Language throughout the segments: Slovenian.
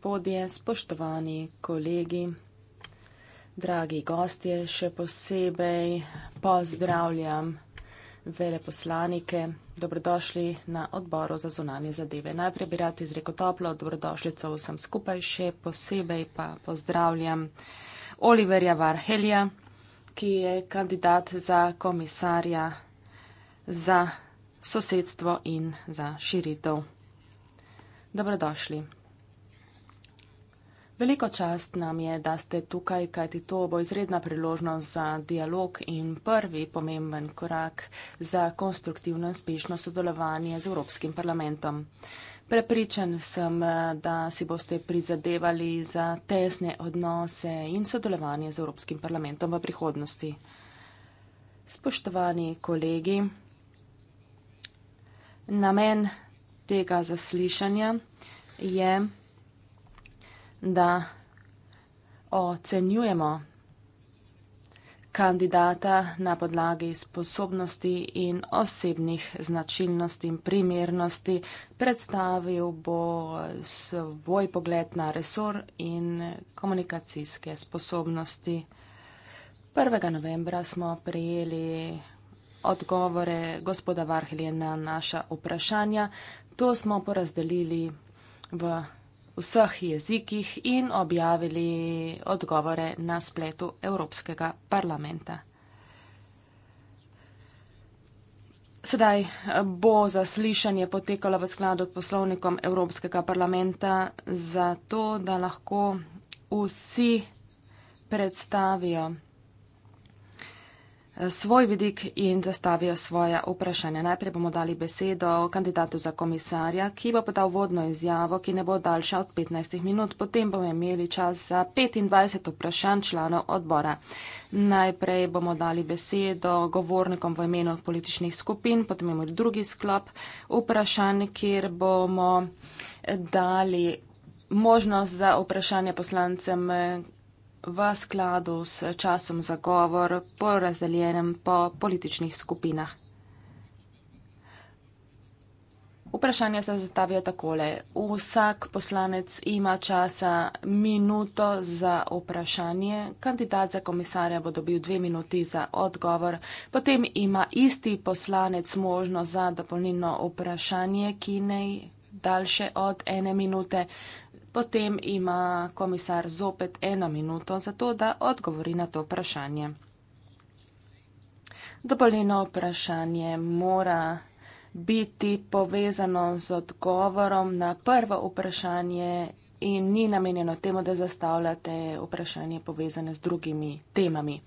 gospodje, spoštovani kolegi, dragi gostje, še posebej pozdravljam veleposlanike. Dobrodošli na odboru za zonanje zadeve. Najprej bi rad izrekel toplo dobrodošlico vsem skupaj, še posebej pa pozdravljam Oliverja Varhelja, ki je kandidat za komisarja za sosedstvo in za širitev. Dobrodošli. Veliko čast nam je, da ste tukaj, kajti to bo izredna priložnost za dialog in prvi pomemben korak za konstruktivno in spešno sodelovanje z Evropskim parlamentom. Prepričan sem, da si boste prizadevali za tesne odnose in sodelovanje z Evropskim parlamentom v prihodnosti. Spoštovani kolegi, namen tega zaslišanja je, da ocenjujemo kandidata na podlagi sposobnosti in osebnih značilnosti in primernosti. Predstavil bo svoj pogled na resor in komunikacijske sposobnosti. 1. novembra smo prijeli odgovore gospoda Varhelje na naša vprašanja. To smo porazdelili v vseh jezikih in objavili odgovore na spletu Evropskega parlamenta. Sedaj bo zaslišanje potekalo v skladu s poslovnikom Evropskega parlamenta, zato da lahko vsi predstavijo svoj vidik in zastavijo svoje vprašanje. Najprej bomo dali besedo kandidatu za komisarja, ki bo podal vodno izjavo, ki ne bo daljša od 15 minut. Potem bomo imeli čas za 25 vprašanj članov odbora. Najprej bomo dali besedo govornikom v imenu političnih skupin, potem imamo drugi sklop vprašanj, kjer bomo dali možnost za vprašanje poslancem v skladu s časom za govor po razdeljenem po političnih skupinah. Vprašanja se zastavijo takole. Vsak poslanec ima časa minuto za vprašanje. Kandidat za komisarja bo dobil dve minuti za odgovor. Potem ima isti poslanec možno za dopolnilno vprašanje, ki naj daljše od ene minute. Potem ima komisar zopet eno minuto za to, da odgovori na to vprašanje. Dopoljeno vprašanje mora biti povezano z odgovorom na prvo vprašanje in ni namenjeno temu, da zastavljate vprašanje povezane z drugimi temami.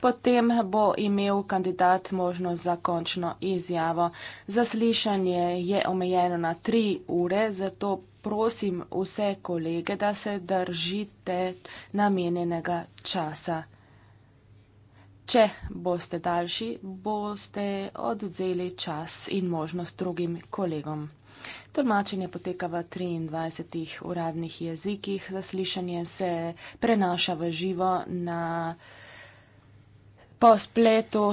Potem bo imel kandidat možnost za končno izjavo. Zaslišanje je omejeno na tri ure, zato prosim vse kolege, da se držite namenjenega časa. Če boste daljši, boste odzeli čas in možnost drugim kolegom. Tolmačenje poteka v 23 uradnih jezikih, zaslišanje se prenaša v živo na po spletu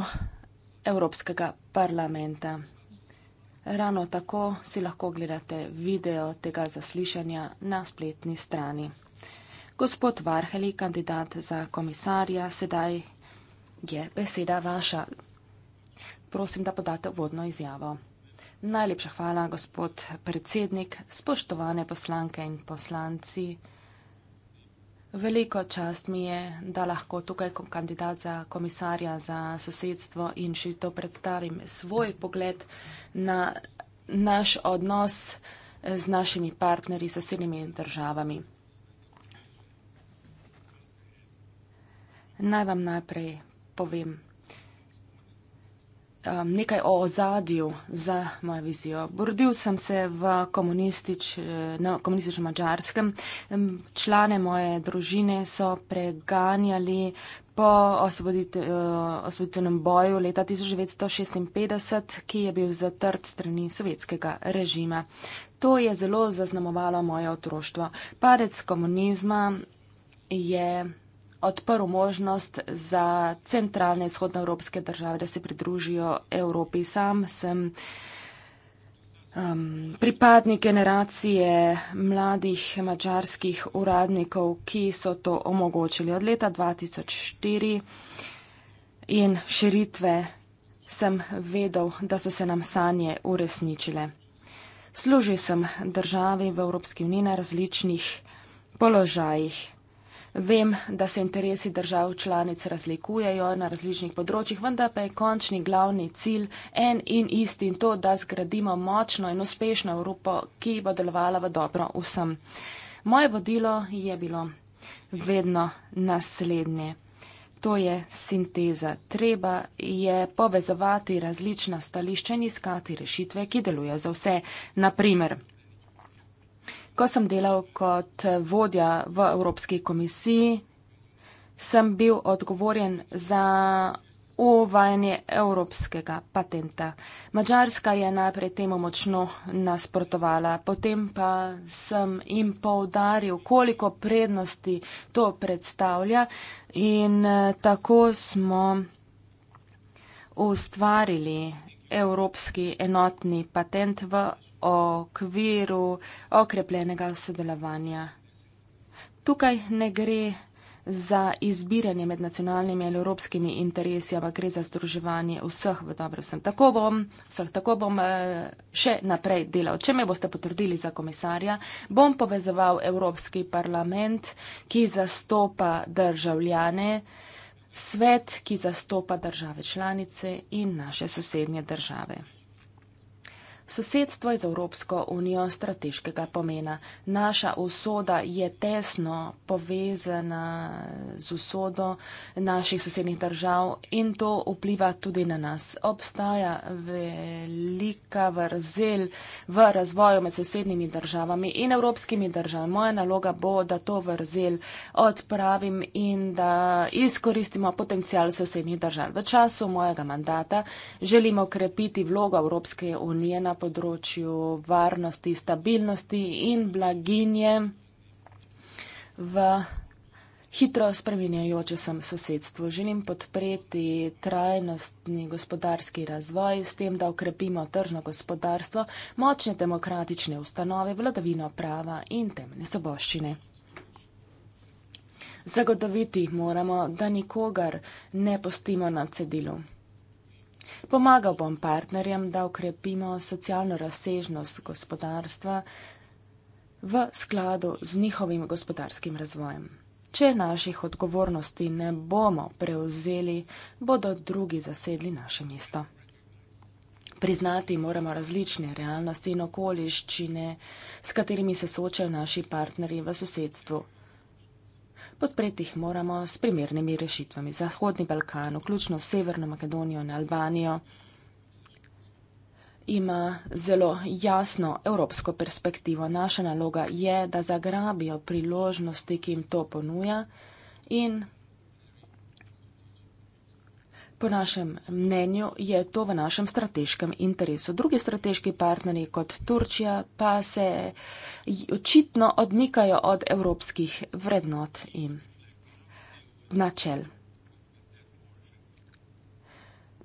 Evropskega parlamenta. Ravno tako si lahko gledate video tega zaslišanja na spletni strani. Gospod Varheli, kandidat za komisarja, sedaj je beseda vaša. Prosim, da podate vodno izjavo. Najlepša hvala, gospod predsednik, spoštovane poslanke in poslanci. Veliko čast mi je, da lahko tukaj kot kandidat za komisarja za sosedstvo in še to predstavim svoj pogled na naš odnos z našimi partnerji, sosednjimi državami. Naj vam najprej povem um, nekaj o ozadju za mojo vizijo. Rodil sem se v komunistič, na komunističnem mačarskem. Člane moje družine so preganjali po osvoboditeljnem eh, boju leta 1956, ki je bil zatrt strani sovjetskega režima. To je zelo zaznamovalo moje otroštvo. Padec komunizma je odprl možnost za centralne vzhodnoevropske države, da se pridružijo Evropi. Sam sem um, pripadnik generacije mladih mačarskih uradnikov, ki so to omogočili od leta 2004 in širitve sem vedel, da so se nam sanje uresničile. Služil sem državi v Evropski uniji na različnih položajih. Vem, da se interesi držav članic razlikujejo na različnih področjih, vendar pa je končni glavni cilj en in isti in to, da zgradimo močno in uspešno Evropo, ki bo delovala v dobro vsem. Moje vodilo je bilo vedno naslednje. To je sinteza. Treba je povezovati različna stališča in iskati rešitve, ki delujejo za vse. Naprimer, Ko sem delal kot vodja v Evropski komisiji, sem bil odgovoren za uvajanje evropskega patenta. Mačarska je najprej temu močno nasprotovala, potem pa sem jim povdaril, koliko prednosti to predstavlja in eh, tako smo ustvarili evropski enotni patent v o kveru okrepljenega sodelovanja. Tukaj ne gre za izbiranje med nacionalnimi ali evropskimi interesi, ampak gre za združevanje vseh v dobro vsem. Tako bom, vseh, tako bom eh, še naprej delal. Če me boste potrdili za komisarja, bom povezoval Evropski parlament, ki zastopa državljane, svet, ki zastopa države članice in naše sosednje države. Sosedstvo je za Evropsko unijo strateškega pomena. Naša usoda je tesno povezana z usodo naših sosednjih držav in to vpliva tudi na nas. Obstaja velika vrzel v razvoju med sosednjimi državami in evropskimi državami. Moja naloga bo, da to vrzel odpravim in da izkoristimo potencial sosednjih držav. V času mojega mandata želimo krepiti vlogo Evropske unije na področju varnosti, stabilnosti in blaginje v hitro spreminjajoče sem sosedstvo. Želim podpreti trajnostni gospodarski razvoj s tem, da ukrepimo tržno gospodarstvo, močne demokratične ustanove, vladavino prava in temeljne soboščine. Zagotoviti moramo, da nikogar ne postimo na cedilu. Pomagal bom partnerjem, da ukrepimo socialno razsežnost gospodarstva v skladu z njihovim gospodarskim razvojem. Če naših odgovornosti ne bomo prevzeli, bodo drugi zasedli naše mesto. Priznati moramo različne realnosti in okoliščine, s katerimi se soočajo naši partnerji v sosedstvu. Podpreti jih moramo s primernimi rešitvami. Zahodni Balkan, vključno s Severno Makedonijo in Albanijo, ima zelo jasno evropsko perspektivo. Naša naloga je, da zagrabijo priložnosti, ki jim to ponuja in Po našem mnenju je to v našem strateškem interesu. Drugi strateški partnerji kot Turčija pa se očitno odmikajo od evropskih vrednot in načel.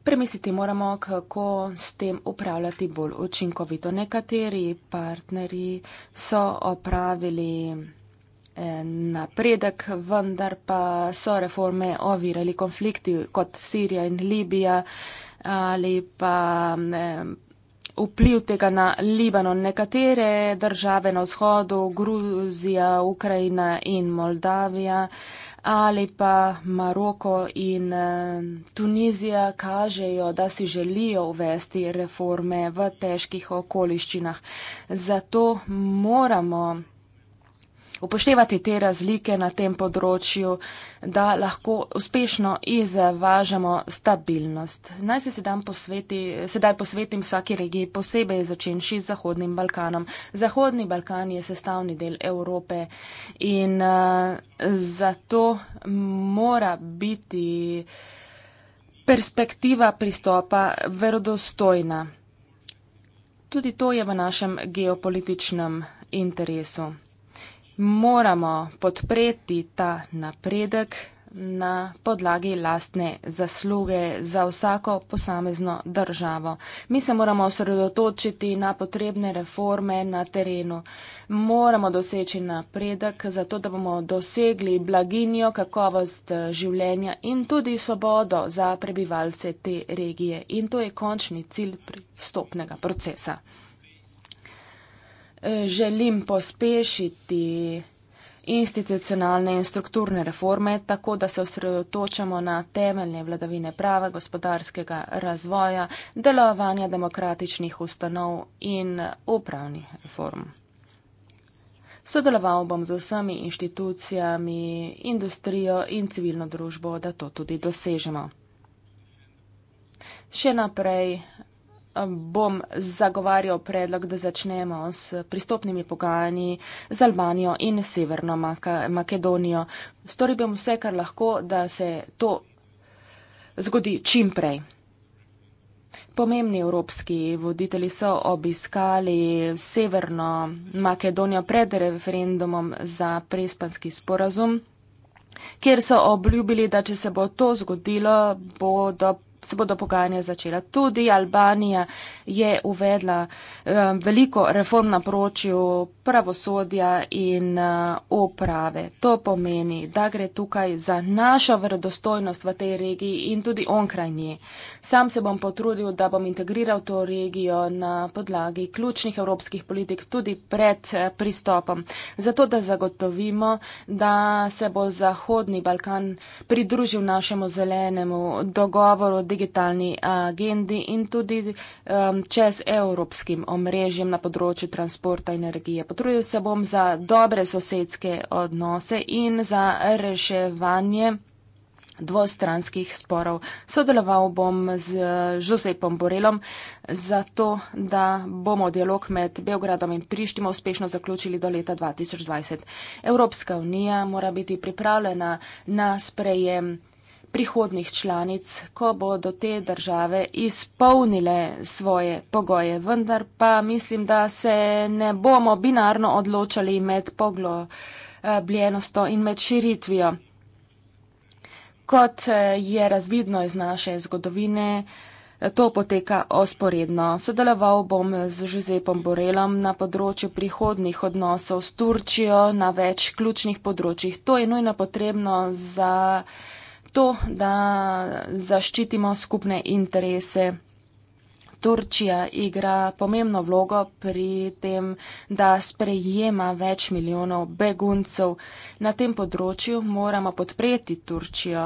Premisliti moramo, kako s tem upravljati bolj učinkovito. Nekateri partnerji so opravili napredek, vendar pa so reforme ovirali konflikti kot Sirija in Libija ali pa vpliv tega na Libanon. Nekatere države na vzhodu, Gruzija, Ukrajina in Moldavija ali pa Maroko in Tunizija kažejo, da si želijo uvesti reforme v težkih okoliščinah. Zato moramo upoštevati te razlike na tem področju, da lahko uspešno izvažamo stabilnost. Naj se sedaj, posveti, sedaj posvetim vsaki regiji, posebej začenši z Zahodnim Balkanom. Zahodni Balkan je sestavni del Evrope in uh, zato mora biti perspektiva pristopa verodostojna. Tudi to je v našem geopolitičnem interesu moramo podpreti ta napredek na podlagi lastne zasluge za vsako posamezno državo. Mi se moramo osredotočiti na potrebne reforme na terenu. Moramo doseči napredek, zato da bomo dosegli blaginjo, kakovost eh, življenja in tudi svobodo za prebivalce te regije. In to je končni cilj pristopnega procesa. Eh, želim pospešiti institucionalne in strukturne reforme, tako da se osredotočamo na temeljne vladavine prava, gospodarskega razvoja, delovanja demokratičnih ustanov in upravnih reform. Sodeloval bom z vsemi inštitucijami, industrijo in civilno družbo, da to tudi dosežemo. Še naprej bom zagovarjal predlog, da začnemo s pristopnimi pogajanji z Albanijo in Severno Makedonijo. Storil bom vse, kar lahko, da se to zgodi čim prej. Pomembni evropski voditelji so obiskali Severno Makedonijo pred referendumom za prespanski sporazum, kjer so obljubili, da če se bo to zgodilo, bodo se bodo pogajanja začela. Tudi Albanija je uvedla um, veliko reform na pročju pravosodja in uh, eh, oprave. To pomeni, da gre tukaj za našo vredostojnost v tej regiji in tudi onkraj nje. Sam se bom potrudil, da bom integriral to regijo na podlagi ključnih evropskih politik tudi pred uh, pristopom, zato da zagotovimo, da se bo Zahodni Balkan pridružil našemu zelenemu dogovoru digitalni agendi in tudi um, čez evropskim omrežjem na področju transporta in energije. Potrudil se bom za dobre sosedske odnose in za reševanje dvostranskih sporov. Sodeloval bom z Žusepom Borelom za to, da bomo dialog med Beogradom in Prištimo uspešno zaključili do leta 2020. Evropska unija mora biti pripravljena na sprejem prihodnih članic, ko bodo te države izpolnile svoje pogoje. Vendar pa mislim, da se ne bomo binarno odločali med poglobljenostjo in med širitvijo. Kot eh, je razvidno iz naše zgodovine, to poteka osporedno. Sodeloval bom z Žuzepom Borelom na področju prihodnih odnosov s Turčijo na več ključnih področjih. To je nujno potrebno za to, da zaščitimo skupne interese Turčija igra pomembno vlogo pri tem, da sprejema več milijonov beguncev. Na tem področju moramo podpreti Turčijo,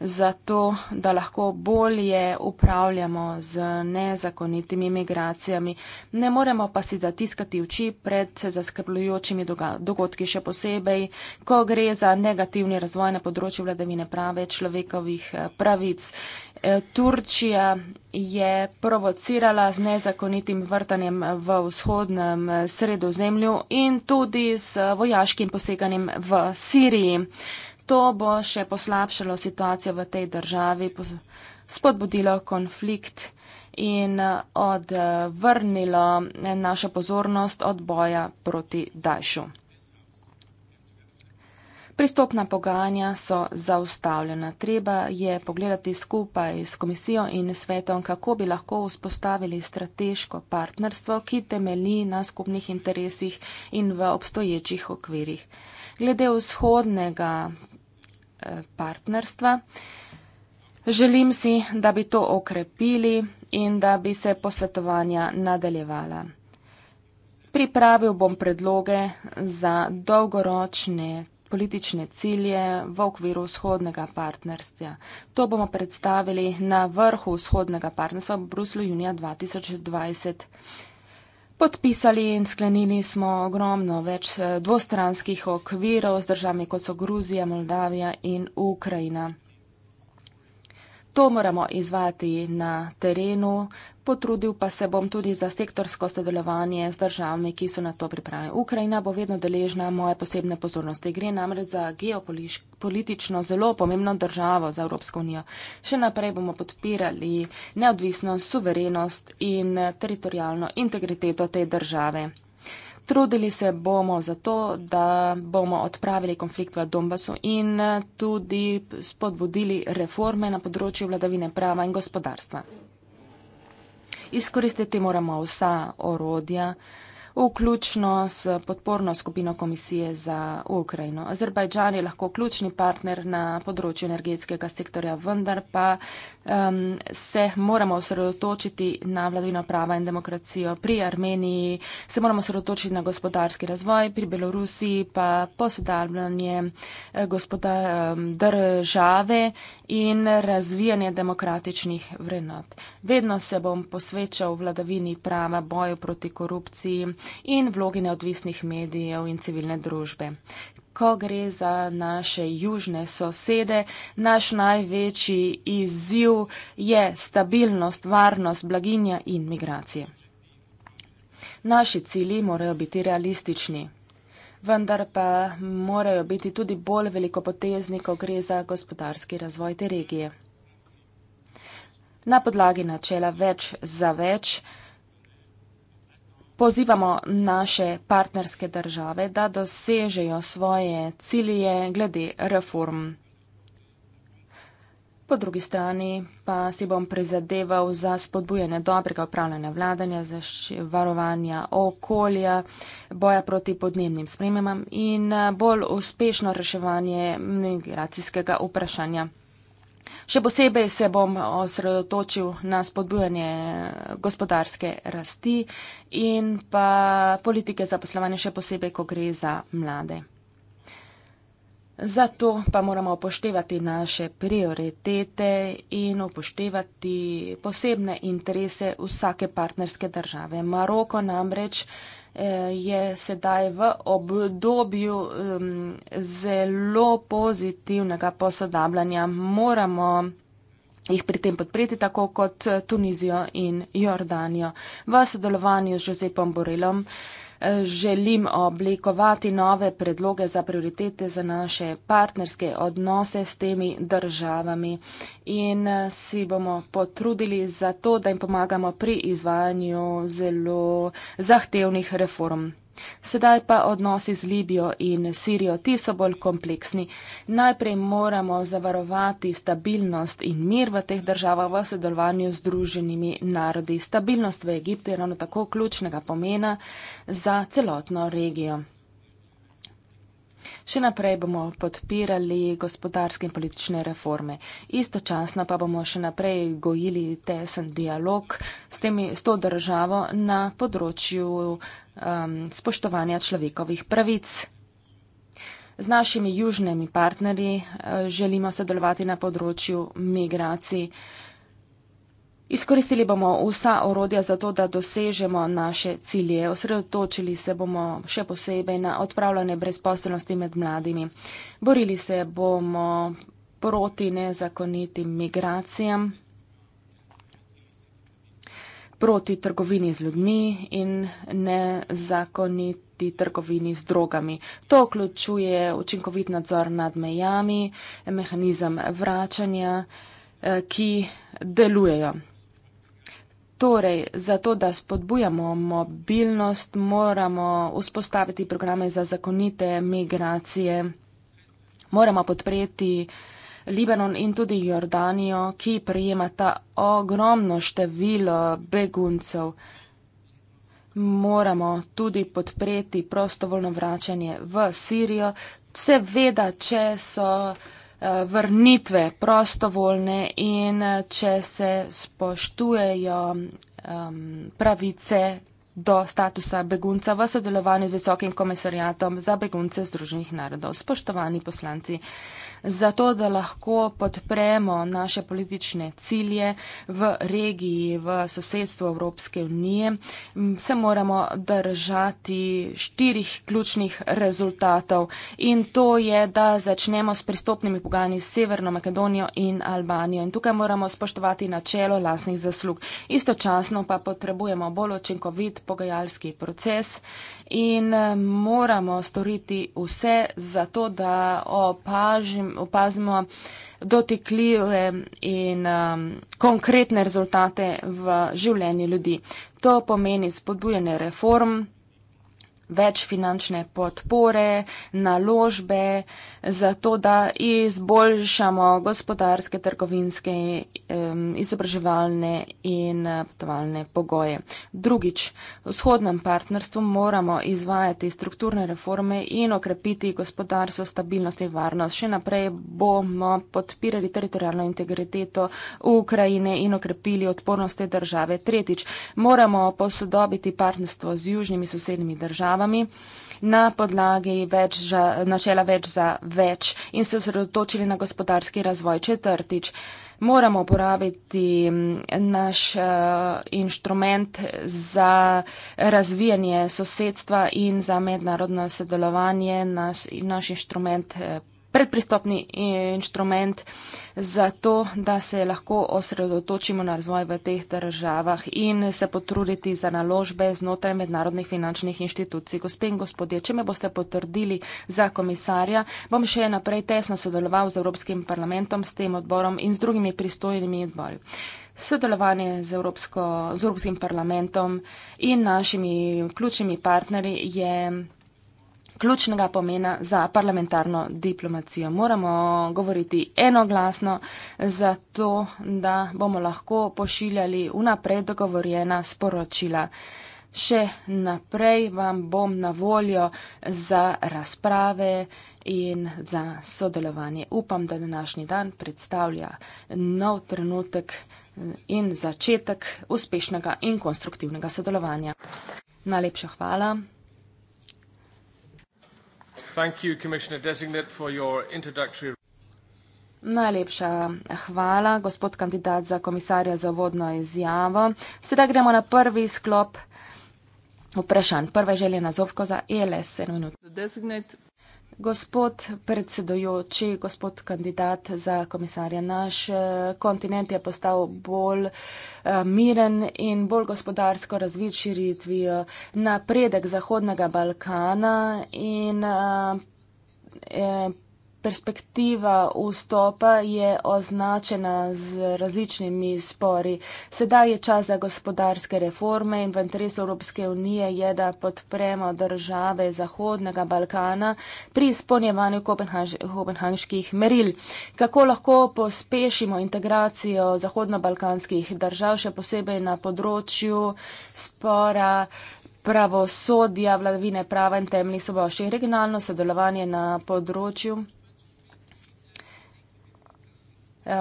zato da lahko bolje upravljamo z nezakonitimi migracijami. Ne moremo pa si zatiskati oči pred zaskrbljujočimi dogodki, še posebej, ko gre za negativni razvoj na področju vladavine prave človekovih eh, pravic. Eh, Turčija je provocirala z nezakonitim vrtanjem v vzhodnem eh, sredozemlju in tudi s vojaškim poseganjem v Siriji. To bo še poslabšalo situacijo v tej državi, spodbudilo konflikt in eh, odvrnilo našo pozornost od boja proti Dajšu. Pristopna pogajanja so zaustavljena. Treba je pogledati skupaj s komisijo in svetom, kako bi lahko vzpostavili strateško partnerstvo, ki temelji na skupnih interesih in v obstoječih okvirih. Glede vzhodnega eh, partnerstva, želim si, da bi to okrepili in da bi se posvetovanja nadaljevala. Pripravil bom predloge za dolgoročne politične cilje v okviru vzhodnega partnerstva. To bomo predstavili na vrhu vzhodnega partnerstva v Bruslu junija 2020. Podpisali in sklenili smo ogromno več eh, dvostranskih okvirov z državami, kot so Gruzija, Moldavija in Ukrajina. To moramo izvati na terenu, potrudil pa se bom tudi za sektorsko sodelovanje z državami, ki so na to pripravljeni. Ukrajina bo vedno deležna moje posebne pozornosti. Gre namreč za geopolitično zelo pomembno državo za Evropsko unijo. Še naprej bomo podpirali neodvisnost, suverenost in teritorijalno integriteto te države trudili se bomo za to, da bomo odpravili konflikt v Donbasu in eh, tudi spodbudili reforme na področju vladavine prava in gospodarstva. Izkoristiti moramo vsa orodja, vključno s podporno skupino Komisije za Ukrajino. Azerbajdžan je lahko ključni partner na področju energetskega sektorja, vendar pa um, se moramo osredotočiti na vladavino prava in demokracijo pri Armeniji, se moramo osredotočiti na gospodarski razvoj pri Belorusiji, pa posodabljanje eh, države in razvijanje demokratičnih vrednot. Vedno se bom posvečal vladavini prava, boju proti korupciji, in vlogi neodvisnih medijev in civilne družbe. Ko gre za naše južne sosede, naš največji izziv je stabilnost, varnost, blaginja in migracije. Naši cili morajo biti realistični, vendar pa morajo biti tudi bolj velikopotezni, ko gre za gospodarski razvoj te regije. Na podlagi načela več za več. Pozivamo naše partnerske države, da dosežejo svoje cilje glede reform. Po drugi strani pa si bom prizadeval za spodbujanje dobrega upravljanja vladanja, za varovanje okolja, boja proti podnebnim spremembam in eh, bolj uspešno reševanje migracijskega vprašanja. Še posebej se bom osredotočil na spodbujanje gospodarske rasti in pa politike zaposlovanja, še posebej, ko gre za mlade. Zato pa moramo upoštevati naše prioritete in upoštevati posebne interese vsake partnerske države. Maroko namreč. Eh, je sedaj v obdobju zelo pozitivnega posodabljanja. Moramo jih pri tem podpreti, tako kot Tunizijo in Jordanijo. V sodelovanju z Josepom Borelom želim oblikovati nove predloge za prioritete za naše partnerske odnose s temi državami in eh, si bomo potrudili za to, da jim pomagamo pri izvajanju zelo zahtevnih reform. Sedaj pa odnosi z Libijo in Sirijo, ti so bolj kompleksni. Najprej moramo zavarovati stabilnost in mir v teh državah v sodelovanju z druženimi narodi. Stabilnost v Egiptu je ravno tako ključnega pomena za celotno regijo. Še naprej bomo podpirali gospodarske in politične reforme. Istočasno pa bomo še naprej gojili tesen dialog s, temi, s to državo na področju um, spoštovanja človekovih pravic. Z našimi južnimi partnerji uh, želimo sodelovati na področju migracij. Uh, Izkoristili bomo vsa orodja za to, da dosežemo naše cilje. Osredotočili se bomo še posebej na odpravljanje brezposelnosti med mladimi. Borili se bomo proti nezakonitim migracijam, proti trgovini z ljudmi in nezakoniti trgovini z drogami. To vključuje učinkovit nadzor nad mejami, mehanizem vračanja, eh, ki delujejo. Torej, zato, da spodbujamo mobilnost, moramo vzpostaviti programe za zakonite migracije, moramo podpreti Libanon in tudi Jordanijo, ki prijema ta ogromno število beguncev. Moramo tudi podpreti prostovoljno vračanje v Sirijo, seveda, če so vrnitve prostovoljne in eh, če se spoštujejo um, pravice do statusa begunca v sodelovanju z Visokim komisarjatom za begunce Združenih narodov. Spoštovani poslanci, zato da lahko podpremo naše politične cilje v regiji, v sosedstvu Evropske unije, se moramo držati štirih ključnih rezultatov in to je, da začnemo s pristopnimi pogajanji s Severno Makedonijo in Albanijo in tukaj moramo spoštovati načelo lasnih zaslug. Istočasno pa potrebujemo bolj očinkovit pogajalski proces in eh, moramo storiti vse za to, da opažim, opazimo dotikljive in um, konkretne rezultate v življenju ljudi. To pomeni spodbujanje reform več finančne podpore, naložbe, zato da izboljšamo gospodarske, trgovinske, izobraževalne in eh, potovalne pogoje. Drugič, v shodnem partnerstvu moramo izvajati strukturne reforme in okrepiti gospodarstvo, stabilnost in varnost. Še naprej bomo podpirali teritorijalno integriteto Ukrajine in okrepili odpornost te države. Tretjič, moramo posodobiti partnerstvo z južnimi sosednjimi državami državami na podlagi več za, načela več za več in se osredotočili na gospodarski razvoj. Četrtič, moramo uporabiti naš uh, inštrument za razvijanje sosedstva in za mednarodno sodelovanje, naš, naš inštrument eh, predpristopni inštrument za to, da se lahko osredotočimo na razvoj v teh državah in se potruditi za naložbe znotraj mednarodnih finančnih inštitucij. Gospe in gospodje, če me boste potrdili za komisarja, bom še naprej tesno sodeloval z Evropskim parlamentom, s tem odborom in z drugimi pristojnimi odbori. Sodelovanje z, Evropsko, z Evropskim parlamentom in našimi ključnimi partnerji je ključnega pomena za parlamentarno diplomacijo. Moramo govoriti enoglasno, zato da bomo lahko pošiljali vnaprej dogovorjena sporočila. Še naprej vam bom na voljo za razprave in za sodelovanje. Upam, da današnji dan predstavlja nov trenutek in začetek uspešnega in konstruktivnega sodelovanja. Najlepša hvala. Najlepša hvala, gospod kandidat za komisarja za vodno izjavo. Sedaj gremo na prvi sklop vprašanj. Prva želja na Zovko za ELS. Gospod predsedojoči, gospod kandidat za komisarja, naš eh, kontinent je postal bolj eh, miren in bolj gospodarsko razvit širitvi eh, napredek Zahodnega Balkana in eh, perspektiva vstopa je označena z različnimi spori. Sedaj je čas za gospodarske reforme in v interesu Evropske unije je, da podpremo države Zahodnega Balkana pri izpolnjevanju kopenhanških meril. Kako lahko pospešimo integracijo zahodnobalkanskih držav, še posebej na področju spora pravosodja, vladavine prava in temeljnih soboščin, regionalno sodelovanje na področju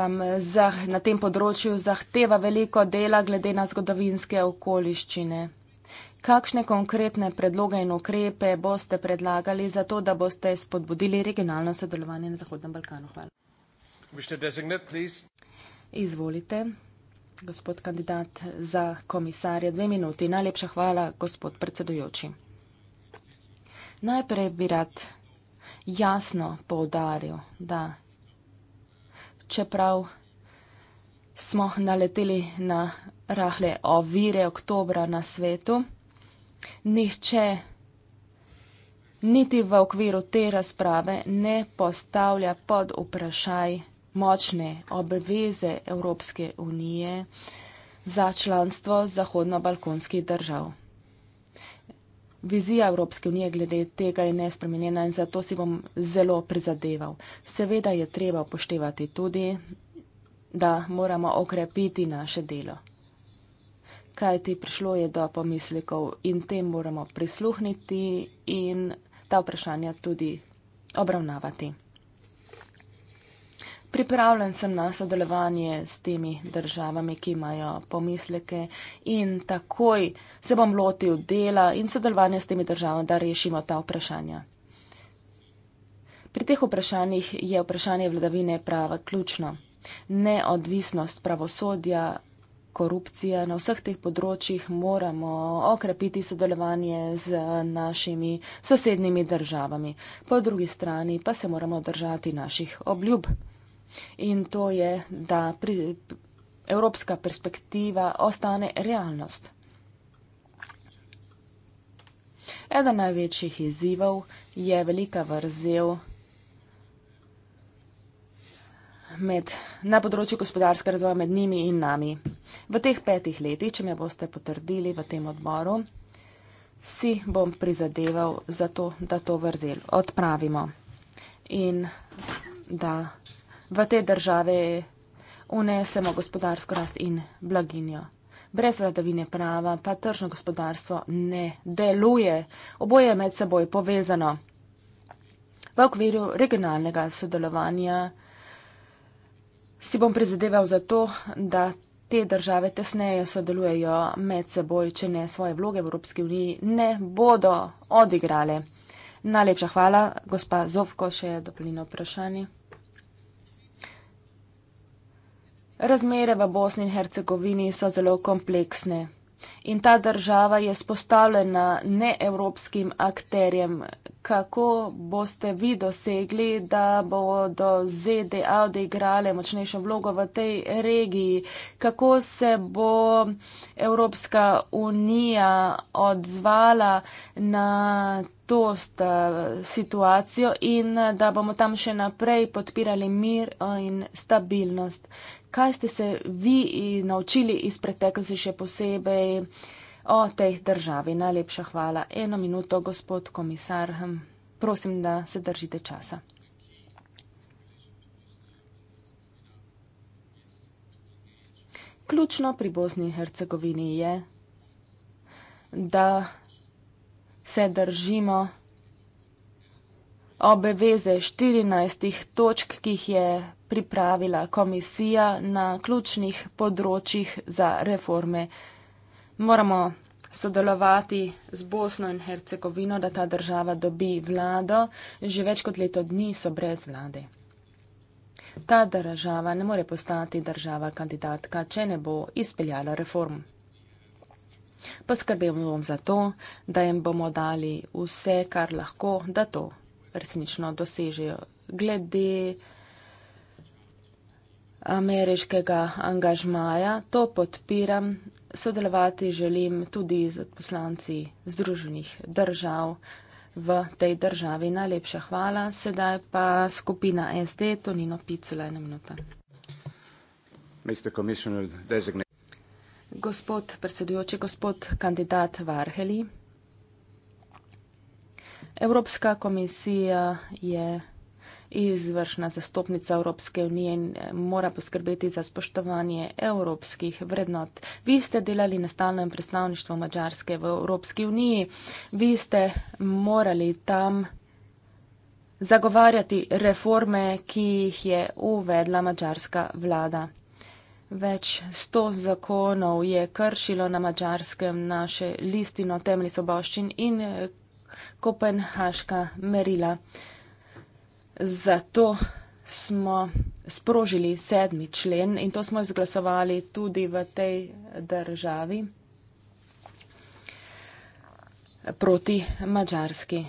um, zah, na tem področju zahteva veliko dela glede na zgodovinske okoliščine. Kakšne konkretne predloge in ukrepe boste predlagali za to, da boste spodbudili regionalno sodelovanje na Zahodnem Balkanu? Hvala. Izvolite, gospod kandidat za komisarje, dve minuti. Najlepša hvala, gospod predsedujoči. Najprej bi rad jasno poudaril, da čeprav smo naleteli na rahle ovire oktobra na svetu, nihče niti v okviru te razprave ne postavlja pod vprašaj močne obveze Evropske unije za članstvo Zahodno-Balkonskih držav vizija Evropske unije glede tega je nespremenjena in zato si bom zelo prizadeval. Seveda je treba upoštevati tudi, da moramo okrepiti naše delo. Kaj ti prišlo je do pomislekov in tem moramo prisluhniti in ta vprašanja tudi obravnavati. Pripravljen sem na sodelovanje s temi državami, ki imajo pomisleke in takoj se bom lotil dela in sodelovanja s temi državami, da rešimo ta vprašanja. Pri teh vprašanjih je vprašanje vladavine prava ključno. Neodvisnost pravosodja, korupcija na vseh teh področjih moramo okrepiti sodelovanje z našimi sosednjimi državami. Po drugi strani pa se moramo držati naših obljub in to je, da pri, evropska perspektiva ostane realnost. Eden največjih izzivov je velika vrzel med, na področju gospodarskega razvoja med njimi in nami. V teh petih letih, če me boste potrdili v tem odboru, si bom prizadeval za to, da to vrzel odpravimo in da v te države unesemo gospodarsko rast in blaginjo. Brez vladavine prava pa tržno gospodarstvo ne deluje. Oboje je med seboj povezano. V okviru regionalnega sodelovanja si bom prizadeval za to, da te države tesneje sodelujejo med seboj, če ne svoje vloge v Evropski uniji ne bodo odigrale. Najlepša hvala, gospa Zovko, še dopolnilo vprašanje. Razmere v Bosni in Hercegovini so zelo kompleksne in ta država je spostavljena neevropskim akterjem. Kako boste vi dosegli, da bodo ZDA odigrale močnejšo vlogo v tej regiji? Kako se bo Evropska unija odzvala na to eh, situacijo in eh, da bomo tam še naprej podpirali mir in stabilnost? kaj ste se vi naučili iz preteklosti, še posebej o tej državi. Najlepša hvala. Eno minuto, gospod komisar. Hm, prosim, da se držite časa. Ključno pri Bosni in Hercegovini je, da se držimo obveze 14 točk, ki jih je pripravila komisija na ključnih področjih za reforme. Moramo sodelovati z Bosno in Hercegovino, da ta država dobi vlado. Že več kot leto dni so brez vlade. Ta država ne more postati država kandidatka, če ne bo izpeljala reform. Poskrbimo bom za to, da jim bomo dali vse, kar lahko, da to resnično dosežejo. Glede ameriškega angažmaja, to podpiram, sodelovati želim tudi z poslanci Združenih držav v tej državi. Najlepša hvala, sedaj pa skupina SD, Tonino Picula, ena minuta. Gospod predsedujoči, gospod kandidat Varheli, Evropska komisija je izvršna zastopnica Evropske unije in eh, mora poskrbeti za spoštovanje evropskih vrednot. Vi ste delali na stalnem predstavništvu Mačarske v Evropski uniji, vi ste morali tam zagovarjati reforme, ki jih je uvedla mačarska vlada. Več sto zakonov je kršilo na mačarskem naše listino temeljnih svoboščin in eh, Kopenhaška merila. Zato smo sprožili sedmi člen in to smo izglasovali tudi v tej državi proti Mačarski.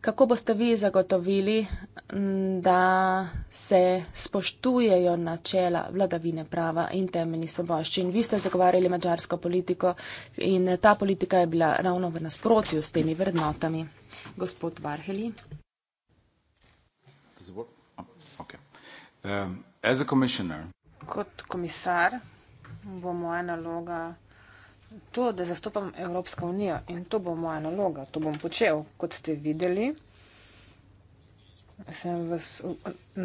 Kako boste vi zagotovili, da se spoštujejo načela vladavine prava in temeljnih svoboščin? Vi ste zagovarjali mačarsko politiko in ta politika je bila ravno v nasprotju s temi vrednotami. Gospod Varheli. Oh, um, Kot komisar bo moja naloga To, da zastopam Evropsko unijo in to bo moja naloga, to bom počel, kot ste videli. Sem v,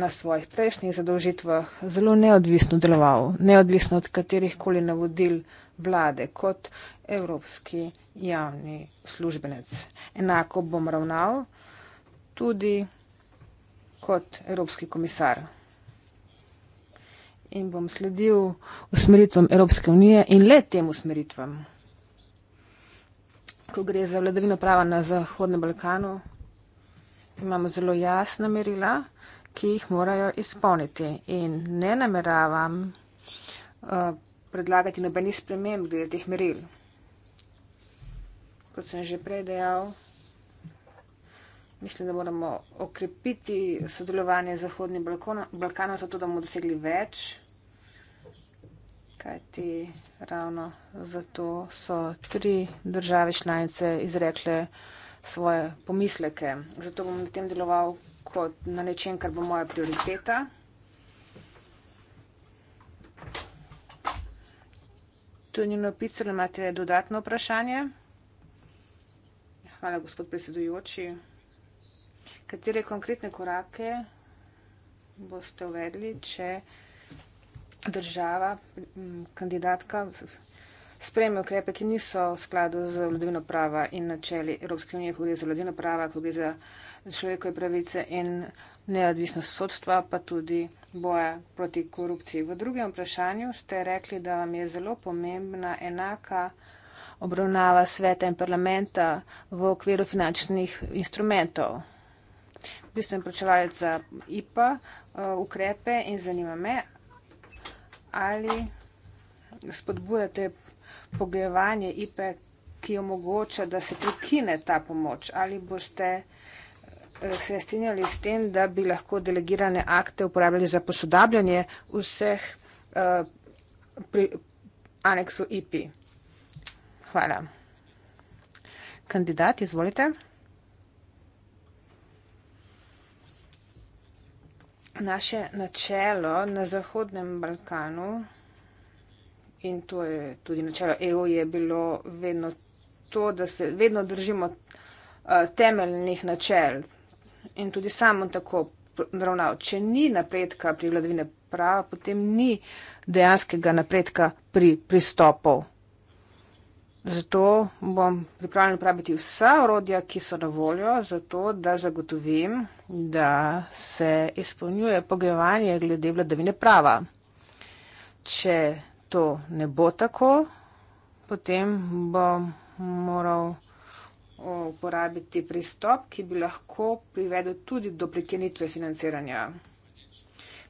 na svojih prejšnjih zadolžitvah zelo neodvisno deloval, neodvisno od katerih koli navodil vlade kot evropski javni službenec. Enako bom ravnal tudi kot evropski komisar in bom sledil usmeritvam Evropske unije in le tem usmeritvam. Ko gre za vladavino prava na Zahodnem Balkanu, imamo zelo jasna merila, ki jih morajo izpolniti in ne nameravam uh, predlagati nobenih sprememb glede teh meril. Kot sem že prej dejal, Mislim, da moramo okrepiti sodelovanje z Zahodnim Balkanom, zato da bomo dosegli več kajti ravno zato so tri države članice izrekle svoje pomisleke. Zato bom na tem deloval kot na nečem, kar bo moja prioriteta. Tonino Picel, imate dodatno vprašanje? Hvala, gospod predsedujoči. Katere konkretne korake boste uvedli, če država, kandidatka, spreme ukrepe, ki niso v skladu z vladavino prava in načeli Evropske unije, ko gre za vladavino prava, ko gre za človekove pravice in neodvisnost sodstva, pa tudi boja proti korupciji. V drugem vprašanju ste rekli, da vam je zelo pomembna enaka obravnava sveta in parlamenta v okviru finančnih instrumentov. Bistven pročevalec za IPA uh, ukrepe in zanima me, ali spodbujate pogojevanje IPE, ki omogoča, da se prekine ta pomoč? Ali boste eh, se strinjali s tem, da bi lahko delegirane akte uporabljali za posodabljanje vseh eh, pri aneksu IPI? Hvala. Kandidat, izvolite. naše načelo na Zahodnem Balkanu in to je tudi načelo EU, je bilo vedno to, da se vedno držimo uh, temeljnih načel in tudi samo tako ravnal. Če ni napredka pri vladavine prava, potem ni dejanskega napredka pri pristopov. Zato bom pripravljen uporabiti vsa orodja, ki so na voljo, zato da zagotovim, da se izpolnjuje pogajanje glede vladavine prava. Če to ne bo tako, potem bom moral uporabiti pristop, ki bi lahko privedel tudi do prekinitve financiranja.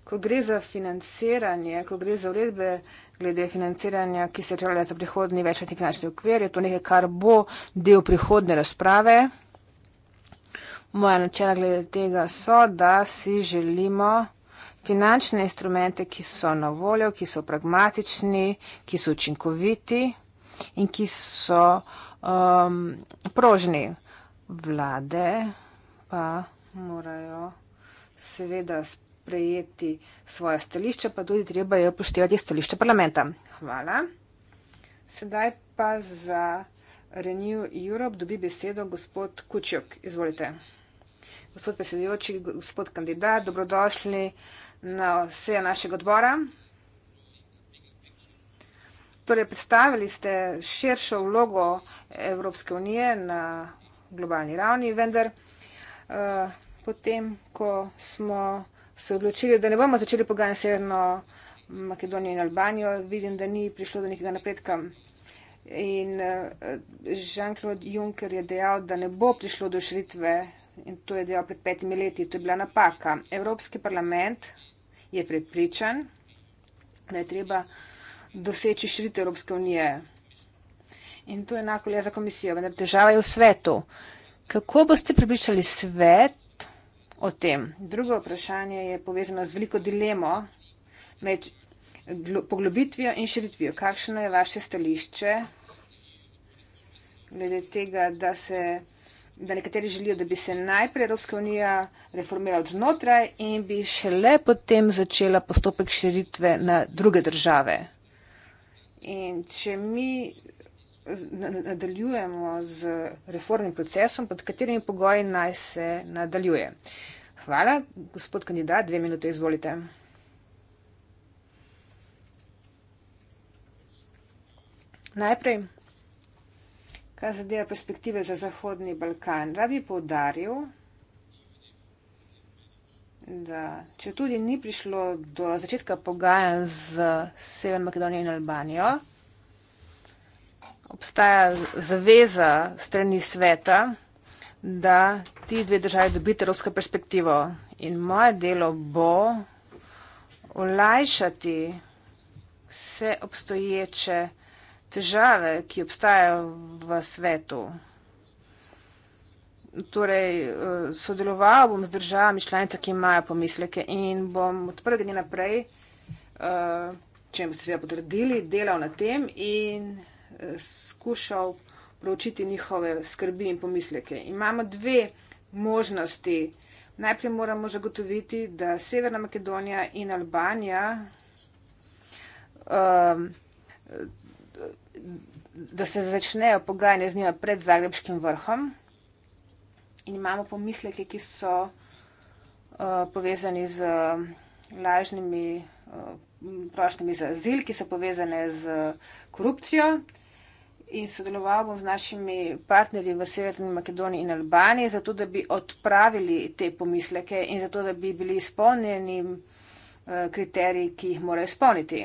Ko gre za financiranje, ko gre za uredbe, glede financiranja, ki se pripravlja za prihodni večletni finančni okvir, je to nekaj, kar bo del prihodne razprave. Moja načela glede tega so, da si želimo finančne instrumente, ki so na voljo, ki so pragmatični, ki so učinkoviti in ki so um, prožni. Vlade pa morajo seveda sprejeti prejeti svoje stališče, pa tudi treba je upoštevati stališče parlamenta. Hvala. Sedaj pa za Renew Europe dobi besedo gospod Kučjok. Izvolite. Gospod predsedujoči, gospod kandidat, dobrodošli na seje našega odbora. Torej, predstavili ste širšo vlogo Evropske unije na globalni ravni, vendar eh, potem, ko smo se odločili, da ne bomo začeli pogajanj s Severno Makedonijo in Albanijo. Vidim, da ni prišlo do nekega napredka. In eh, Jean-Claude Juncker je dejal, da ne bo prišlo do širitve in to je dejal pred petimi leti. To je bila napaka. Evropski parlament je prepričan, da je treba doseči širitev Evropske unije. In to je enako le za komisijo, vendar težava je v svetu. Kako boste pripričali svet, o tem. Drugo vprašanje je povezano z veliko dilemo med poglobitvijo in širitvijo. Kakšno je vaše stališče glede tega, da se da nekateri želijo, da bi se najprej Evropska unija reformirala od znotraj in bi šele potem začela postopek širitve na druge države. In če mi nadaljujemo z reformnim procesom, pod katerimi pogoji naj se nadaljuje. Uh, Hvala, gospod kandidat, dve minute, izvolite. Najprej, kar zadeva perspektive za Zahodni Balkan, da bi povdaril, da če tudi ni prišlo do začetka pogajanj z Severno Makedonijo in Albanijo, obstaja zaveza strani sveta, da ti dve državi dobiti evropsko perspektivo. In moje delo bo olajšati vse obstoječe težave, ki obstajajo v svetu. Torej, eh, sodeloval bom z državami članica, ki imajo pomisleke in bom od prvega dne naprej, eh, če bi se seveda potrdili, delal na tem in eh, skušal proučiti njihove skrbi in pomisleke. Imamo dve možnosti. Najprej moramo zagotoviti, da Severna Makedonija in Albanija um, da se začnejo pogajanja z njima pred Zagrebskim vrhom in imamo pomisleke, ki so uh, povezani z um, lažnimi uh, prošnjami za azil, ki so povezane z korupcijo in sodeloval bom z našimi partnerji v Severni Makedoniji in Albaniji, zato da bi odpravili te pomisleke in zato da bi bili izpolnjeni eh, kriteriji, ki jih morajo izpolniti.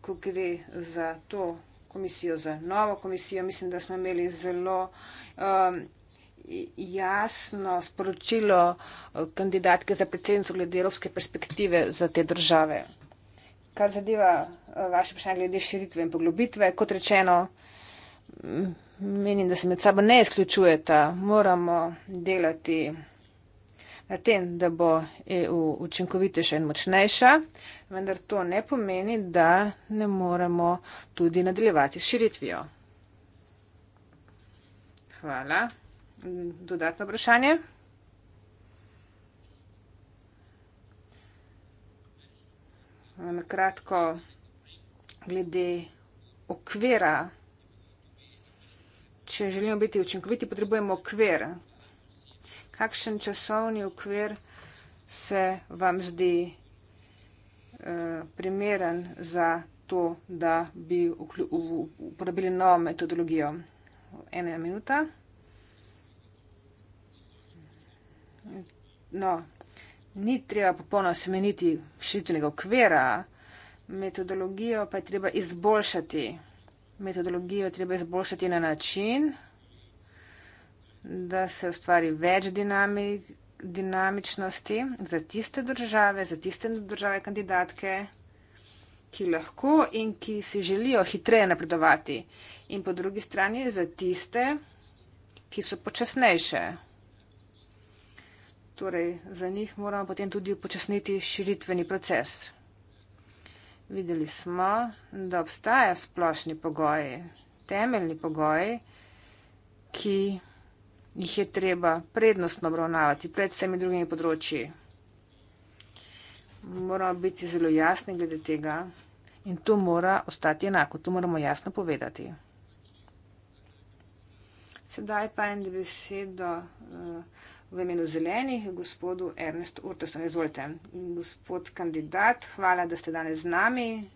Ko gre za to komisijo, za novo komisijo, mislim, da smo imeli zelo um, jasno sporočilo eh, kandidatke za predsednico glede evropske perspektive za te države kar zadeva eh, vaše vprašanje glede širitve in poglobitve. Kot rečeno, menim, da se med sabo ne izključujeta. Moramo delati na tem, da bo EU učinkovitejša in močnejša, vendar to ne pomeni, da ne moremo tudi nadaljevati s širitvijo. Hvala. Dodatno vprašanje. Eh, na kratko glede okvira. Če želimo biti učinkoviti, potrebujemo okvir. Kakšen časovni okvir se vam zdi eh, primeren za to, da bi uporabili novo metodologijo? Ena minuta. No, ni treba popolno spremeniti širitvenega okvira, metodologijo pa je treba izboljšati. Metodologijo je treba izboljšati na način, da se ustvari več dinamik, dinamičnosti za tiste države, za tiste države kandidatke, ki lahko in ki si želijo hitreje napredovati. In po drugi strani za tiste, ki so počasnejše torej za njih moramo potem tudi upočasniti širitveni proces. Videli smo, da obstaja splošni pogoji, temeljni pogoji, ki jih je treba prednostno obravnavati pred vsemi drugimi področji. Moramo biti zelo jasni glede tega in to mora ostati enako, to moramo jasno povedati. Sedaj pa en besedo. Uh, v imenu zelenih, gospodu Ernestu Urtasu. Izvolite. Gospod kandidat, hvala, da ste danes z nami.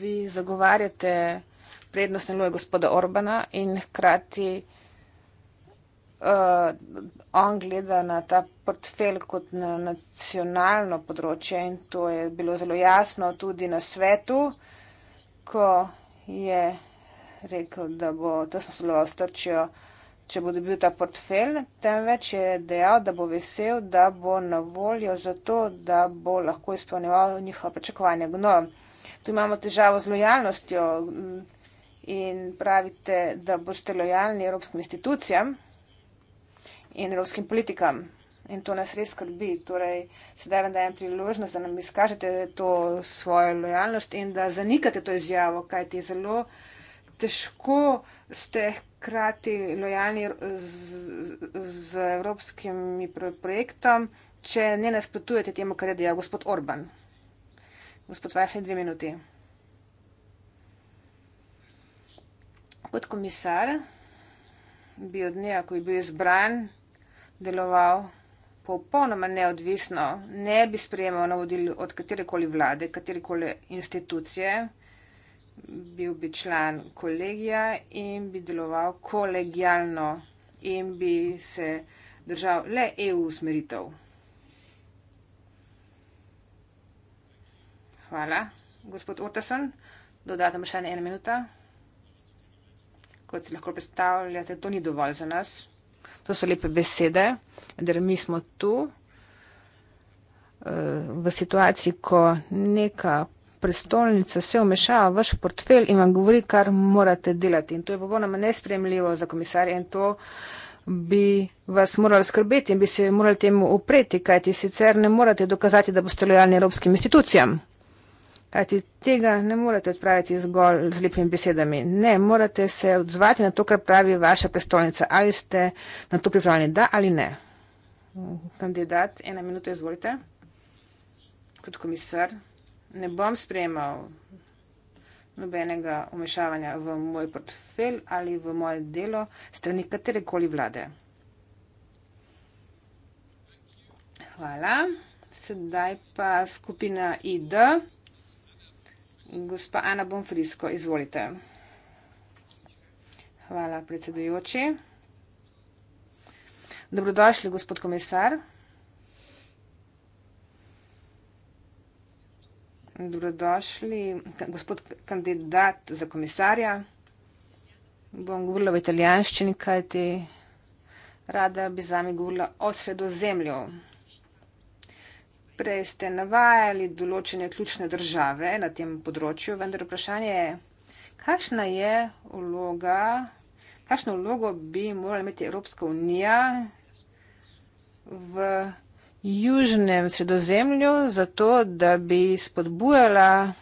Vi zagovarjate prednostne loje gospoda Orbana in hkrati uh, on gleda na ta portfel kot na nacionalno področje in to je bilo zelo jasno tudi na svetu, ko je rekel, da bo tesno sodeloval s Trčijo. Uh, če bo dobil ta portfelj, temveč je dejal, da bo vesel, da bo na voljo za to, da bo lahko izpolnjeval njihova pričakovanja. No, tu imamo težavo z lojalnostjo mm, in pravite, da boste lojalni evropskim institucijam in evropskim politikam. In to nas res skrbi. Torej, sedaj vam dajem priložnost, da nam izkažete to svojo lojalnost in da zanikate to izjavo, kajti zelo težko ste hkrati lojalni z, z evropskim projektom, če ne nasprotujete temu, kar je dejal gospod Orban. Gospod Vajhle, dve minuti. Kot komisar bi od dneva, ko je bil izbran, deloval popolnoma neodvisno, ne bi sprejemal navodil od katerekoli vlade, katerekoli institucije bil bi član kolegija in bi deloval kolegijalno in bi se držal le EU usmeritev. Hvala. Gospod Ortason, dodatno še ena minuta. Kot si lahko predstavljate, to ni dovolj za nas. To so lepe besede, vendar mi smo tu eh, v situaciji, ko neka prestolnica se vmešava v vaš portfelj in vam govori, kar morate delati. In to je popolnoma nespremljivo za komisarje in to bi vas morali skrbeti in bi se morali temu upreti, kajti sicer ne morate dokazati, da boste lojalni evropskim institucijam. Kajti tega ne morate odpraviti zgolj z lepimi besedami. Ne, morate se odzvati na to, kar pravi vaša prestolnica. Ali ste na to pripravljeni, da ali ne? Kandidat, ena minuta, izvolite. Kot komisar ne bom sprejemal nobenega umešavanja v moj portfelj ali v moje delo strani katerekoli vlade. Hvala. Sedaj pa skupina ID. Gospa Ana Bonfrisko, izvolite. Hvala, predsedujoči. Dobrodošli, gospod komisar. dobrodošli, gospod kandidat za komisarja. Bom govorila v italijanščini, kajti rada bi z vami govorila o sredozemlju. Prej ste navajali določene ključne države na tem področju, vendar vprašanje je, kakšna je vloga, kakšno vlogo bi morala imeti Evropska unija v južnem sredozemlju, zato da bi spodbujala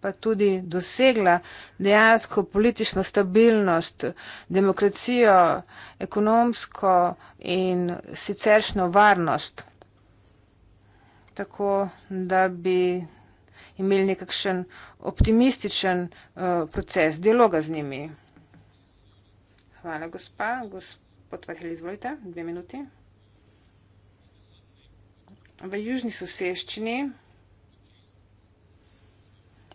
pa tudi dosegla dejansko politično stabilnost, demokracijo, ekonomsko in siceršno varnost, tako da bi imeli nekakšen optimističen uh, proces dialoga z njimi. Hvala, gospa. Gospod Vahel, izvolite. Dve minuti v južni soseščini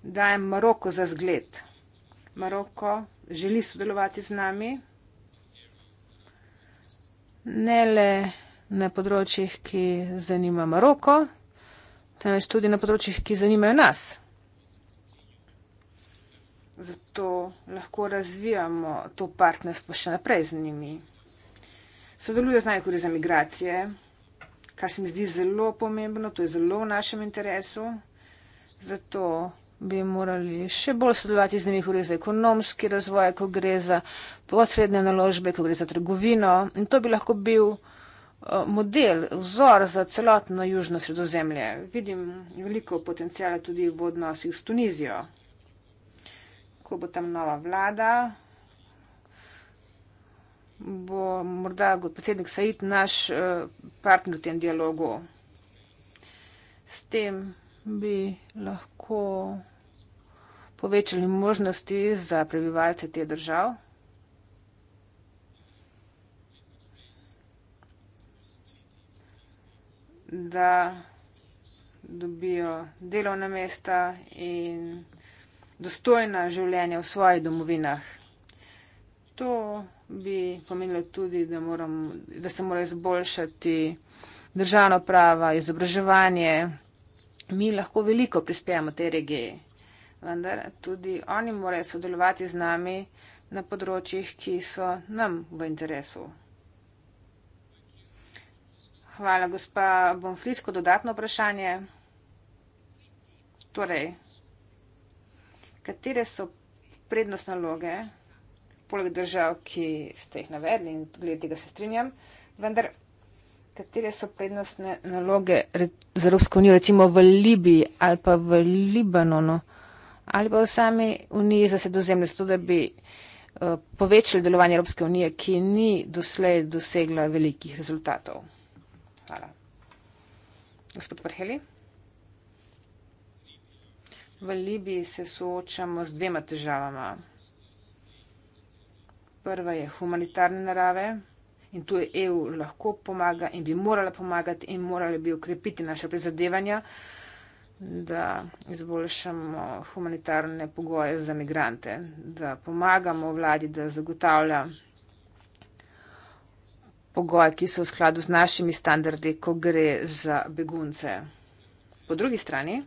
dajem Maroko za zgled. Maroko želi sodelovati z nami, ne le na področjih, ki zanima Maroko, temveč tudi na področjih, ki zanimajo nas. Zato lahko razvijamo to partnerstvo še naprej z njimi. Sodeluje z nami tudi za migracije kar se mi zdi zelo pomembno, to je zelo v našem interesu. Zato bi morali še bolj sodelovati z njimi, ko gre za ekonomski razvoj, ko gre za posredne naložbe, ko gre za trgovino. In to bi lahko bil eh, model, vzor za celotno južno sredozemlje. Vidim veliko potencijala tudi v odnosih s Tunizijo. Ko bo tam nova vlada, bo morda predsednik Said naš eh, partner v tem dialogu. S tem bi lahko povečali možnosti za prebivalce te držav. da dobijo delovna mesta in dostojna življenja v svojih domovinah. To bi pomenilo tudi, da, moram, da se mora izboljšati državno pravo, izobraževanje. Mi lahko veliko prispevamo tej regiji, vendar tudi oni morajo sodelovati z nami na področjih, ki so nam v interesu. Hvala, gospa Bonfrisko, dodatno vprašanje. Torej, katere so prednostne naloge? poleg držav, ki ste jih navedli in glede tega se strinjam, vendar katere so prednostne naloge za Evropsko unijo, recimo v Libiji ali pa v Libanonu ali pa v sami uniji za sredozemlje, zato da bi eh, povečali delovanje Evropske unije, ki ni doslej dosegla velikih rezultatov. Hvala. Gospod Parheli. V Libiji se soočamo z dvema težavama. Prva je humanitarne narave in tu je EU lahko pomaga in bi morala pomagati in morali bi ukrepiti naše prizadevanja, da izboljšamo humanitarne pogoje za migrante, da pomagamo vladi, da zagotavlja pogoje, ki so v skladu z našimi standardi, ko gre za begunce. Po drugi strani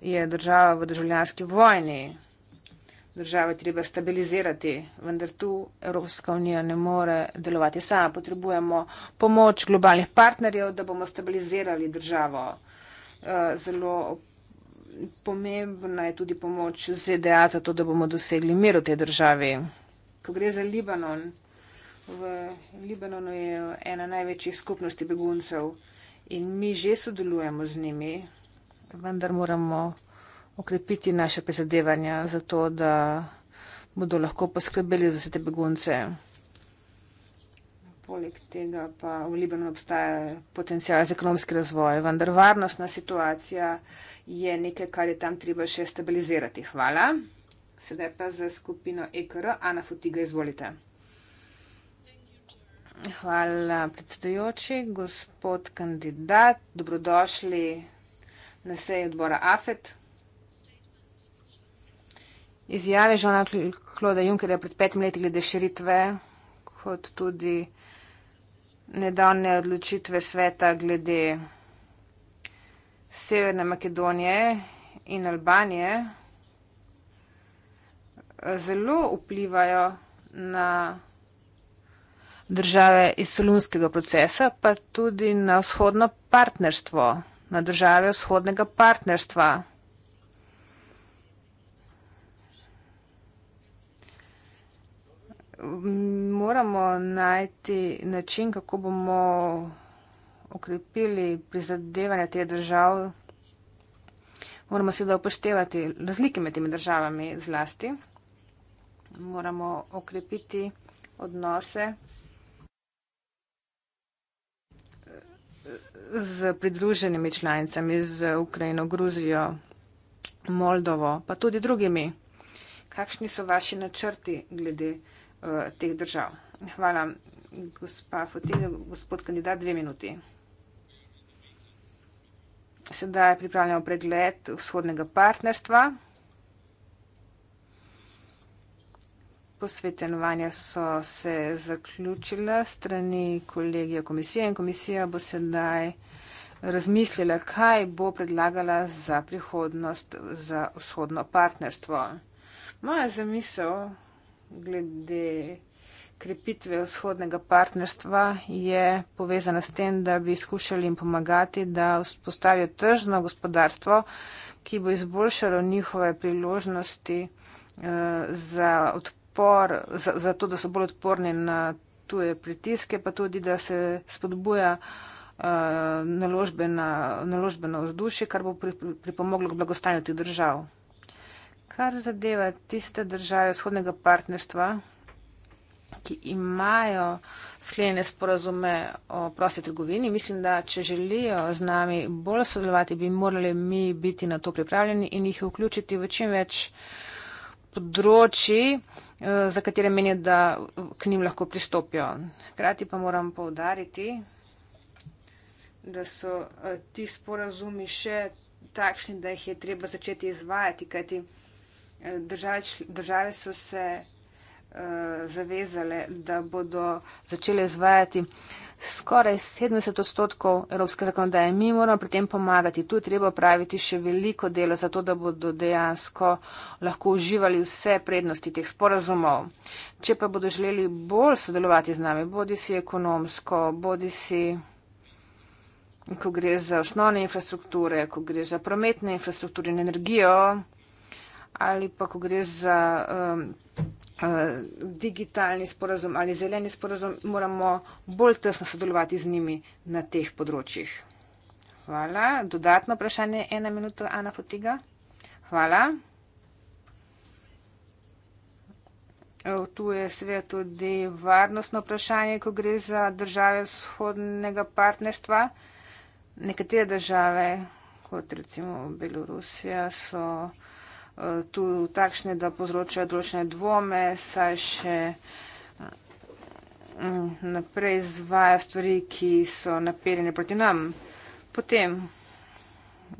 je država v državljanski vojni države treba stabilizirati, vendar tu Evropska unija ne more delovati sama. Potrebujemo pomoč globalnih partnerjev, da bomo stabilizirali državo. Eh, zelo pomembna je tudi pomoč ZDA za to, da bomo dosegli mir v tej državi. Ko gre za Libanon, v Libanonu je ena največjih skupnosti beguncev in mi že sodelujemo z njimi, vendar moramo okrepiti naše prizadevanja za to, da bodo lahko poskrbeli za vse te begunce. Poleg tega pa v Libanonu obstaja potencijal za ekonomski razvoj, vendar varnostna situacija je nekaj, kar je tam treba še stabilizirati. Hvala. Sedaj pa za skupino EKR, Ana Futiga, izvolite. Hvala, predsedujoči, gospod kandidat, dobrodošli na seji odbora AFET izjave Žona Kloda Junkerja pred petim leti glede širitve, kot tudi nedavne odločitve sveta glede Severne Makedonije in Albanije, zelo vplivajo na države iz solunskega procesa, pa tudi na vzhodno partnerstvo, na države vzhodnega partnerstva. moramo najti način, kako bomo okrepili prizadevanja teh držav. Moramo seveda upoštevati razlike med temi državami zlasti. Moramo okrepiti odnose z pridruženimi članicami, z Ukrajino, Gruzijo, Moldovo, pa tudi drugimi. Kakšni so vaši načrti glede? Eh, teh držav. Hvala, gospa Fotega. Gospod kandidat, dve minuti. Sedaj pripravljamo pregled vzhodnega partnerstva. Posvetenovanja so se zaključila strani kolegija komisije in komisija bo sedaj razmislila, kaj bo predlagala za prihodnost za vzhodno partnerstvo. Moja zamisel glede krepitve vzhodnega partnerstva je povezana s tem, da bi skušali jim pomagati, da vzpostavijo tržno gospodarstvo, ki bo izboljšalo njihove priložnosti eh, za odpor, za, za to, da so bolj odporni na tuje pritiske, pa tudi, da se spodbuja eh, naložbena, naložbeno vzdušje, kar bo pripomoglo pri k blagostanju teh držav. Kar zadeva tiste države vzhodnega partnerstva, ki imajo sklenjene sporazume o prosti trgovini, mislim, da če želijo z nami bolj sodelovati, bi morali mi biti na to pripravljeni in jih vključiti v čim več področji, eh, za katere menijo, da k njim lahko pristopijo. Hkrati pa moram povdariti, da so eh, ti sporazumi še takšni, da jih je treba začeti izvajati, kajti države, države so se eh, zavezale, da bodo začele izvajati skoraj 70 odstotkov evropske zakonodaje. Mi moramo pri tem pomagati. Tu je treba praviti še veliko dela, zato da bodo dejansko lahko uživali vse prednosti teh sporazumov. Če pa bodo želeli bolj sodelovati z nami, bodi si ekonomsko, bodi si, ko gre za osnovne infrastrukture, ko gre za prometne infrastrukture in energijo, ali pa ko gre za um, uh, digitalni sporazum ali zeleni sporazum, moramo bolj tesno sodelovati z njimi na teh področjih. Hvala. Dodatno vprašanje, ena minuta, Ana Fotiga. Hvala. Tu je svet tudi varnostno vprašanje, ko gre za države vzhodnega partnerstva. Nekatere države, kot recimo Belorusija, so uh, tu takšne, da povzročajo določene dvome, saj še eh, mm, naprej izvaja stvari, ki so naperjene proti nam. Potem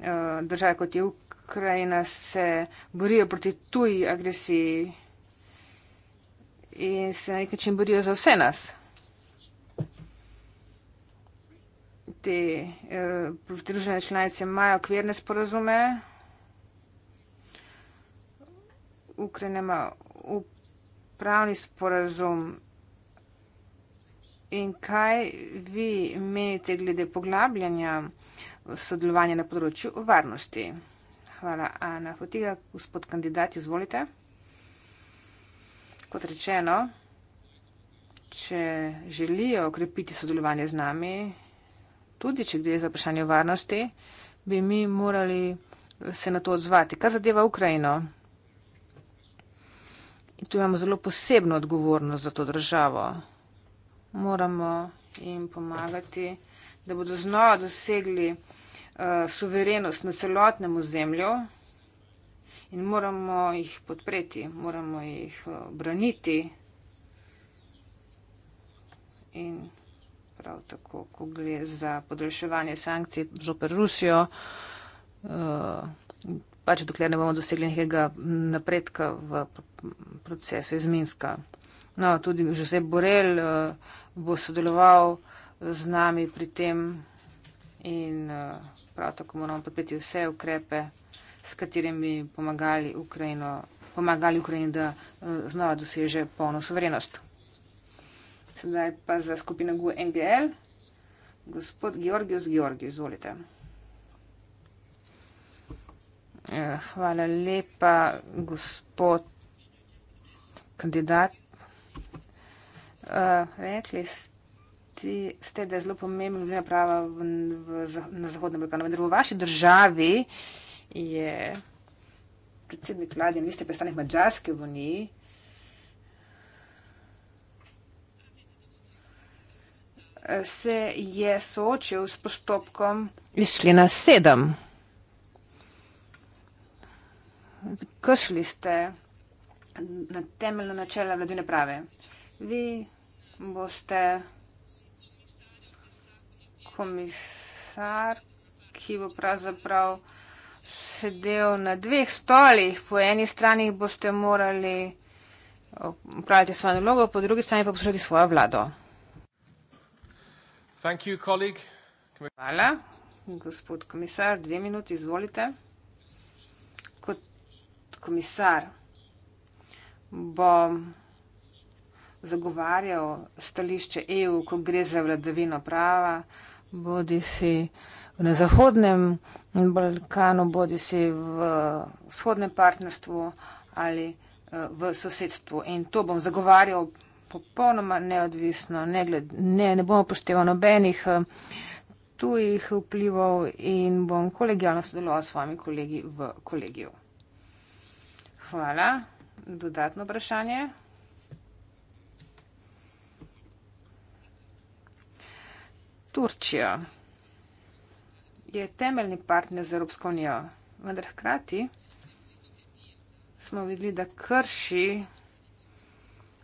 eh, države kot je Ukrajina se borijo proti tuji agresiji in se na nek način borijo za vse nas. Te eh, pridružene članice imajo okvirne sporazume, Ukrajinama upravni sporazum in kaj vi menite glede poglabljanja sodelovanja na področju varnosti? Hvala, Ana Fotiga. Gospod kandidat, izvolite. Kot rečeno, če želijo okrepiti sodelovanje z nami, tudi če gre za vprašanje varnosti, bi mi morali se na to odzvati. Kar zadeva Ukrajino, in tu imamo zelo posebno odgovornost za to državo. Moramo jim pomagati, da bodo znova dosegli uh, suverenost na celotnem ozemlju in moramo jih podpreti, moramo jih uh, braniti. In prav tako, ko gre za podaljševanje sankcij zoper Rusijo, uh, pač dokler ne bomo dosegli nekega napredka v procesu iz Minska. No, tudi Josep Borel uh, eh, bo sodeloval z nami pri tem in uh, prav tako moramo podpreti vse ukrepe, s katerimi pomagali Ukrajino, pomagali Ukrajini, da uh, znova doseže polno suverenost. Sedaj pa za skupino GUNGL. E gospod Georgijus, Georgijus, izvolite. Hvala lepa, gospod kandidat. Uh, rekli ste, ste, da je zelo pomembno, da je prava v, v, na Zahodnem Balkanu, vendar v vaši državi je predsednik vlade in vi ste predstavnik Mačarske v Uniji. Eh, se je soočil s postopkom iz člena sedem. Kršili ste na temeljno načelo vladine prave. Vi boste komisar, ki bo pravzaprav sedel na dveh stolih. Po eni strani boste morali upraviti svojo nalogo, po drugi strani pa poslušati svojo vlado. Hvala, gospod komisar. Dve minuti, izvolite. Kot komisar bom zagovarjal stališče EU, ko gre za vladavino prava, bodi si na Zahodnem Balkanu, bodi si v vzhodnem partnerstvu ali eh, v sosedstvu. In to bom zagovarjal popolnoma neodvisno, ne, gled, ne, ne bom upošteval nobenih eh, tujih vplivov in bom kolegijalno sodeloval s svojimi kolegi v kolegiju. Hvala dodatno vprašanje? Turčija je temeljni partner za Evropsko unijo, vendar hkrati smo videli, da krši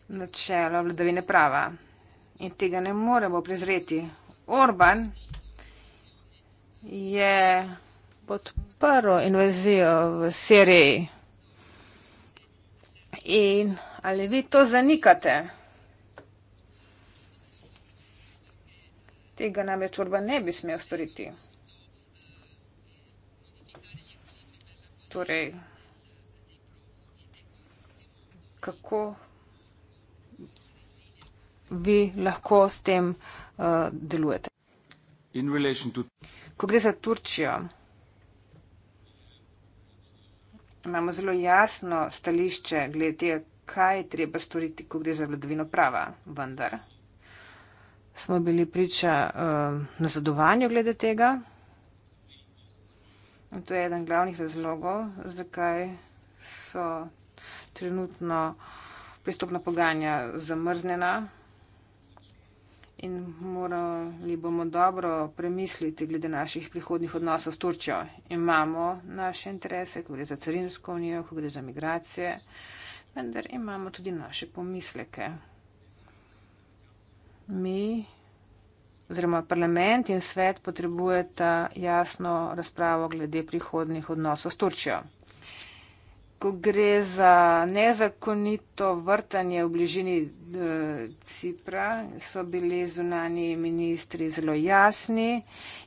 načelo vladavine prava in tega ne moremo prezreti. Orban je podprl invazijo v Siriji. In ali vi to zanikate? Tega namreč Orban ne bi smel storiti. Torej, kako vi lahko s tem uh, delujete? Ko gre za Turčijo imamo zelo jasno stališče glede, kaj je treba storiti, ko gre za vladavino prava, vendar smo bili priča uh, nazadovanju glede tega. In to je eden glavnih razlogov, zakaj so trenutno pristopna pogajanja zamrznjena in morali bomo dobro premisliti glede naših prihodnih odnosov s Turčjo. Imamo naše interese, ko gre za carinsko unijo, ko gre za migracije, vendar imamo tudi naše pomisleke. Mi, oziroma parlament in svet potrebujeta jasno razpravo glede prihodnih odnosov s Turčjo ko gre za nezakonito vrtanje v bližini e, Cipra, so bili zunani ministri zelo jasni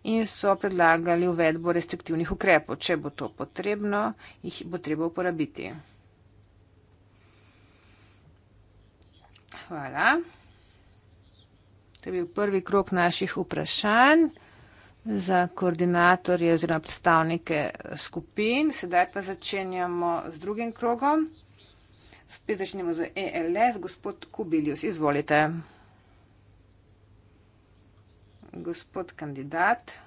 in so predlagali uvedbo restriktivnih ukrepov. Če bo to potrebno, jih bo treba uporabiti. Hvala. To je bil prvi krok naših vprašanj za koordinatorje oziroma predstavnike skupin. Sedaj pa začenjamo z drugim krogom. Spet začnemo z ELS. Gospod Kubilius, izvolite. Gospod kandidat.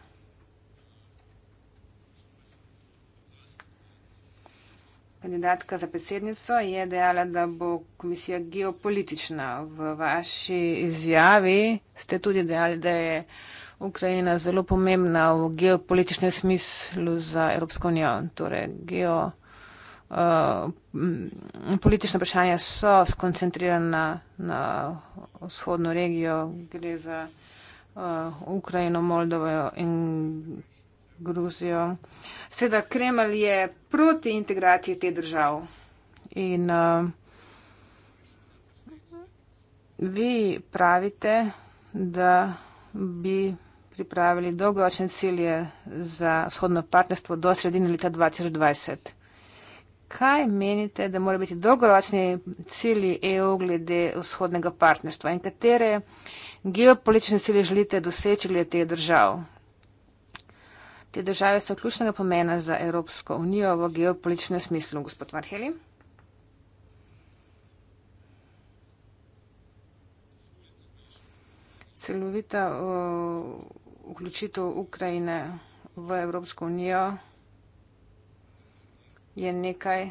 Kandidatka za predsednico je dejala, da bo komisija geopolitična. V vaši izjavi ste tudi dejali, da je Ukrajina zelo pomembna v geopolitičnem smislu za Evropsko unijo. Torej, geopolitična eh, uh, vprašanja so skoncentrirana na vzhodno regijo, gre za uh, Ukrajino, Moldovo in Gruzijo. Seveda Kremelj je proti integraciji te držav. In uh, vi pravite, da bi pripravili dolgoročne cilje za vzhodno partnerstvo do sredine leta 2020. Kaj menite, da mora biti dolgoročni cilji EU glede vzhodnega partnerstva in katere geopolitične cilje želite doseči glede teh držav? Te države so ključnega pomena za Evropsko unijo v geopolitičnem smislu, gospod Varheli. Celovita uh, vključitev Ukrajine v Evropsko unijo je nekaj,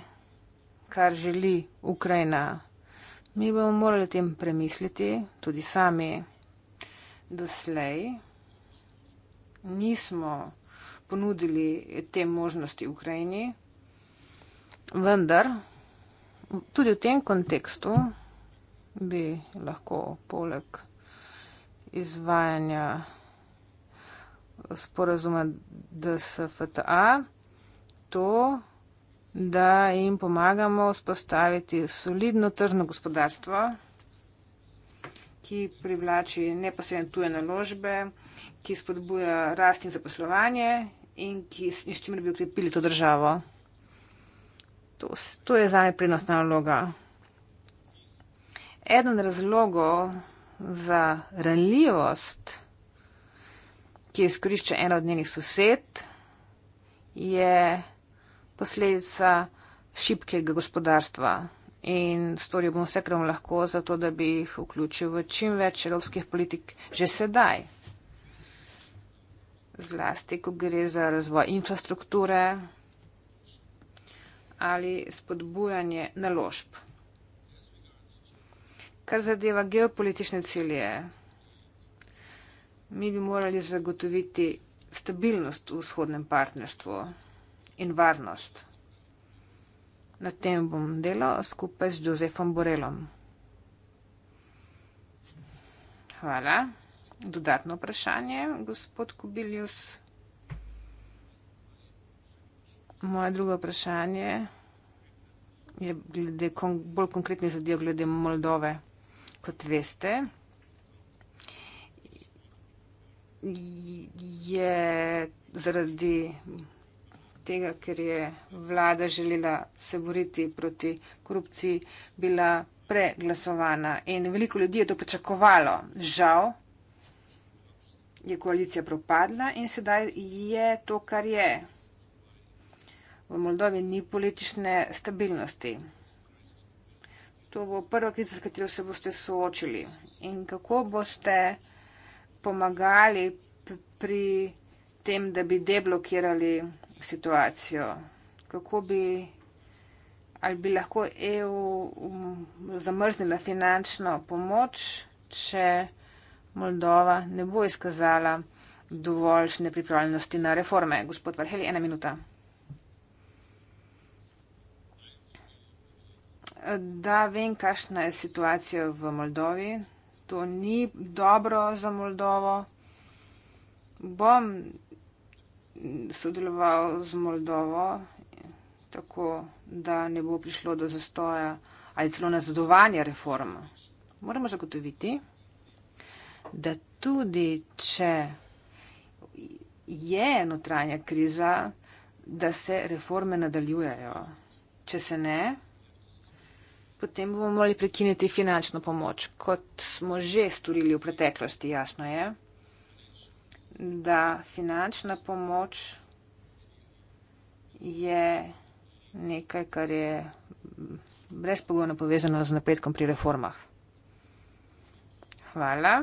kar želi Ukrajina. Mi bomo morali tem premisliti, tudi sami doslej. Nismo ponudili te možnosti Ukrajini. Vendar, tudi v tem kontekstu bi lahko poleg izvajanja sporazuma DSFTA to, da jim pomagamo spostaviti solidno tržno gospodarstvo, ki privlači neposredne tuje naložbe, ki spodbuja rast in zaposlovanje in ki, s čimer bi ukrepili to državo. To, to je zame prednostna naloga. Eden razlogov za ranljivost, ki jo izkorišča ena od njenih sosed, je posledica šibkega gospodarstva. In storil bom vse, kar bom lahko, zato da bi jih vključil v čim več evropskih politik že sedaj zlasti, ko gre za razvoj infrastrukture ali spodbujanje naložb. Kar zadeva geopolitične cilje, mi bi morali zagotoviti stabilnost v vzhodnem partnerstvu in varnost. Na tem bom delal skupaj z Josefom Borelom. Hvala. Dodatno vprašanje, gospod Kubilius. Moje drugo vprašanje je glede kon bolj konkretnih zadev glede Moldove. Kot veste, je zaradi tega, ker je vlada želela se boriti proti korupciji, bila preglasovana in veliko ljudi je to pričakovalo. Žal, je koalicija propadla in sedaj je to, kar je. V Moldovi ni politične stabilnosti. To bo prva kriza, s katero se boste soočili. In kako boste pomagali pri tem, da bi deblokirali situacijo? Kako bi, ali bi lahko EU um, zamrznila finančno pomoč, če. Moldova ne bo izkazala dovoljšne pripravljenosti na reforme. Gospod Varheli, ena minuta. Da vem, kakšna je situacija v Moldovi. To ni dobro za Moldovo. Bom sodeloval z Moldovo, tako da ne bo prišlo do zastoja ali celo nazadovanja reform. Moramo zagotoviti da tudi če je notranja kriza, da se reforme nadaljujejo. Če se ne, potem bomo morali prekiniti finančno pomoč, kot smo že storili v preteklosti, jasno je, da finančna pomoč je nekaj, kar je brezpogojno povezano z napredkom pri reformah. Hvala.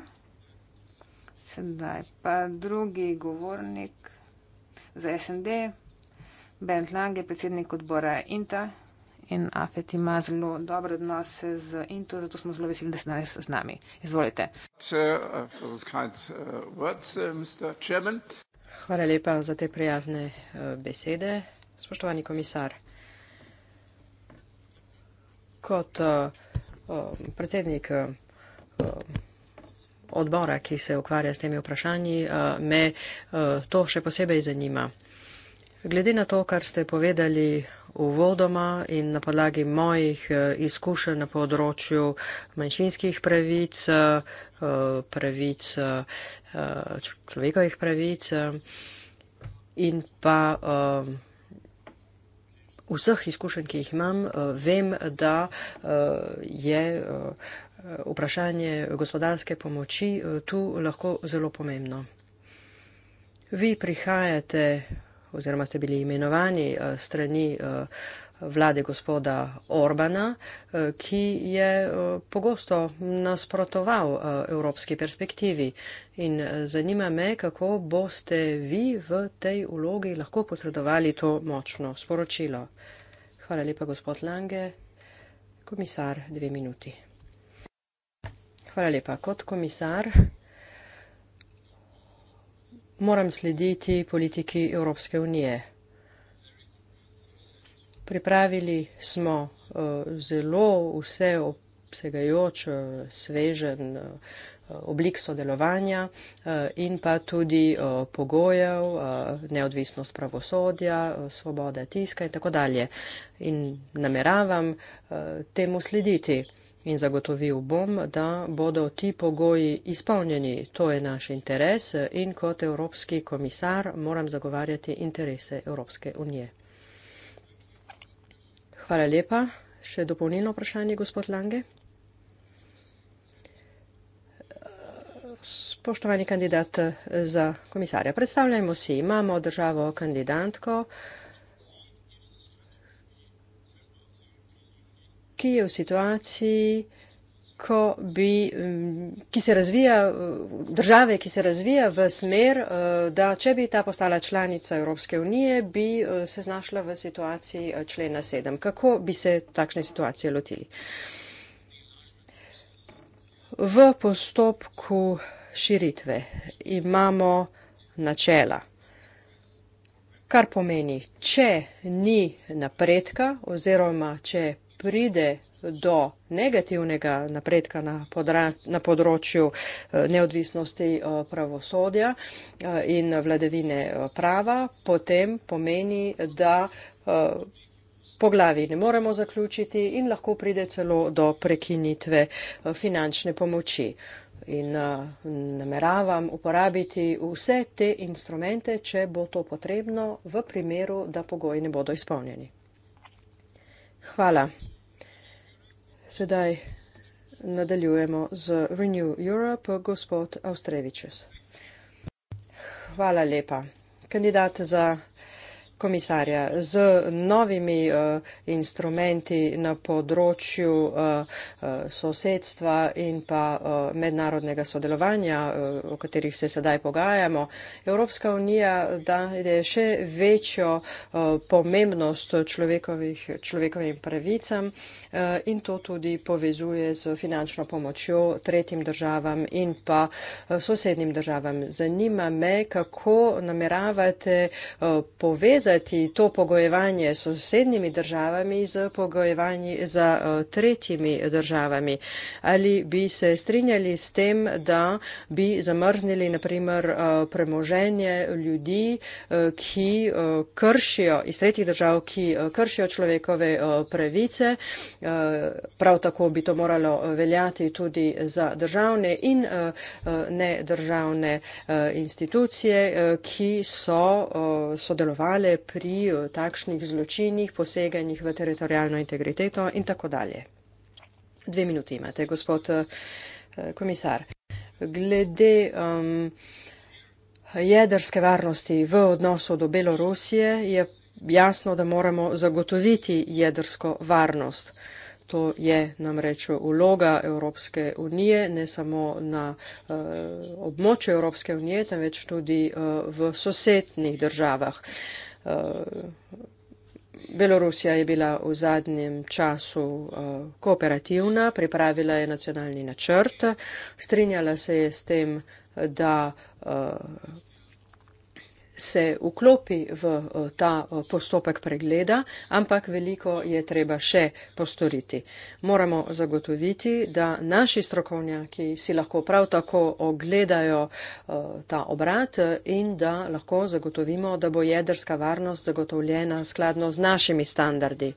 Sedaj pa drugi govornik za SND, Bent Lang je predsednik odbora INTA in AFET ima zelo dobre odnose z INTO, zato smo zelo veseli, da ste danes z nami. Izvolite. Hvala lepa za te prijazne eh, besede, spoštovani komisar. Kot uh, predsednik uh, odbora, ki se ukvarja s temi vprašanji, eh, me eh, to še posebej zanima. Glede na to, kar ste povedali uvodoma in na podlagi mojih eh, izkušenj na področju manjšinskih pravic, pravic človekovih pravic in pa vseh izkušenj, ki jih imam, vem, da je Eh, vprašanje gospodarske pomoči eh, tu lahko zelo pomembno. Vi prihajate oziroma ste bili imenovani eh, strani vlade gospoda Orbana, ki je pogosto nasprotoval evropski perspektivi. In zanima me, kako boste vi v tej ulogi lahko posredovali to močno sporočilo. Hvala lepa, gospod Lange. Komisar, dve minuti. Hvala lepa. Kot komisar moram slediti politiki Evropske unije. Pripravili smo eh, zelo vse obsegajoč, eh, svežen eh, oblik sodelovanja in pa tudi pogojev, neodvisnost pravosodja, svoboda tiska in tako dalje. In nameravam temu slediti. In zagotovil bom, da bodo ti pogoji izpolnjeni. To je naš interes in kot evropski komisar moram zagovarjati interese Evropske unije. Hvala lepa. Še dopolnilno vprašanje, gospod Lange. Spoštovani kandidat za komisarja, predstavljajmo si, imamo državo kandidatko. ki je v situaciji, bi, mm, ki se razvija, države, ki se razvija v smer, eh, da če bi ta postala članica Evropske unije, bi eh, se znašla v situaciji eh, člena 7. Kako bi se takšne situacije lotili? V postopku širitve imamo načela, kar pomeni, če ni napredka oziroma če pride do negativnega napredka na, podra, na področju eh, neodvisnosti eh, pravosodja eh, in vladavine prava, potem pomeni, da poglavi ne moremo zaključiti in lahko pride celo do prekinitve finančne pomoči. In nameravam uporabiti vse te instrumente, če bo to potrebno, v primeru, da pogoji ne bodo izpolnjeni. Hvala. Sedaj nadaljujemo z Renew Europe, gospod Austrevičus. Hvala lepa. Kandidat za komisarja, z novimi uh, instrumenti na področju uh, sosedstva in pa uh, mednarodnega sodelovanja, uh, o katerih se sedaj pogajamo, Evropska unija daje še večjo uh, pomembnost človekovim pravicam uh, in to tudi povezuje z finančno pomočjo tretjim državam in pa uh, sosednjim državam. Zanima me, kako nameravate uh, povezati povezati to pogojevanje s sosednjimi državami z pogojevanji z eh, tretjimi državami? Ali bi se strinjali s tem, da bi zamrznili naprimer eh, premoženje ljudi, eh, ki kršijo, iz tretjih držav, ki kršijo človekove pravice? Prav tako bi to moralo veljati tudi za državne in ne državne institucije, ki so sodelovali pri eh, takšnih zločinih, poseganjih v teritorijalno integriteto in tako dalje. Dve minuti imate, gospod eh, komisar. Glede um, jedrske varnosti v odnosu do Belorusije je jasno, da moramo zagotoviti jedrsko varnost. To je namreč uloga Evropske unije, ne samo na uh, območju Evropske unije, temveč tudi uh, v sosednjih državah. Uh, Eh, Belorusija je bila v zadnjem času eh, kooperativna, pripravila je nacionalni načrt, strinjala se je s tem, da eh, se vklopi v eh, ta eh, postopek pregleda, ampak veliko je treba še postoriti. Moramo zagotoviti, da naši strokovnjaki si lahko prav tako ogledajo eh, ta obrat in da lahko zagotovimo, da bo jedrska varnost zagotovljena skladno z našimi standardi.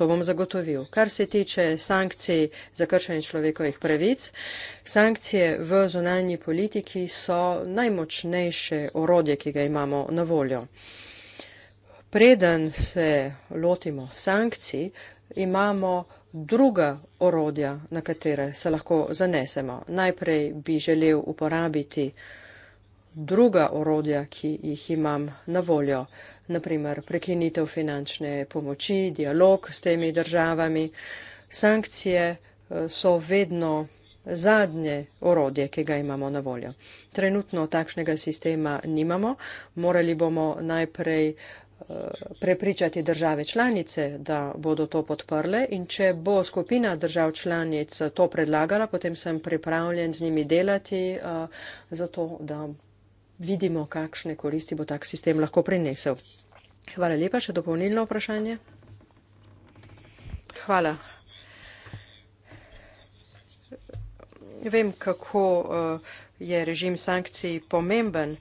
To bom zagotovil. Kar se tiče sankcij za kršenje človekovih pravic, sankcije v zunanji politiki so najmočnejše orodje, ki ga imamo na voljo. Preden se lotimo sankcij, imamo druga orodja, na katere se lahko zanesemo. Najprej bi želel uporabiti druga orodja, ki jih imam na voljo naprimer prekinitev finančne pomoči, dialog s temi državami. Sankcije eh, so vedno zadnje orodje, ki ga imamo na voljo. Trenutno takšnega sistema nimamo, morali bomo najprej eh, prepričati države članice, da bodo to podprle in če bo skupina držav članic to predlagala, potem sem pripravljen z njimi delati uh, eh, za to, da vidimo, kakšne koristi bo tak sistem lahko prinesel. Hvala lepa. Še dopolnilno vprašanje? Hvala. Vem, kako eh, je režim sankcij pomemben,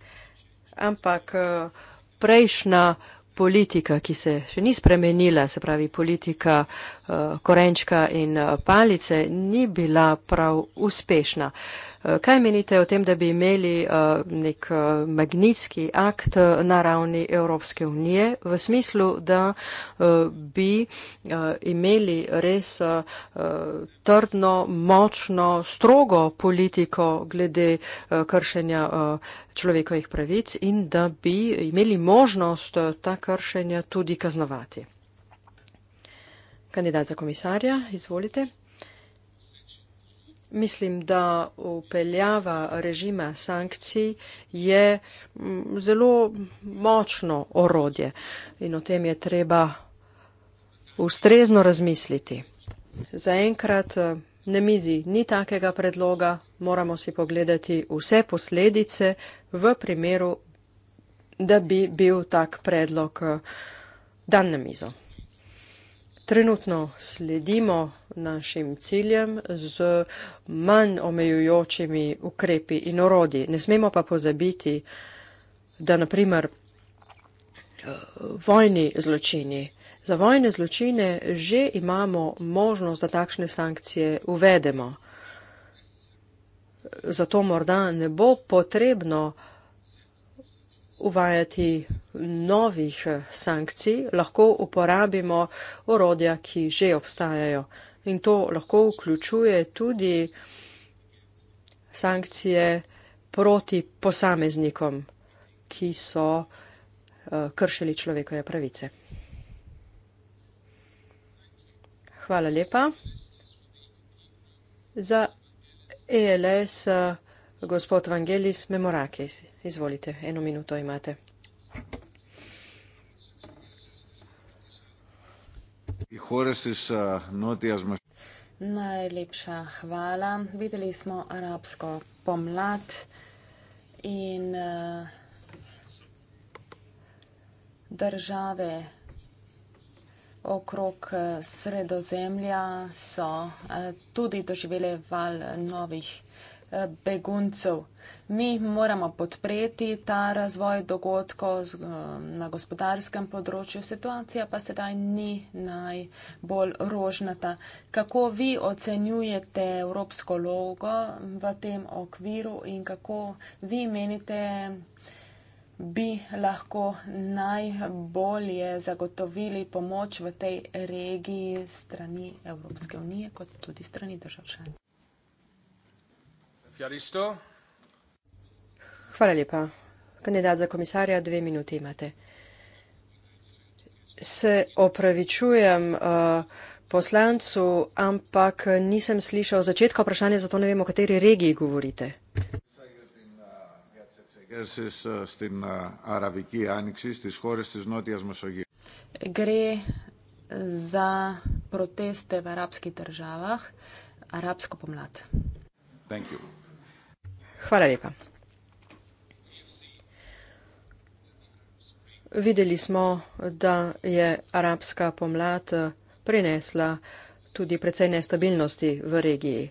ampak eh, prejšnja politika, ki se še ni spremenila, se pravi politika eh, korenčka in palice, ni bila prav uspešna. Eh, kaj menite o tem, da bi imeli eh, nek eh, magnitski akt na ravni Evropske unije v smislu, da bi imeli res trdno, močno, strogo politiko glede kršenja človekovih pravic in da bi imeli možnost ta kršenja tudi kaznovati? Kandidat za komisarja, izvolite. Mislim, da upeljava režima sankcij je mm, zelo močno orodje in o tem je treba ustrezno razmisliti. Zaenkrat eh, na mizi ni takega predloga, moramo si pogledati vse posledice v primeru, da bi bil tak predlog eh, dan na mizo. Trenutno sledimo našim ciljem z manj omejujočimi ukrepi in orodji. Ne smemo pa pozabiti, da naprimer vojni zločini. Za vojne zločine že imamo možnost, da takšne sankcije uvedemo. Zato morda ne bo potrebno uvajati novih sankcij, lahko uporabimo orodja, ki že obstajajo in to lahko vključuje tudi sankcije proti posameznikom, ki so eh, kršili človekove pravice. Hvala lepa. Za ELS eh, gospod Vangelis Memorakis, izvolite, eno minuto imate. Horesis Notias Machina. Najlepša hvala. Videli smo arabsko pomlad in države okrog e, sredozemlja so e, tudi doživele val novih beguncev. Mi moramo podpreti ta razvoj dogodkov eh, na gospodarskem področju. Situacija pa sedaj ni najbolj rožnata. Kako vi ocenjujete evropsko logo v tem okviru in kako vi menite, bi lahko najbolje zagotovili pomoč v tej regiji strani Evropske unije, kot tudi strani držav članic? Hvala lepa. Kandidat za komisarja, dve minuti imate. Se opravičujem uh, poslancu, ampak nisem slišal začetka vprašanja, zato ne vem, o kateri regiji govorite. Gre za proteste v arabskih državah, arabsko pomlad. Thank you. Hvala lepa. Videli smo, da je arabska pomlad eh, prinesla tudi precej nestabilnosti v regiji.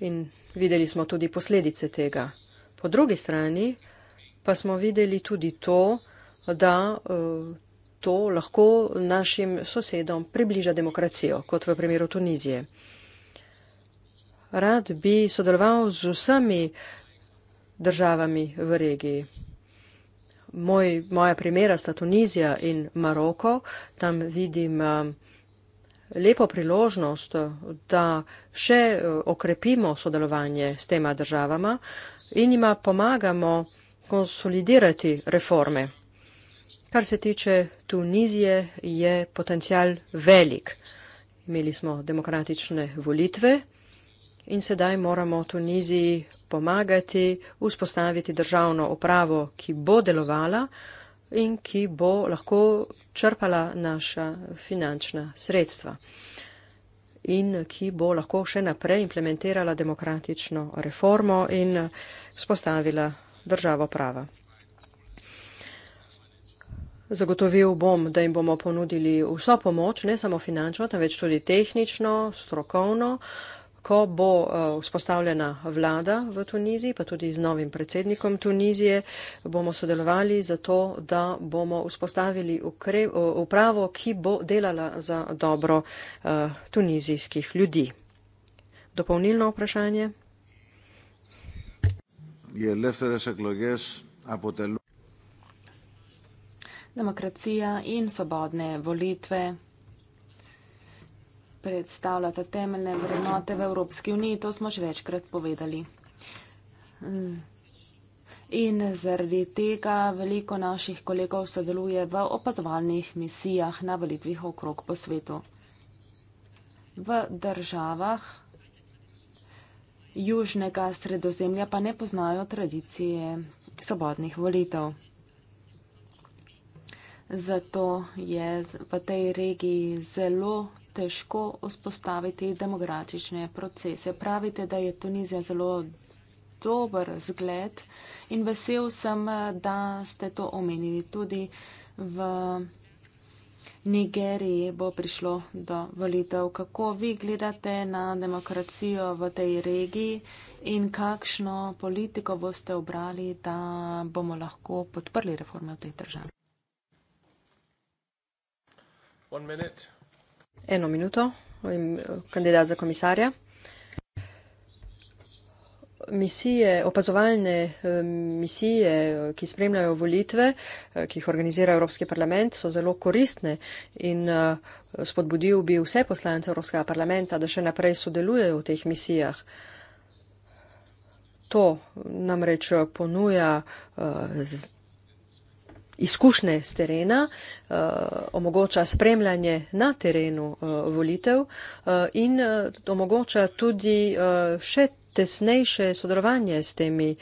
In videli smo tudi posledice tega. Po drugi strani pa smo videli tudi to, da eh, to lahko našim sosedom približa demokracijo, kot v primeru Tunizije rad bi sodeloval z vsemi državami v regiji. Moj, moja primera sta Tunizija in Maroko. Tam vidim um, lepo priložnost, da še uh, okrepimo sodelovanje s tema državama in jima pomagamo konsolidirati reforme. Kar se tiče Tunizije, je potencial velik. Imeli smo demokratične volitve in sedaj moramo Tuniziji pomagati vzpostaviti državno upravo, ki bo delovala in ki bo lahko črpala naša finančna sredstva in ki bo lahko še naprej implementirala demokratično reformo in vzpostavila državo prava. Zagotovil bom, da jim bomo ponudili vso pomoč, ne samo finančno, temveč tudi tehnično, strokovno, uh, ko bo eh, vzpostavljena vlada v Tuniziji, pa tudi z novim predsednikom Tunizije, bomo sodelovali za to, da bomo vzpostavili eh, upravo, ki bo delala za dobro eh, tunizijskih ljudi. Dopolnilno vprašanje. Demokracija in svobodne volitve predstavljata temeljne vrednote v Evropski uniji, to smo že večkrat povedali. In zaradi tega veliko naših kolegov sodeluje v opazovalnih misijah na volitvih okrog po svetu. V državah južnega sredozemlja pa ne poznajo tradicije svobodnih volitev. Zato je v tej regiji zelo težko vzpostaviti demokratične procese. Pravite, da je Tunizija zelo dober zgled in vesel sem, da ste to omenili. Tudi v Nigeriji bo prišlo do volitev. Kako vi gledate na demokracijo v tej regiji in kakšno politiko boste obrali, da bomo lahko podprli reforme v tej državi? One minute. Eno minuto, kandidat za komisarja. Misije, opazovalne misije, ki spremljajo volitve, eh, ki jih organizira Evropski parlament, so zelo koristne in eh, spodbudil bi vse poslance Evropskega parlamenta, da še naprej sodelujejo v teh misijah. To namreč ponuja uh, izkušnje z terena, eh, omogoča spremljanje na terenu eh, volitev eh, in omogoča tudi še tesnejše sodelovanje s temi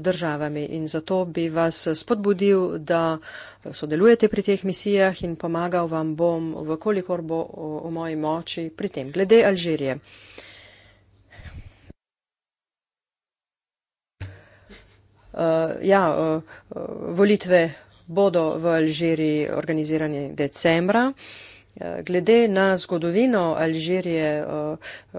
državami. In zato bi vas spodbudil, da sodelujete pri teh misijah in pomagal vam bom, vkolikor bo v moji moči pri tem. Glede Alžirije. Uh, ja, uh, volitve bodo v Alžiriji organizirani decembra. Eh, glede na zgodovino Alžirije eh, eh,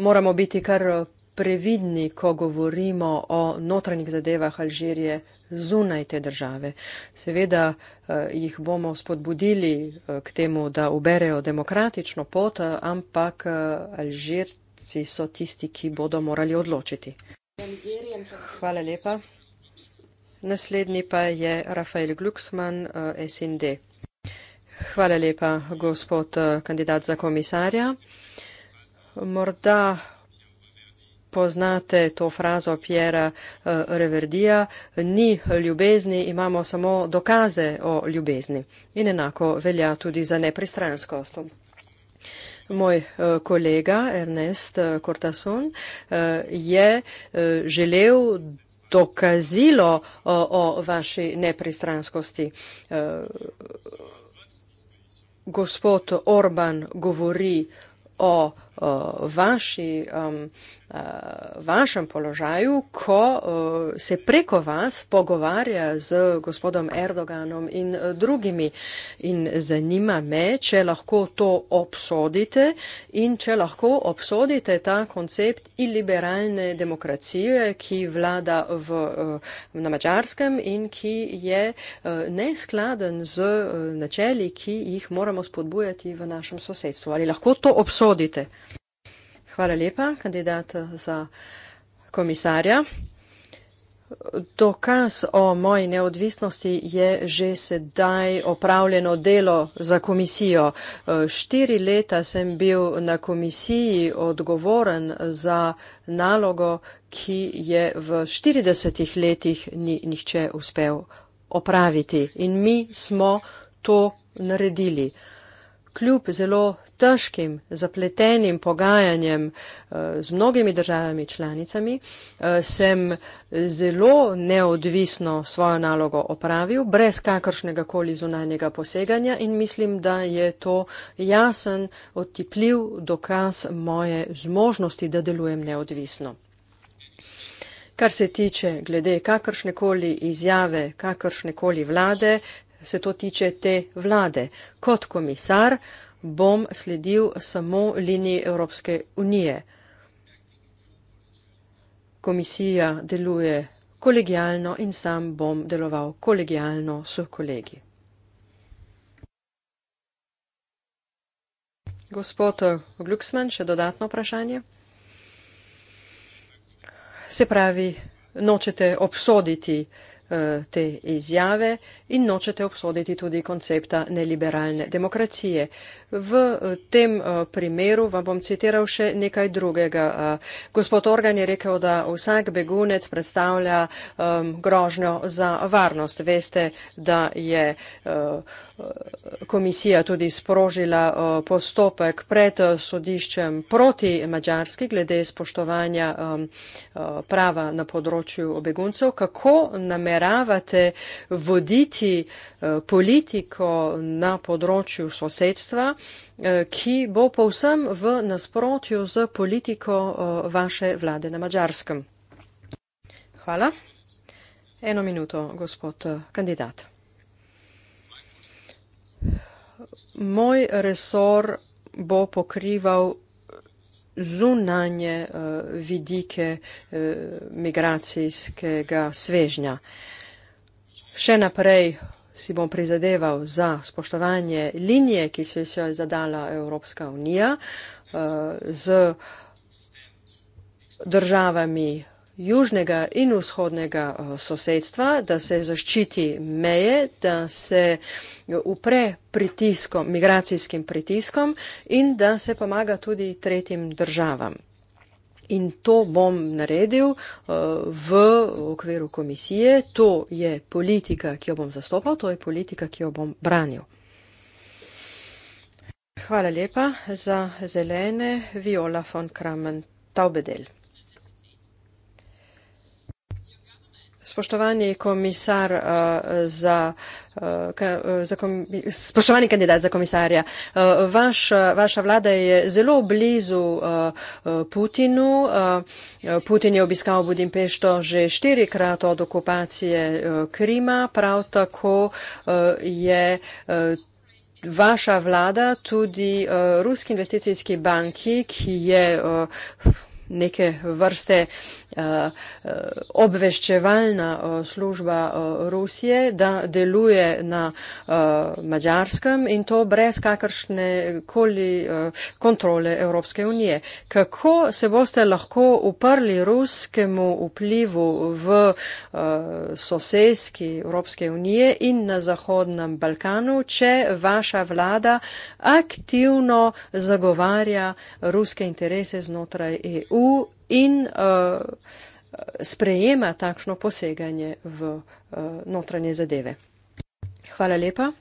moramo biti kar previdni, ko govorimo o notranjih zadevah Alžirije zunaj te države. Seveda jih bomo spodbudili k temu, da uberejo demokratično pot, ampak Alžirci so tisti, ki bodo morali odločiti. Hvala lepa. Naslednji pa je Rafael Glucksmann, eh, SND. Hvala lepa, gospod eh, kandidat za komisarja. Morda poznate to frazo Pjera eh, Reverdija, ni ljubezni, imamo samo dokaze o ljubezni. In enako velja tudi za nepristranskost. Moj kolega Ernest Cortason je želel, dokazilo o, o vaši nepristranskosti. E, gospod Orban govori o vaši, um, vašem položaju, ko se preko vas pogovarja z gospodom Erdoganom in e, drugimi. In zanima me, če lahko to obsodite in če lahko obsodite ta koncept iliberalne demokracije, ki vlada v, e, na mačarskem in ki je e, neskladen z načeli, ki jih moramo spodbujati v našem sosedstvu. Ali lahko to obsodite? Hvala lepa, kandidat za komisarja. Dokaz o moji neodvisnosti je že sedaj opravljeno delo za komisijo. Štiri leta sem bil na komisiji odgovoren za nalogo, ki je v 40 letih ni nihče uspel opraviti. In mi smo to naredili kljub zelo težkim, zapletenim pogajanjem eh, z mnogimi državami članicami, eh, sem zelo neodvisno svojo nalogo opravil, brez kakršnega koli zunanjega poseganja in mislim, da je to jasen, otipljiv dokaz moje zmožnosti, da delujem neodvisno. Kar se tiče glede kakršne koli izjave, kakršne koli vlade, se to tiče te vlade. Kot komisar bom sledil samo liniji Evropske unije. Komisija deluje kolegijalno in sam bom deloval kolegijalno s kolegi. Gospod Glucksmann, še dodatno vprašanje? Se pravi, nočete obsoditi uh, Eh, te izjave in nočete obsoditi tudi koncepta neliberalne demokracije. V eh, tem eh, primeru vam bom citiral še nekaj drugega. Gospod Organ je rekel, da vsak begunec predstavlja grožnjo za varnost. Veste, da je komisija tudi sprožila postopek pred sodiščem proti Mačarski glede spoštovanja prava na področju beguncev. Kako nameravate voditi politiko na področju sosedstva, ki bo povsem v nasprotju z politiko vaše vlade na Mačarskem? Hvala. Eno minuto, gospod kandidat. moj resor bo pokrival zunanje uh, vidike uh, migracijskega svežnja. Še naprej si bom prizadeval za spoštovanje linije, ki se jo je zadala Evropska unija uh, z državami uh, južnega in vzhodnega eh, sosedstva, da se zaščiti meje, da se upre pritiskom, migracijskim pritiskom in da se pomaga tudi tretjim državam. In to bom naredil eh, v okviru komisije, to je politika, ki jo bom zastopal, to je politika, ki jo bom branil. Hvala lepa za zelene, Viola von Kramen Taubedel. Spoštovani komisar uh, za, uh, ka, eh, za komi, spoštovani kandidat za komisarja, uh, vaš, vaša vlada je zelo blizu uh, Putinu. Uh, Putin je obiskal Budimpešto že štirikrat od okupacije uh, Krima, prav tako uh, je. Uh, Vaša vlada, tudi uh, Ruski investicijski banki, ki je uh, neke vrste uh, Eh, eh, obveščevalna eh, služba Rusije, da deluje na Mačarskem in to brez kakršne koli kontrole Evropske unije. Kako se boste lahko uprli ruskemu vplivu v sosedski Evropske unije in na Zahodnem Balkanu, če vaša vlada aktivno zagovarja ruske interese znotraj EU in eh, sprejema takšno poseganje v eh, notranje zadeve. Hvala lepa.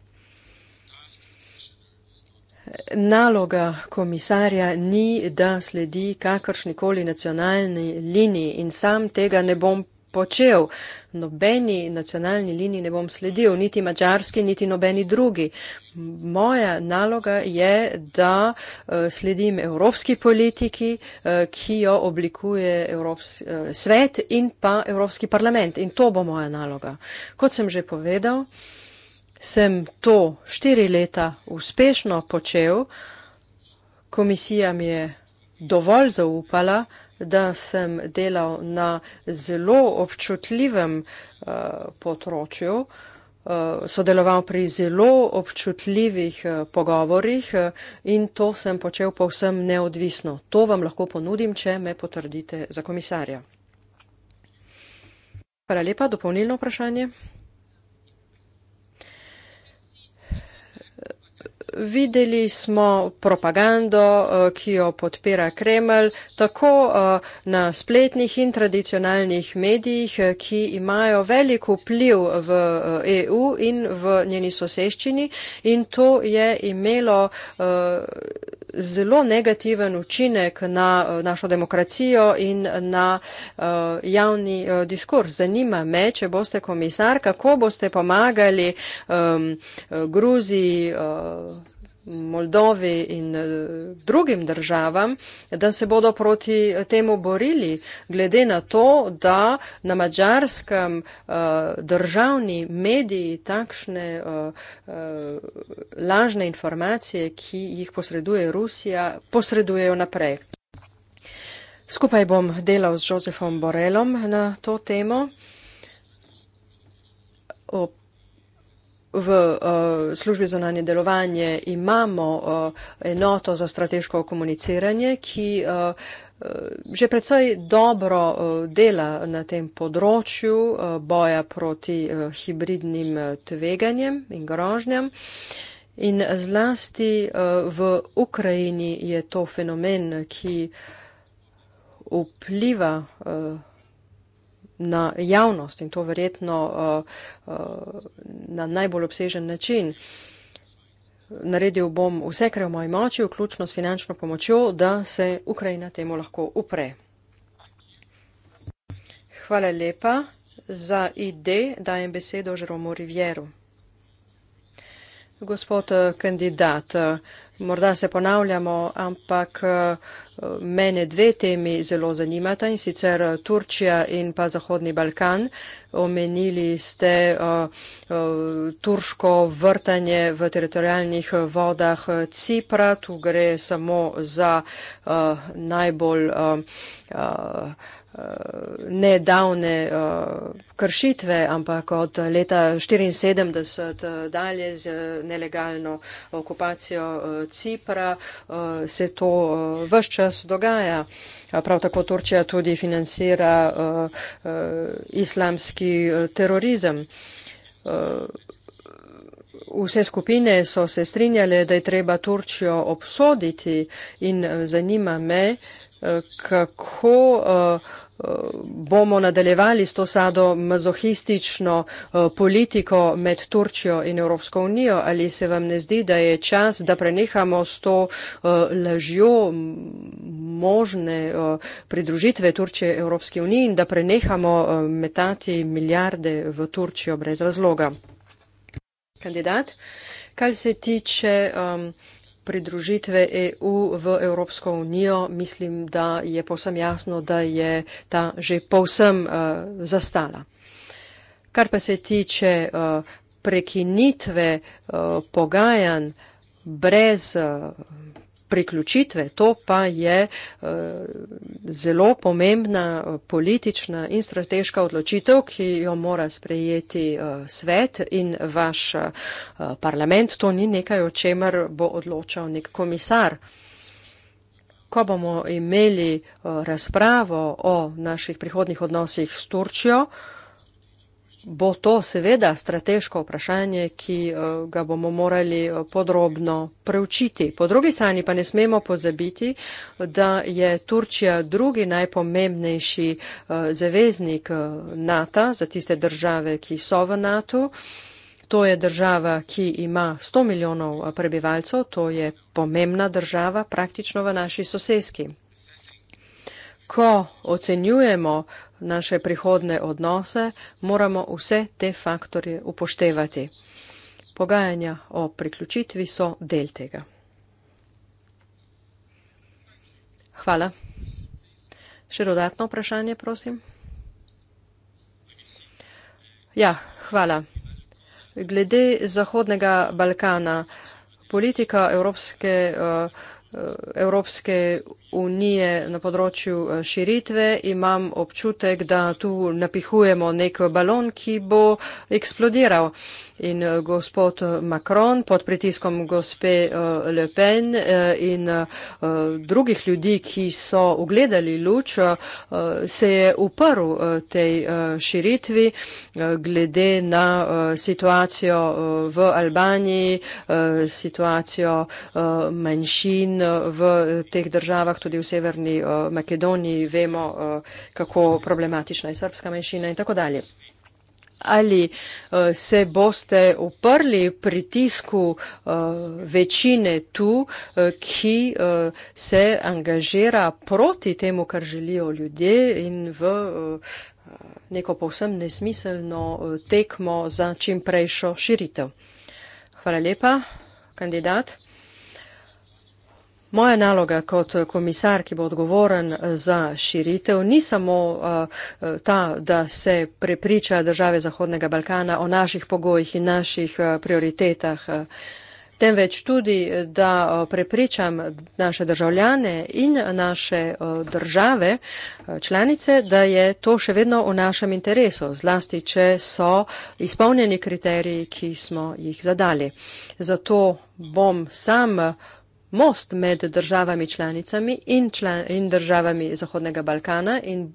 Naloga komisarja ni, da sledi kakršnikoli nacionalni liniji in sam tega ne bom počel. Nobeni nacionalni liniji ne bom sledil, niti mačarski, niti nobeni drugi. Moja naloga je, da eh, sledim evropski politiki, eh, ki jo oblikuje Evrops eh, svet in pa Evropski parlament. In to bo moja naloga. Kot sem že povedal, sem to štiri leta uspešno počel. Komisija mi je dovolj zaupala, da sem delal na zelo občutljivem uh, področju, uh, sodeloval pri zelo občutljivih uh, pogovorih uh, in to sem počel povsem neodvisno. To vam lahko ponudim, če me potrdite za komisarja. Hvala lepa, dopolnilno vprašanje. videli smo propagando, eh, ki jo podpira Kremelj, tako eh, na spletnih in tradicionalnih medijih, eh, ki imajo veliko vpliv v EU e in v njeni soseščini in to je imelo zelo negativen učinek na eh, našo demokracijo in na eh, javni eh, diskurs. Zanima me, če boste komisar, kako boste pomagali um, Gruziji. Uh, Moldovi in eh, drugim državam, da se bodo proti eh, temu borili, glede na to, da na mađarskem eh, državni mediji takšne lažne informacije, ki jih posreduje Rusija, posredujejo naprej. Skupaj bom delal z Jozefom Borelom na to temo. Op v uh, službi za nanje delovanje imamo uh, enoto za strateško komuniciranje, ki uh, že predvsej dobro uh, dela na tem področju uh, boja proti uh, hibridnim tveganjem in grožnjam. In zlasti uh, v Ukrajini je to fenomen, ki vpliva. Uh, na javnost in to verjetno uh, uh, na najbolj obsežen način. Naredil bom vse, kar je v moji moči, vključno s finančno pomočjo, da se Ukrajina temu lahko upre. Hvala lepa za ideje, dajem besedo Žeromu Rivjeru. Gospod eh, kandidat, morda se ponavljamo, ampak eh, mene dve temi zelo zanimata in sicer eh, Turčija in pa Zahodni Balkan. Omenili ste uh, uh, turško vrtanje v teritorijalnih vodah Cipra. Tu gre samo za uh, najbolj. Uh, uh, nedavne eh, kršitve, ampak od leta 1974 eh, dalje z nelegalno okupacijo eh, Cipra se to vse čas dogaja. Prav tako Turčija tudi financira islamski terorizem. Vse skupine so se strinjale, da je treba Turčijo obsoditi in zanima me, uh, kako eh, bomo nadaljevali s to sado mazohistično eh, politiko med Turčjo in Evropsko unijo? Ali se vam ne zdi, da je čas, da prenehamo s to eh, lažjo možne pridružitve Turčje Evropski uniji in da prenehamo metati milijarde v Turčjo brez razloga? Kandidat, kar se tiče. Um, pridružitve EU v Evropsko unijo, mislim, da je povsem jasno, da je ta že povsem uh, zastala. Kar pa se tiče uh, prekinitve uh, pogajanj brez uh, priključitve. To pa je eh, zelo pomembna eh, politična in strateška odločitev, ki jo mora sprejeti eh, svet in vaš parlament. To ni nekaj, o čemer bo odločal nek komisar. Ko bomo imeli razpravo o naših prihodnih odnosih s Turčjo, bo to seveda strateško vprašanje, ki eh, ga bomo morali eh, podrobno preučiti. Po drugi strani pa ne smemo pozabiti, da je Turčija drugi najpomembnejši eh, zaveznik NATO za tiste države, ki so v NATO. To je država, ki ima 100 milijonov prebivalcev, to je pomembna država praktično v naši soseski. Ko ocenjujemo naše prihodne odnose, moramo vse te faktorje upoštevati. Pogajanja o priključitvi so del tega. Hvala. Še dodatno vprašanje, prosim? Ja, hvala. Glede Zahodnega Balkana, politika Evropske, eh, eh, Evropske unije, unije na področju eh, širitve, imam občutek, da tu napihujemo nek balon, ki bo eksplodiral in eh, gospod Macron pod pritiskom gospe eh, Le Pen eh, in drugih ljudi, ki so ugledali luč, se je uprl tej širitvi glede na situacijo v Albaniji, situacijo manjšin v teh državah, tudi v Severni Makedoniji. Vemo, kako problematična je srpska manjšina in tako dalje ali eh, se boste uprli pritisku eh, večine tu, eh, ki se angažira proti temu, kar želijo ljudje in v neko povsem nesmiselno tekmo za čim prejšo širitev. Hvala lepa, kandidat. Moja naloga kot eh, komisar, ki bo odgovoren eh, za širitev, ni samo eh, ta, da se prepriča države Zahodnega Balkana o naših pogojih in naših prioritetah, temveč tudi, da prepričam naše državljane in naše države članice, da je to še vedno v našem interesu, zlasti, če so izpolnjeni kriteriji, ki smo jih zadali. Zato bom sam most med državami članicami in, član in državami Zahodnega Balkana in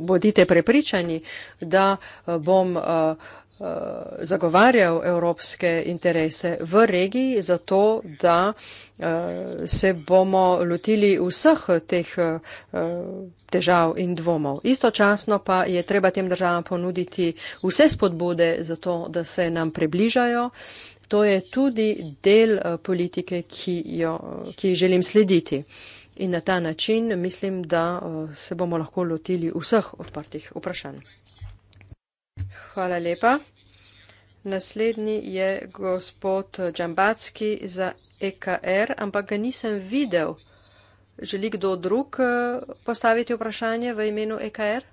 bodite prepričani, da eh, bom eh, eh, zagovarjal evropske interese v regiji, zato da se bomo lotili vseh teh težav in dvomov. Istočasno pa je treba tem državam ponuditi vse spodbude za to, da se nam približajo to je tudi del eh, politike, ki, jo, eh, ki želim slediti. In na ta način mislim, da eh, se bomo lahko lotili vseh odprtih vprašanj. Hvala lepa. Naslednji je gospod Džambacki za EKR, ampak ga nisem videl. Želi kdo drug postaviti vprašanje v imenu EKR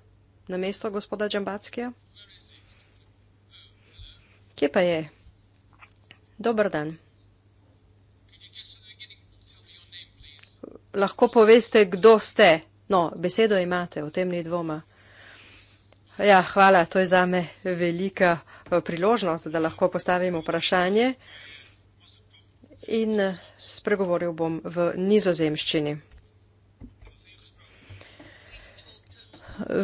na mesto gospoda Džambackija? Kje pa je? Dobr dan. Lahko poveste, kdo ste. No, besedo imate, o tem ni dvoma. Ja, hvala, to je za me velika eh, priložnost, da lahko postavim vprašanje. In eh, spregovoril bom v nizozemščini.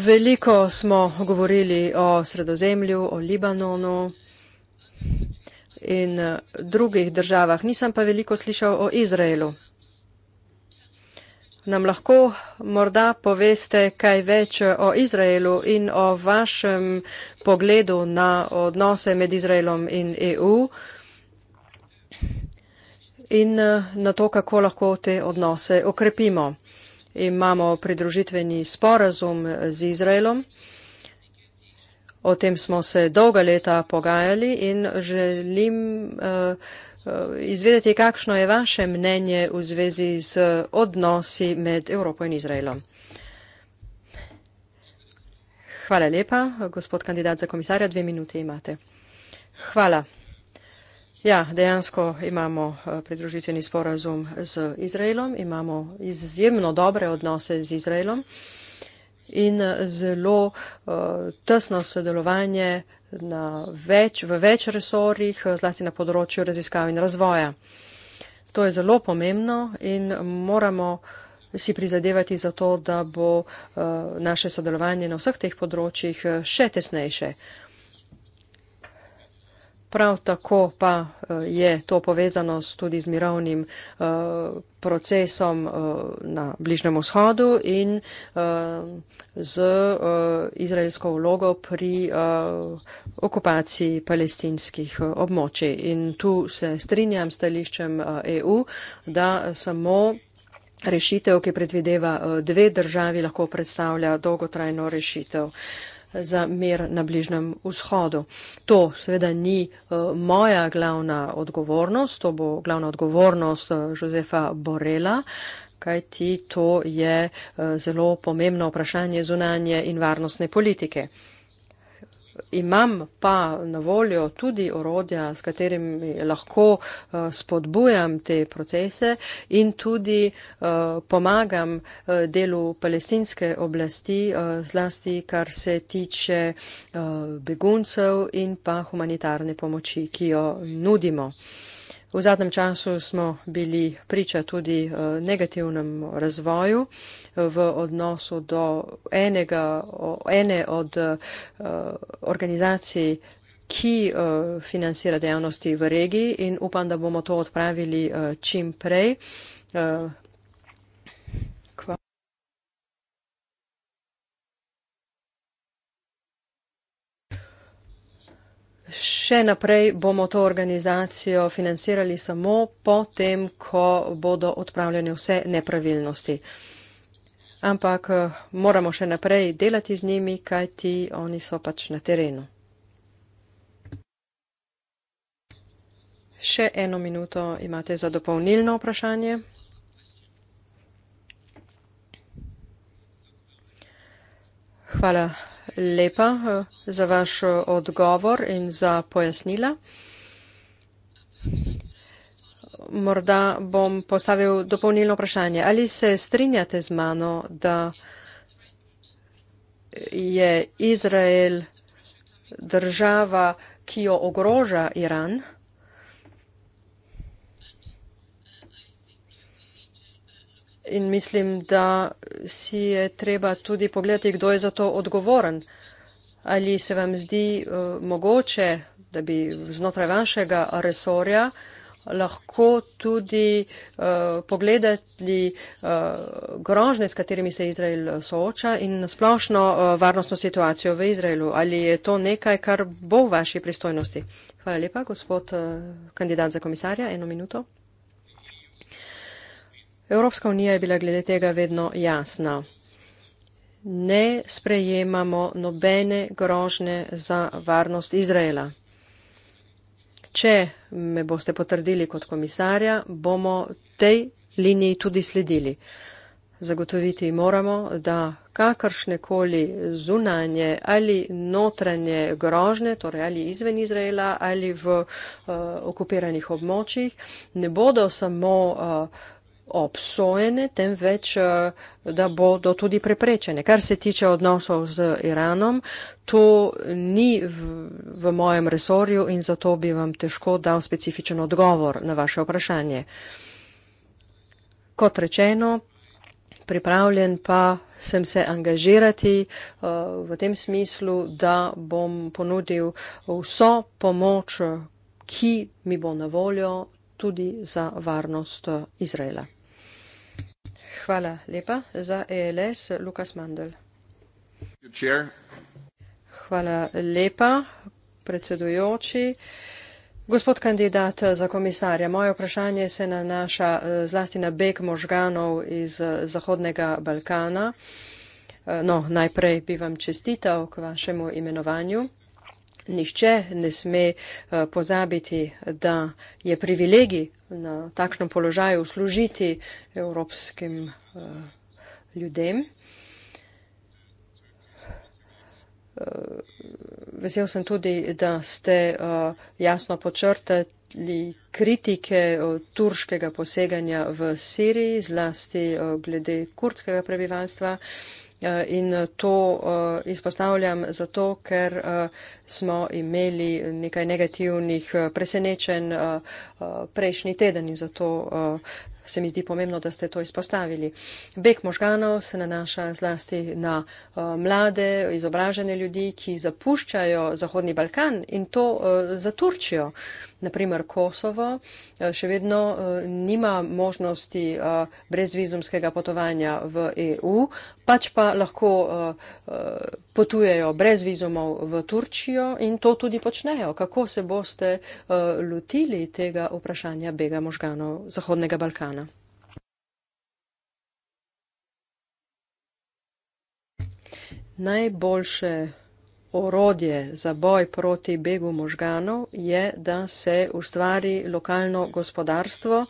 Veliko smo govorili o Sredozemlju, o Libanonu in eh, drugih državah. Nisem pa veliko slišal o Izraelu. Nam lahko morda poveste kaj več o Izraelu in o vašem pogledu na odnose med Izraelom in EU in eh, na to, kako lahko te odnose okrepimo. Imamo pridružitveni sporazum z Izraelom. O tem smo se dolga leta pogajali in želim eh, eh, izvedeti, kakšno je vaše mnenje v zvezi z odnosi med Evropo in Izraelom. Hvala lepa, gospod kandidat za komisarja, dve minuti imate. Hvala. Ja, dejansko imamo eh, pridružitveni sporazum z Izraelom, imamo izjemno dobre odnose z Izraelom in eh, zelo uh, tesno sodelovanje več, v več resorjih, eh, zlasti na področju raziskav in razvoja. To je zelo pomembno in moramo si prizadevati za to, da bo uh, naše sodelovanje na vseh teh področjih še tesnejše. Uh, prav tako pa eh, je to povezano tudi z mirovnim eh, procesom eh, na Bližnem vzhodu in z izraelsko vlogo pri okupaciji palestinskih območij. In tu se strinjam s stališčem EU, e da samo. Rešitev, ki predvideva dve državi, lahko predstavlja dolgotrajno rešitev. Uh, za mir na Bližnem vzhodu. To seveda ni eh, moja glavna odgovornost, to bo glavna odgovornost Žozefa eh, Borela kajti to je eh, zelo pomembno vprašanje zunanje in varnostne politike imam pa na voljo tudi orodja, s katerim lahko eh, spodbujam te procese in tudi eh, pomagam eh, delu palestinske oblasti, zlasti kar se tiče beguncev in pa humanitarne pomoči, ki jo nudimo. V zadnjem času smo bili priča tudi eh, negativnem razvoju eh, v odnosu do enega, ene od eh, organizacij, ki financira dejavnosti v regiji in upam, da bomo to odpravili čim prej. še naprej bomo to organizacijo financirali samo potem, ko bodo odpravljene vse nepravilnosti. Ampak eh, moramo še naprej delati z njimi, kajti oni so pač na terenu. Še eno minuto imate za dopolnilno vprašanje. Hvala lepa eh, za vaš eh, odgovor in za pojasnila. Morda bom postavil dopolnilno vprašanje. Ali se strinjate z mano, da je Izrael država, ki jo ogroža Iran? In mislim, da si je treba tudi pogledati, kdo je za to odgovoren. Ali se vam zdi uh, mogoče, da bi znotraj vašega resorja lahko tudi uh, pogledali uh, eh, grožne, s katerimi se Izrael sooča in splošno uh, varnostno situacijo v Izraelu. Ali je to nekaj, kar bo v vaši pristojnosti? Hvala lepa, gospod uh, kandidat za komisarja. Eno minuto. Evropska unija je bila glede tega vedno jasna. Ne sprejemamo nobene grožne za varnost Izraela. Če me boste potrdili kot komisarja, bomo tej liniji tudi sledili. Zagotoviti moramo, da kakršne koli zunanje ali notranje grožne, torej ali izven Izraela ali v uh, okupiranih območjih, ne bodo samo uh, obsojene, temveč eh, da bodo tudi preprečene. Kar se tiče odnosov z Iranom, to ni v, v mojem resorju in zato bi vam težko dal specifičen odgovor na vaše vprašanje. Kot rečeno, pripravljen pa sem se angažirati eh, v tem smislu, da bom ponudil vso pomoč, ki mi bo na voljo tudi za varnost eh, Izraela. Hvala lepa za ELS, Lukas Mandel. Hvala lepa, predsedujoči. Gospod kandidat za komisarja, moje vprašanje se nanaša eh, zlasti na beg možganov iz eh, Zahodnega Balkana. Eh, no, najprej bi vam čestital k vašemu imenovanju. Nihče ne sme eh, pozabiti, da je privilegij na takšnem položaju služiti evropskim eh, ljudem. Eh, vesel sem tudi, da ste jasno počrtali kritike turškega poseganja v Siriji, zlasti glede kurdskega prebivalstva. Eh, in eh, to eh, izpostavljam zato, ker smo imeli nekaj negativnih presenečen prejšnji teden in zato se mi zdi pomembno, da ste to izpostavili. Beg možganov se nanaša zlasti na uh, mlade, izobražene ljudi, ki zapuščajo Zahodni Balkan in to uh, za Turčijo. Naprimer, Kosovo eh, še vedno nima možnosti brezvizumskega potovanja v EU, pač pa lahko potujejo brez vizumov v Turčijo in to tudi počnejo. Kako se boste uh, lotili tega vprašanja bega možganov Zahodnega Balkana? Najboljše orodje za boj proti begu možganov je, da se ustvari lokalno gospodarstvo,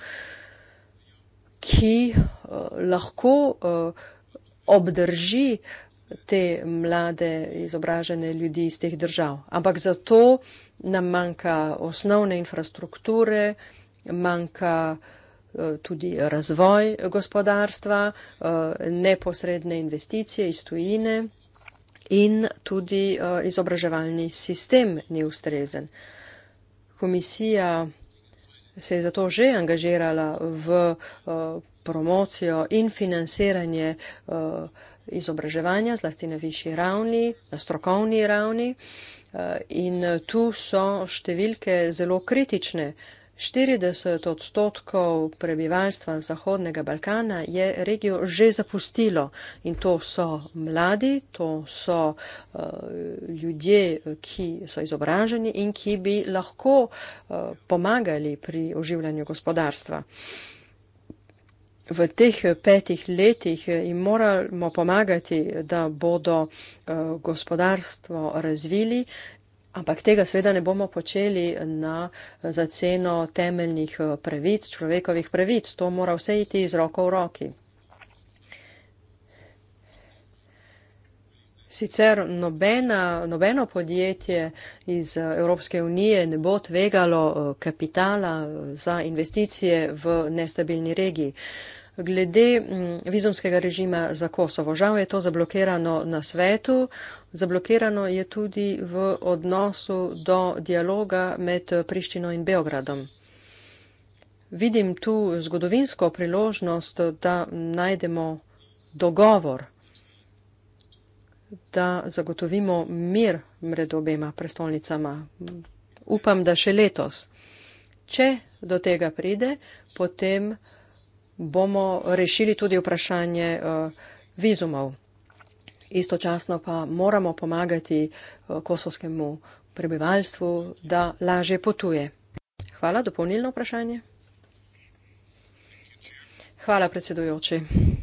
ki uh, lahko uh, obdrži uh, te mlade izobražene ljudi iz teh držav. Ampak zato nam manjka osnovne infrastrukture, manjka eh, tudi razvoj gospodarstva, eh, neposredne investicije iz tujine in tudi eh, izobraževalni sistem ni ustrezen. Komisija se je zato že angažirala v promocijo in financiranje uh, izobraževanja, zlasti na višji ravni, na strokovni ravni. Eh, in eh, tu so številke zelo kritične. 40 odstotkov prebivalstva Zahodnega Balkana je regijo že zapustilo in to so mladi, to so uh, ljudje, ki so izobraženi in ki bi lahko uh, pomagali pri oživljanju gospodarstva. Uh, V teh eh, petih letih eh, jim moramo pomagati, da bodo eh, gospodarstvo razvili, ampak tega seveda ne bomo počeli na, za ceno temeljnih pravic, človekovih pravic. To mora vse iti iz roko v roki. Sicer nobena, nobeno podjetje iz eh, Evropske unije ne bo tvegalo eh, kapitala eh, za investicije v nestabilni regiji. Glede mm, vizumskega režima za Kosovo, žal je to zablokirano na svetu, zablokirano je tudi v odnosu do dialoga med Prištino in Beogradom. Vidim tu zgodovinsko priložnost, da najdemo dogovor da zagotovimo mir med obema prestolnicama. Upam, da še letos. Če do tega pride, potem bomo rešili tudi vprašanje uh, vizumov. Istočasno pa moramo pomagati uh, kosovskemu prebivalstvu, da laže potuje. Hvala, dopolnilno vprašanje. Hvala, predsedujoči.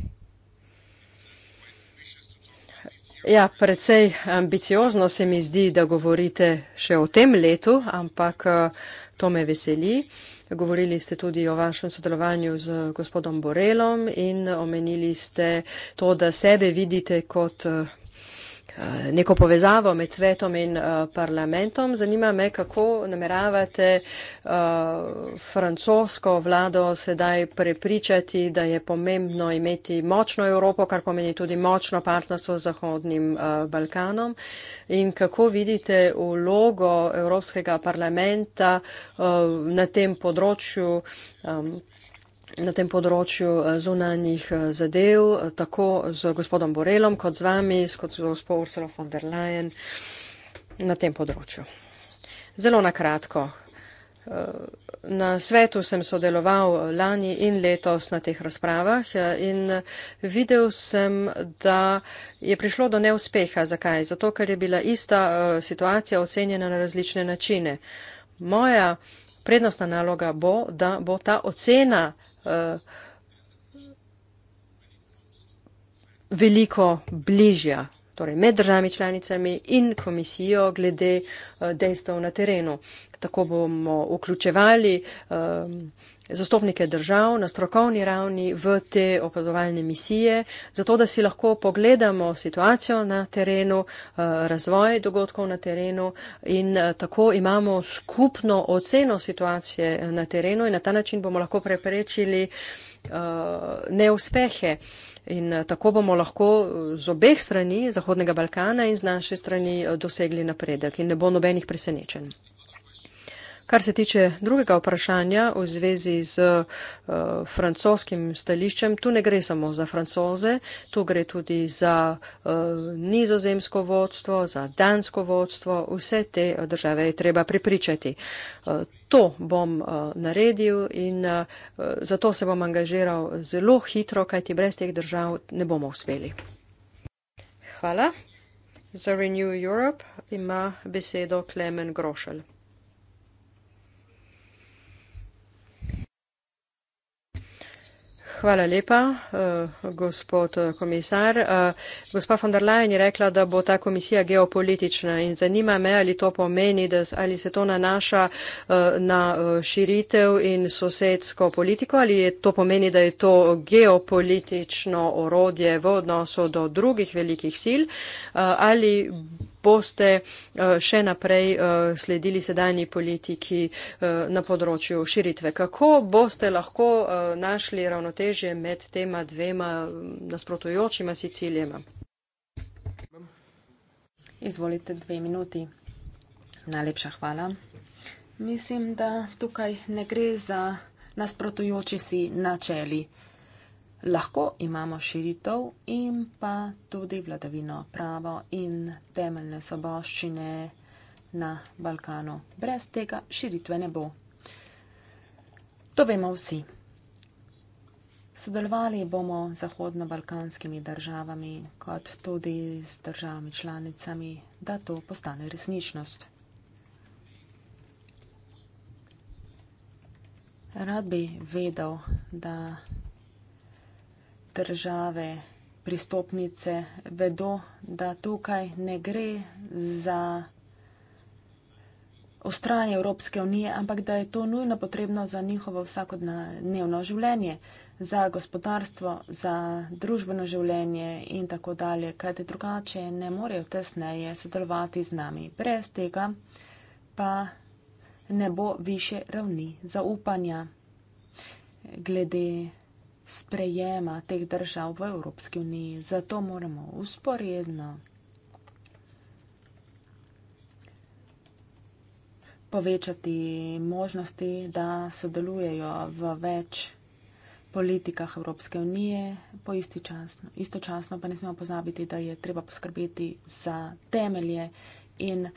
Ja, precej ambiciozno se mi zdi, da govorite še o tem letu, ampak eh, to me veseli. Govorili ste tudi o vašem sodelovanju z gospodom Borelom in omenili ste to, da sebe vidite kot eh, Eh, neko povezavo med svetom in uh, parlamentom. Zanima me, kako nameravate uh, francosko vlado sedaj prepričati, da je pomembno imeti močno Evropo, kar pomeni tudi močno partnerstvo z Zahodnim uh, Balkanom in kako vidite vlogo Evropskega parlamenta uh, na tem področju. Um, na tem področju eh, zunanjih eh, zadev, eh, tako z gospodom Borelom, kot z vami, kot z gospodom Ursula von der Leyen na tem področju. Zelo nakratko. Na svetu sem sodeloval lani in letos na teh razpravah in videl sem, da je prišlo do neuspeha. Zakaj? Zato, ker je bila ista situacija ocenjena na različne načine. Moja prednostna naloga bo, da bo ta ocena Eh, veliko bližja torej med državami članicami in komisijo glede eh, dejstev na terenu. Tako bomo vključevali um, zastopnike držav na strokovni ravni v te opazovalne misije, zato da si lahko pogledamo situacijo na terenu, eh, razvoj dogodkov na terenu in eh, tako imamo skupno oceno situacije eh, na terenu in na ta način bomo lahko preprečili neuspehe. In tako bomo lahko z obeh strani Zahodnega Balkana in z naše strani dosegli napredek in ne bo nobenih presenečenj. Kar se tiče drugega vprašanja v zvezi z uh, francoskim stališčem, tu ne gre samo za francoze, tu gre tudi za uh, nizozemsko vodstvo, za dansko vodstvo, vse te eh, države je treba pripričati. Uh, To bom uh, naredil in uh, zato se bom angažiral zelo hitro, kajti brez teh držav ne bomo uspeli. Hvala. Za Renew Europe ima besedo Klemen Grošelj. Hvala lepa, uh, gospod eh, komisar. Uh, gospa von der Leyen je rekla, da bo ta komisija geopolitična in zanima me, ali to pomeni, da, ali se to nanaša uh, na širitev in sosedsko politiko, ali to pomeni, da je to geopolitično orodje v odnosu do drugih velikih sil, uh, ali boste eh, še naprej eh, sledili sedajni politiki eh, na področju širitve. Kako boste lahko našli ravnotežje med tema dvema mm, nasprotujočima si ciljema? Izvolite dve minuti. Najlepša hvala. Mislim, da tukaj ne gre za nasprotujoči si načeli lahko imamo širitev in pa tudi vladavino pravo in temeljne soboščine na Balkanu. Brez tega širitve ne bo. To vemo vsi. Sodelovali bomo z zahodno-balkanskimi državami, kot tudi z državami članicami, da to postane resničnost. Rad bi vedel, da države pristopnice vedo, da tukaj ne gre za ostranje Evropske unije, ampak da je to nujno potrebno za njihovo vsakodnevno življenje, za gospodarstvo, za družbeno življenje in tako dalje, kajte drugače ne morejo tesneje sodelovati z nami. Brez tega pa ne bo više ravni zaupanja glede sprejema teh držav v Evropski uniji. Zato moramo usporedno povečati možnosti, da sodelujejo v več politikah Evropske unije, po istočasno. istočasno pa ne smemo pozabiti, da je treba poskrbeti za temelje in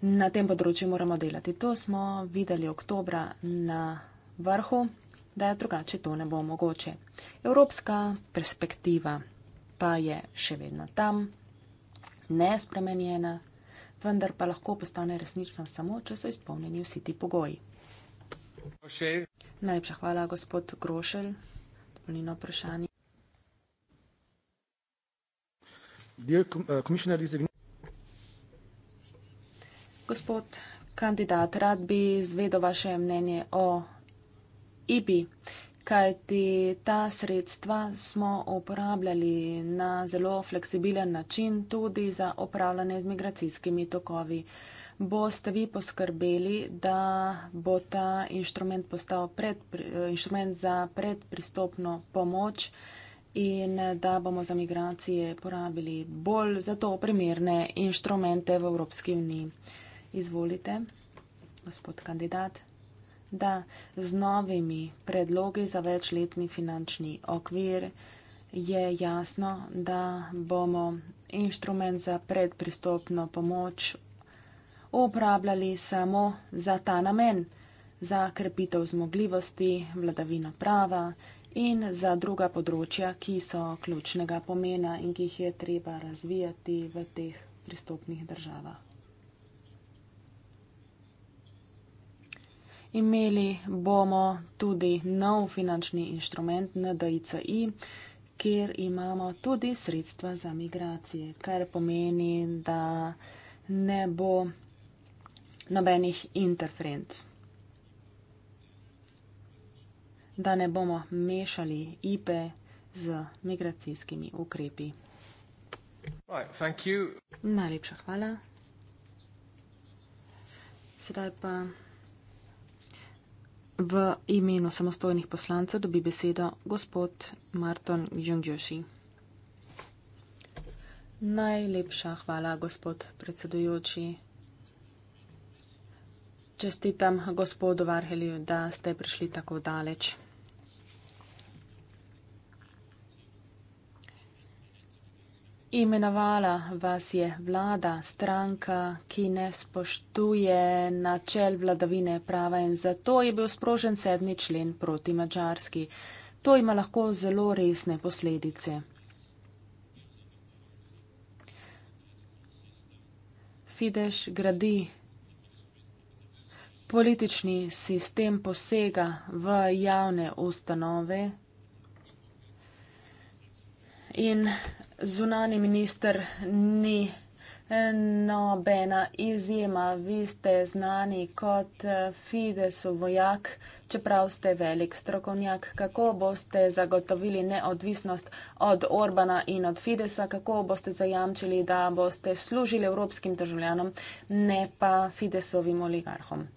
na tem področju moramo delati. To smo videli oktobra na vrhu da drugače to ne bo mogoče. Evropska perspektiva pa je še vedno tam, nespremenjena, vendar pa lahko postane resnična samo, če so izpolnjeni vsi ti pogoji. Še. Najlepša hvala, gospod Grošelj, dopolnilno vprašanje. Uh, gospod kandidat, rad bi zvedel vaše mnenje o IBI, kajti ta sredstva smo uporabljali na zelo fleksibilen način tudi za upravljanje z migracijskimi tokovi. Boste vi poskrbeli, da bo ta inštrument postal pred, inštrument za predpristopno pomoč in da bomo za migracije porabili bolj za to primerne inštrumente v Evropski uniji. Izvolite, gospod kandidat da z novimi predlogi za večletni finančni okvir je jasno, da bomo inštrument za predpristopno pomoč uporabljali samo za ta namen, za krepitev zmogljivosti, vladavino prava in za druga področja, ki so ključnega pomena in ki jih je treba razvijati v teh pristopnih državah. Imeli bomo tudi nov finančni inštrument na DICI, kjer imamo tudi sredstva za migracije, kar pomeni, da ne bo nobenih interferenc. Da ne bomo mešali IPE z migracijskimi ukrepi. Right, Najlepša hvala. Sedaj pa. V imenu samostojnih poslancev dobi besedo gospod Marton Jungjoši. Najlepša hvala, gospod predsedujoči. Čestitam gospodu Varheliju, da ste prišli tako daleč. Imenovala vas je vlada, stranka, ki ne spoštuje načel vladavine prava in zato je bil sprožen sedmi člen proti Mačarski. To ima lahko zelo resne posledice. Fidesz gradi politični sistem posega v javne ustanove. In zunani minister ni eh, nobena izjema. Vi ste znani kot eh, Fidesu vojak, čeprav ste velik strokovnjak. Kako boste zagotovili neodvisnost od Orbana in od Fidesa? Kako boste zajamčili, da boste služili evropskim državljanom, ne pa Fidesovim oligarhom?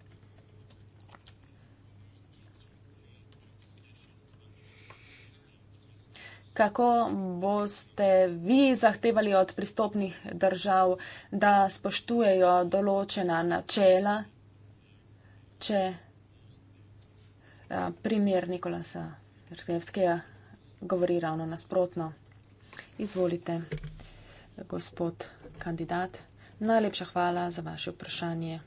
kako boste vi zahtevali od pristopnih držav, da spoštujejo določena načela, če primer Nikolasa Rzevskega govori ravno nasprotno. Izvolite, gospod kandidat. Najlepša hvala za vaše vprašanje.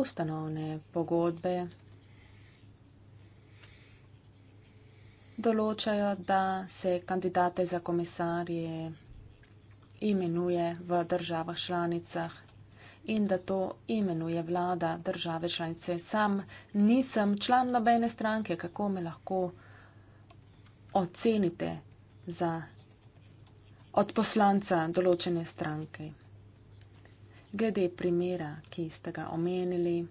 ustanovne pogodbe določajo, da se kandidate za komisarje imenuje v državah članicah in da to imenuje vlada države članice. Sam nisem član nobene stranke, kako me lahko ocenite za od poslanca določene stranke glede primera, ki ste ga omenili,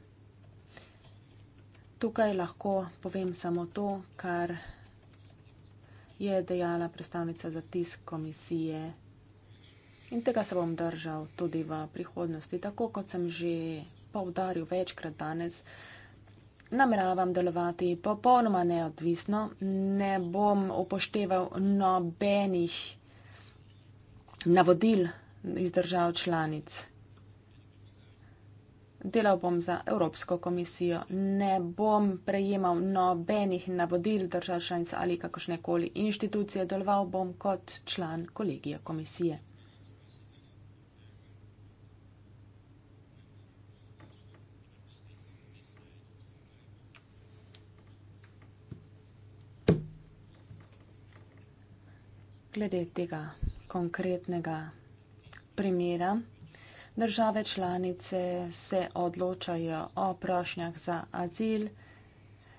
tukaj lahko povem samo to, kar je dejala predstavnica za tisk komisije in tega se bom držal tudi v prihodnosti. Tako kot sem že povdaril večkrat danes, nameravam delovati popolnoma neodvisno, ne bom upošteval nobenih navodil iz držav članic delal bom za Evropsko komisijo, ne bom prejemal nobenih navodil držav članic ali kakšnekoli inštitucije, deloval bom kot član kolegija komisije. Glede tega konkretnega primera, Države članice se odločajo o prošnjah za azil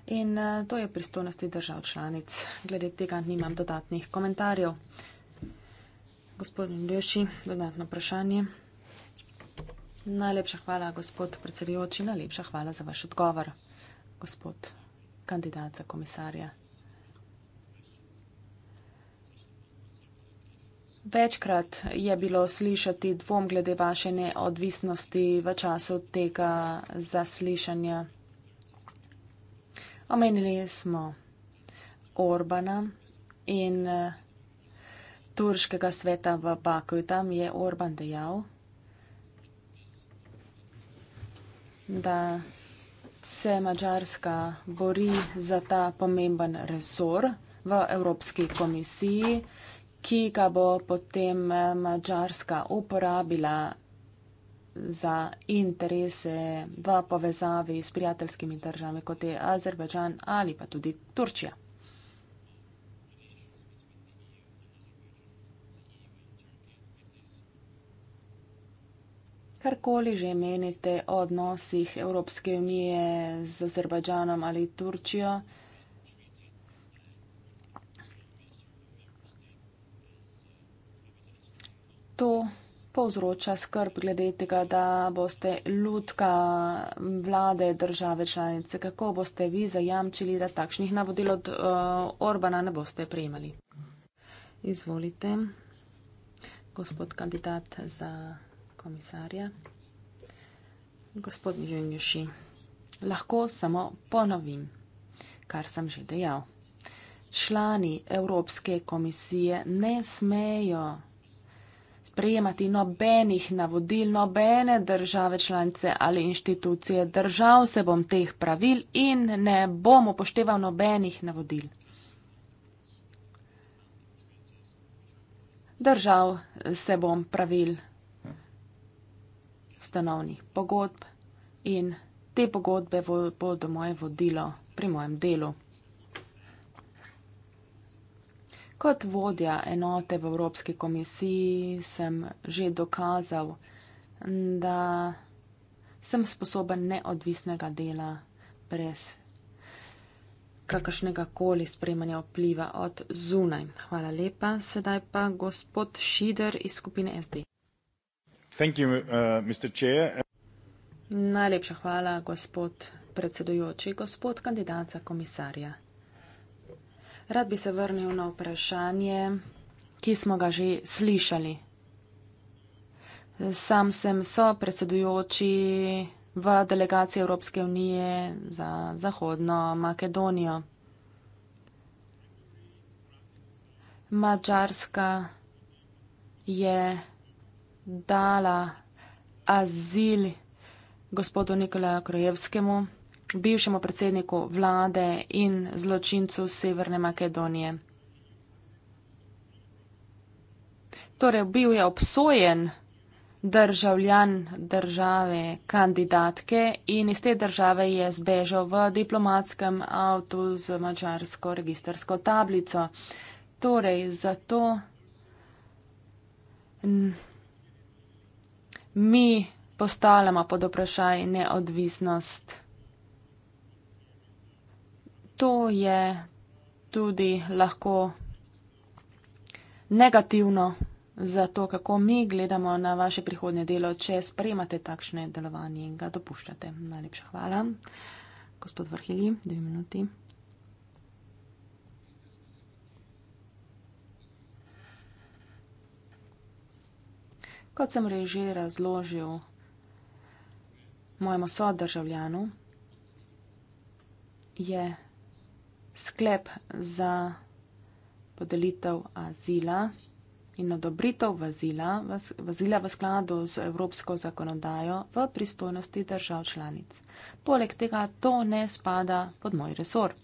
in eh, to je pristojnosti držav članic. Glede tega nimam dodatnih komentarjev. Gospodin Ljuši, dodatno vprašanje. Najlepša hvala, gospod predsedujoči, najlepša hvala za vaš odgovor, gospod kandidat za komisarja. Večkrat je bilo slišati dvom glede vaše neodvisnosti v času tega zaslišanja. Omenili smo Orbana in eh, turškega sveta v Baku. Tam je Orban dejal, da se Mačarska bori za ta pomemben resor v Evropski komisiji ki ga bo potem eh, Mačarska uporabila za interese v povezavi s prijateljskimi državami, kot je Azerbajdžan ali pa tudi Turčija. Karkoli že menite o odnosih Evropske unije z Azerbajdžanom ali Turčijo, to povzroča skrb glede tega, da boste ljudka vlade države članice, kako boste vi zajamčili, da takšnih navodil od uh, Orbana ne boste prejemali. Izvolite, gospod kandidat za komisarja. Gospod Junjuši, lahko samo ponovim, kar sem že dejal. Člani Evropske komisije ne smejo sprejemati nobenih navodil nobene države članice ali inštitucije. Držal se bom teh pravil in ne bom upošteval nobenih navodil. Držal se bom pravil stanovnih pogodb in te pogodbe bodo moje vodilo pri mojem delu. kot vodja enote v Evropski komisiji sem že dokazal, da sem sposoben neodvisnega dela brez kakršnega koli spremanja vpliva od zunaj. Hvala lepa. Sedaj pa gospod Šider iz skupine SD. Thank you, uh, Najlepša hvala, gospod predsedujoči, gospod kandidat za komisarja. Rad bi se vrnil na vprašanje, ki smo ga že slišali. Sam sem so predsedujoči v delegaciji Evropske unije za Zahodno Makedonijo. Mačarska je dala azil gospodu Nikolaju Krojevskemu bivšemu predsedniku vlade in zločincu Severne Makedonije. Torej, bil je obsojen državljan države kandidatke in iz te države je zbežal v diplomatskem avtu z mačarsko registersko tablico. Torej, zato mi postavljamo pod vprašaj neodvisnost to je tudi lahko negativno za to, kako mi gledamo na vaše prihodnje delo, če sprejmate takšne delovanje in ga dopuščate. Najlepša hvala. Gospod Vrhili, dve minuti. Kot sem že razložil mojemu sodržavljanu, je sklep za podelitev azila in odobritev vazila, vazila v skladu z evropsko zakonodajo v pristojnosti držav članic. Poleg tega to ne spada pod moj resor.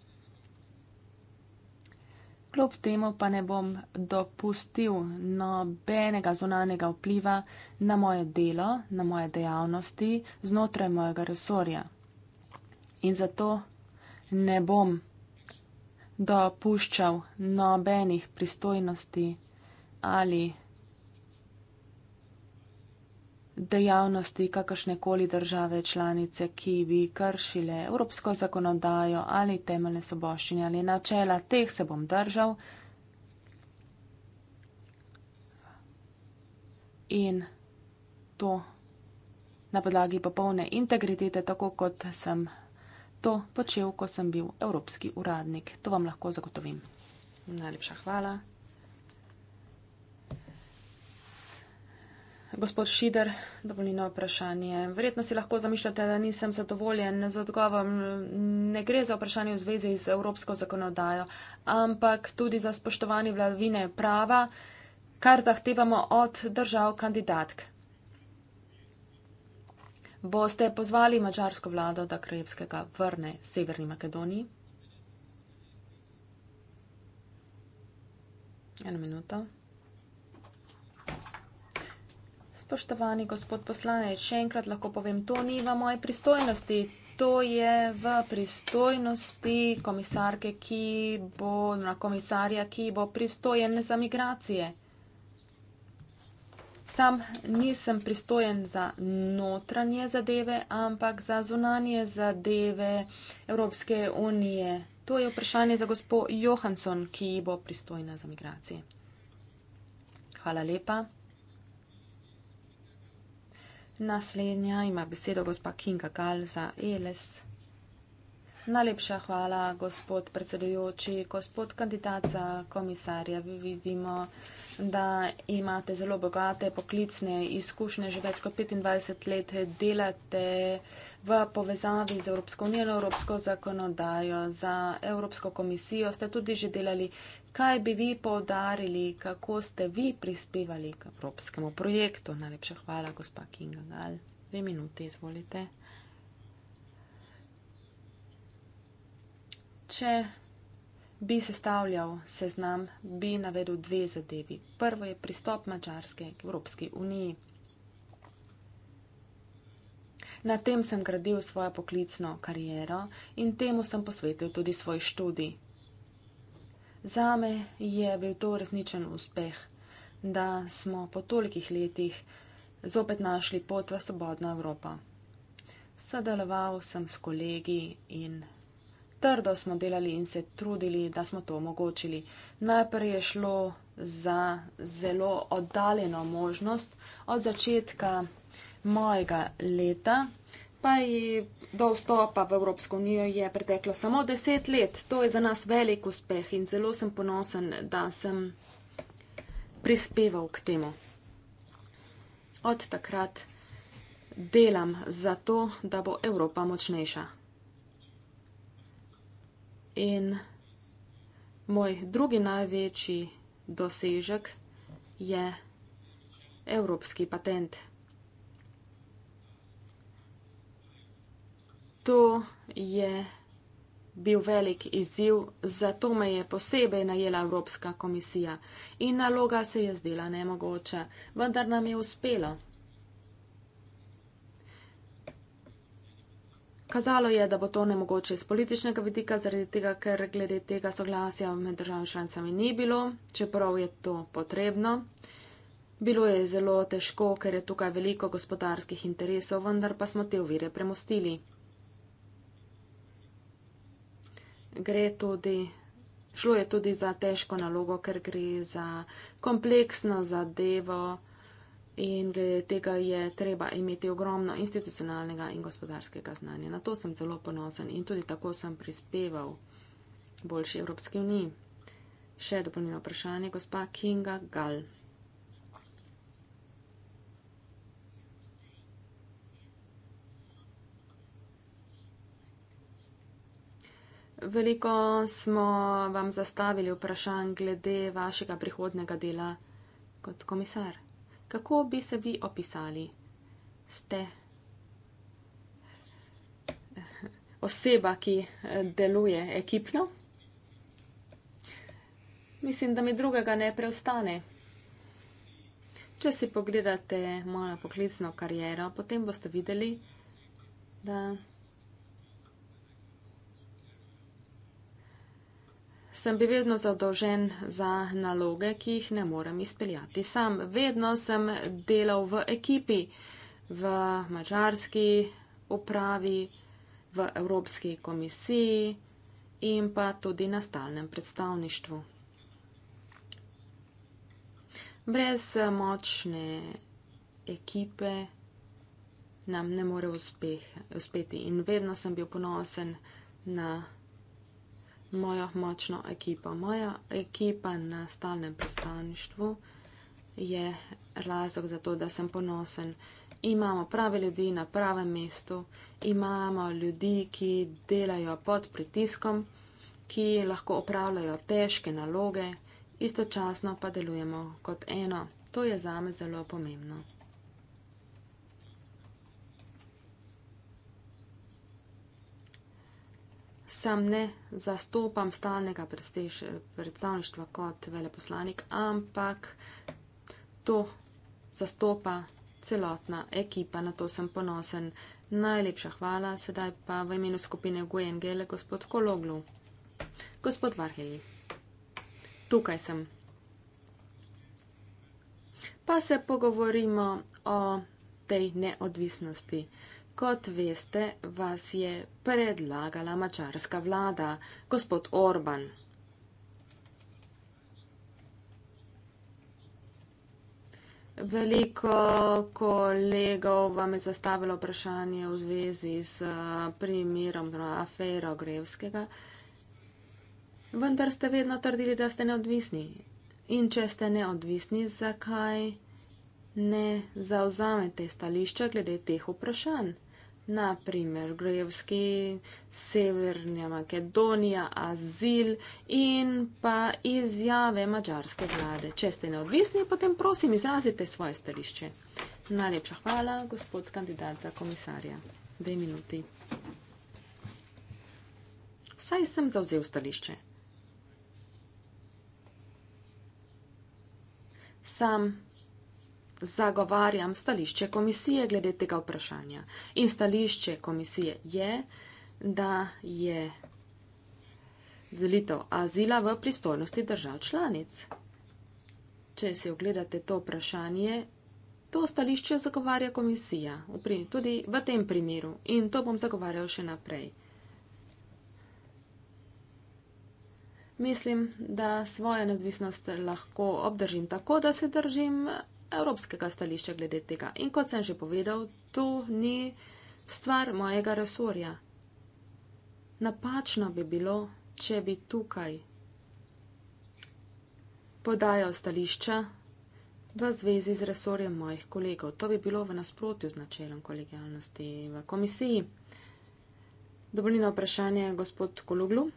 Kljub temu pa ne bom dopustil nobenega zunanega vpliva na moje delo, na moje dejavnosti znotraj mojega resorja. In zato ne bom dopuščal nobenih pristojnosti ali dejavnosti kakršnekoli države članice, ki bi kršile evropsko zakonodajo ali temeljne soboščine ali načela, teh se bom držal. In to na podlagi popolne integritete, tako kot sem to počel, ko sem bil evropski uradnik. To vam lahko zagotovim. Najlepša hvala. Gospod Šider, dovoljno vprašanje. Verjetno si lahko zamišljate, da nisem zadovoljen z odgovorom. Ne gre za vprašanje v zvezi z evropsko zakonodajo, ampak tudi za spoštovanje vladavine prava, kar zahtevamo od držav kandidatk. Boste pozvali mačarsko vlado, da Krajevskega vrne Severni Makedoniji? Eno minuto. Spoštovani gospod poslanec, še enkrat lahko povem, to ni v moji pristojnosti. To je v pristojnosti komisarke, ki bo, na komisarja, ki bo pristojen za migracije. Sam nisem pristojen za notranje zadeve, ampak za zunanje zadeve Evropske unije. To je vprašanje za gospo Johansson, ki bo pristojna za migracije. Hvala lepa. Naslednja ima besedo gospa Kinga Gal za ELS. Najlepša hvala, gospod predsedujoči, gospod kandidat za komisarja. Vidimo, da imate zelo bogate poklicne izkušnje, že več kot 25 let delate v povezavi z Evropsko unijo in Evropsko zakonodajo. Za Evropsko komisijo ste tudi že delali. Kaj bi vi povdarili, kako ste vi prispevali k Evropskemu projektu? Najlepša hvala, gospa Kinga Gal. Dve minuti, izvolite. če bi sestavljal seznam, bi navedel dve zadevi. Prvo je pristop Mačarske k Evropski uniji. Na tem sem gradil svojo poklicno kariero in temu sem posvetil tudi svoj študij. Zame je bil to resničen uspeh, da smo po tolikih letih zopet našli pot v svobodno Evropo. Sodeloval sem s kolegi in trdo smo delali in se trudili, da smo to omogočili. Najprej je šlo za zelo oddaljeno možnost od začetka mojega leta. Pa je do vstopa v Evropsko unijo je preteklo samo deset let. To je za nas velik uspeh in zelo sem ponosen, da sem prispeval k temu. Od takrat delam za to, da bo Evropa močnejša. In moj drugi največji dosežek je evropski patent. To je bil velik izziv, zato me je posebej najela Evropska komisija in naloga se je zdela nemogoča, vendar nam je uspelo. Kazalo je, da bo to nemogoče iz političnega vidika, zaradi tega, ker glede tega soglasja med državami članicami ni bilo, čeprav je to potrebno. Bilo je zelo težko, ker je tukaj veliko gospodarskih interesov, vendar pa smo te ovire premostili. Gre tudi, šlo je tudi za težko nalogo, ker gre za kompleksno zadevo. In glede tega je treba imeti ogromno institucionalnega in gospodarskega znanja. Na to sem zelo ponosen in tudi tako sem prispeval boljši Evropski uniji. Še dopolnilo vprašanje, gospa Kinga Gal. Veliko smo vam zastavili vprašanj glede vašega prihodnega dela kot komisar. Kako bi se vi opisali? Ste eh, oseba, ki eh, deluje ekipno? Mislim, da mi drugega ne preostane. Če si pogledate mojo poklicno kariero, potem boste videli, da. sem bil vedno zadolžen za naloge, ki jih ne morem izpeljati sam. Vedno sem delal v ekipi, v mačarski upravi, v Evropski komisiji in pa tudi na stalnem predstavništvu. Brez močne ekipe nam ne more uspeh, uspeti in vedno sem bil ponosen na moja močna ekipa. Moja ekipa na stalnem pristanišču je razlog za to, da sem ponosen. Imamo prave ljudi na pravem mestu, imamo ljudi, ki delajo pod pritiskom, ki lahko opravljajo težke naloge, istočasno pa delujemo kot eno. To je zame zelo pomembno. sam ne zastopam stalnega predstavništva kot veleposlanik, ampak to zastopa celotna ekipa, na to sem ponosen. Najlepša hvala, sedaj pa v imenu skupine GUNGL gospod Kologlu. Gospod Varheli, tukaj sem. Pa se pogovorimo o tej neodvisnosti. Kot veste, vas je predlagala mačarska vlada, gospod Orban. Veliko kolegov vam je zastavilo vprašanje v zvezi s eh, primerom oziroma afero Grevskega, vendar ste vedno trdili, da ste neodvisni. In če ste neodvisni, zakaj? ne zauzamete stališča glede teh vprašanj. Naprimer, Grejevski, Severnja Makedonija, azil in pa izjave mađarske vlade. Če ste neodvisni, potem prosim izrazite svoje stališče. Najlepša hvala, gospod kandidat za komisarja. Dve minuti. Saj sem zauzel stališče. Sam zagovarjam stališče komisije glede tega vprašanja. In stališče komisije je, da je zelitev azila v pristojnosti držav članic. Če si ogledate to vprašanje, to stališče zagovarja komisija, tudi v tem primeru. In to bom zagovarjal še naprej. Mislim, da svojo neodvisnost lahko obdržim tako, da se držim evropskega stališča glede tega. In kot sem že povedal, to ni stvar mojega resorja. Napačno bi bilo, če bi tukaj podajal stališča v zvezi z resorjem mojih kolegov. To bi bilo v nasprotju z načelom kolegijalnosti v komisiji. Dovolj na vprašanje, gospod Kologlu.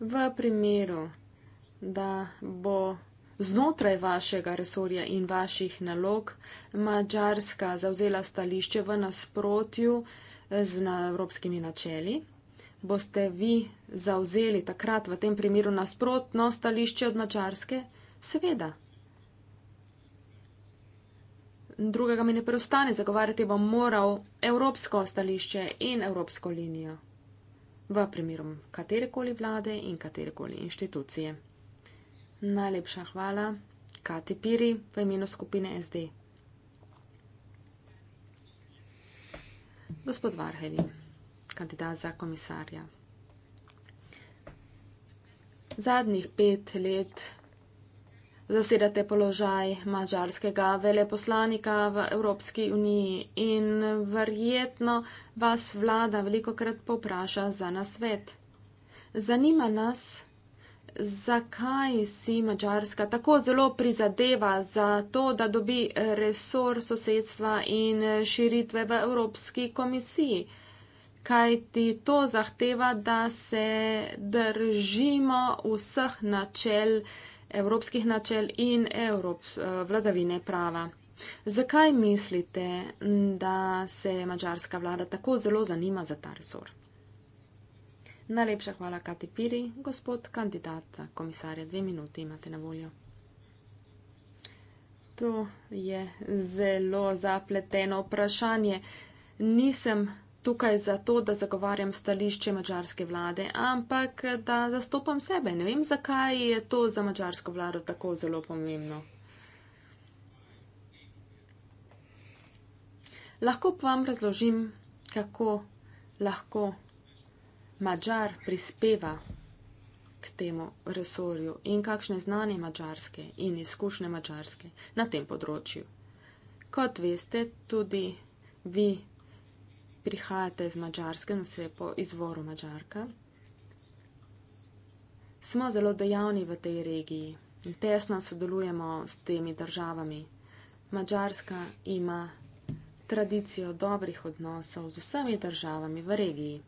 v primeru, da bo znotraj vašega resorja in vaših nalog Mačarska zavzela stališče v nasprotju z evropskimi načeli, boste vi zavzeli takrat v tem primeru nasprotno stališče od Mačarske? Seveda. Drugega mi ne preostane, zagovarjati bom moral evropsko stališče in evropsko linijo v primeru katerekoli vlade in katerekoli inštitucije. Najlepša hvala, Kati Piri v imenu skupine SD. Gospod Varheli, kandidat za komisarja. Zadnjih pet let zasedate položaj mačarskega veleposlanika v Evropski uniji in verjetno vas vlada veliko krat popraša za nasvet. Zanima nas, Zakaj si Mačarska tako zelo prizadeva za to, da dobi resor sosedstva in širitve v Evropski komisiji? Kaj ti to zahteva, da se držimo vseh načel evropskih načel in evrop, eh, vladavine prava. Zakaj mislite, da se mađarska vlada tako zelo zanima za ta resor? Najlepša hvala, Kati Piri, gospod kandidat za komisarja. Dve minuti imate na voljo. To je zelo zapleteno vprašanje. Nisem tukaj zato, da zagovarjam stališče mačarske vlade, ampak da zastopam sebe. Ne vem, zakaj je to za mačarsko vlado tako zelo pomembno. Lahko pa vam razložim, kako lahko mačar prispeva k temu resorju in kakšne znanje mačarske in izkušnje mačarske na tem področju. Kot veste, tudi vi prihajate iz Mačarske, nas je po izvoru Mačarka. Smo zelo dejavni v tej regiji in tesno sodelujemo s temi državami. Mačarska ima tradicijo dobrih odnosov z vsemi državami v regiji.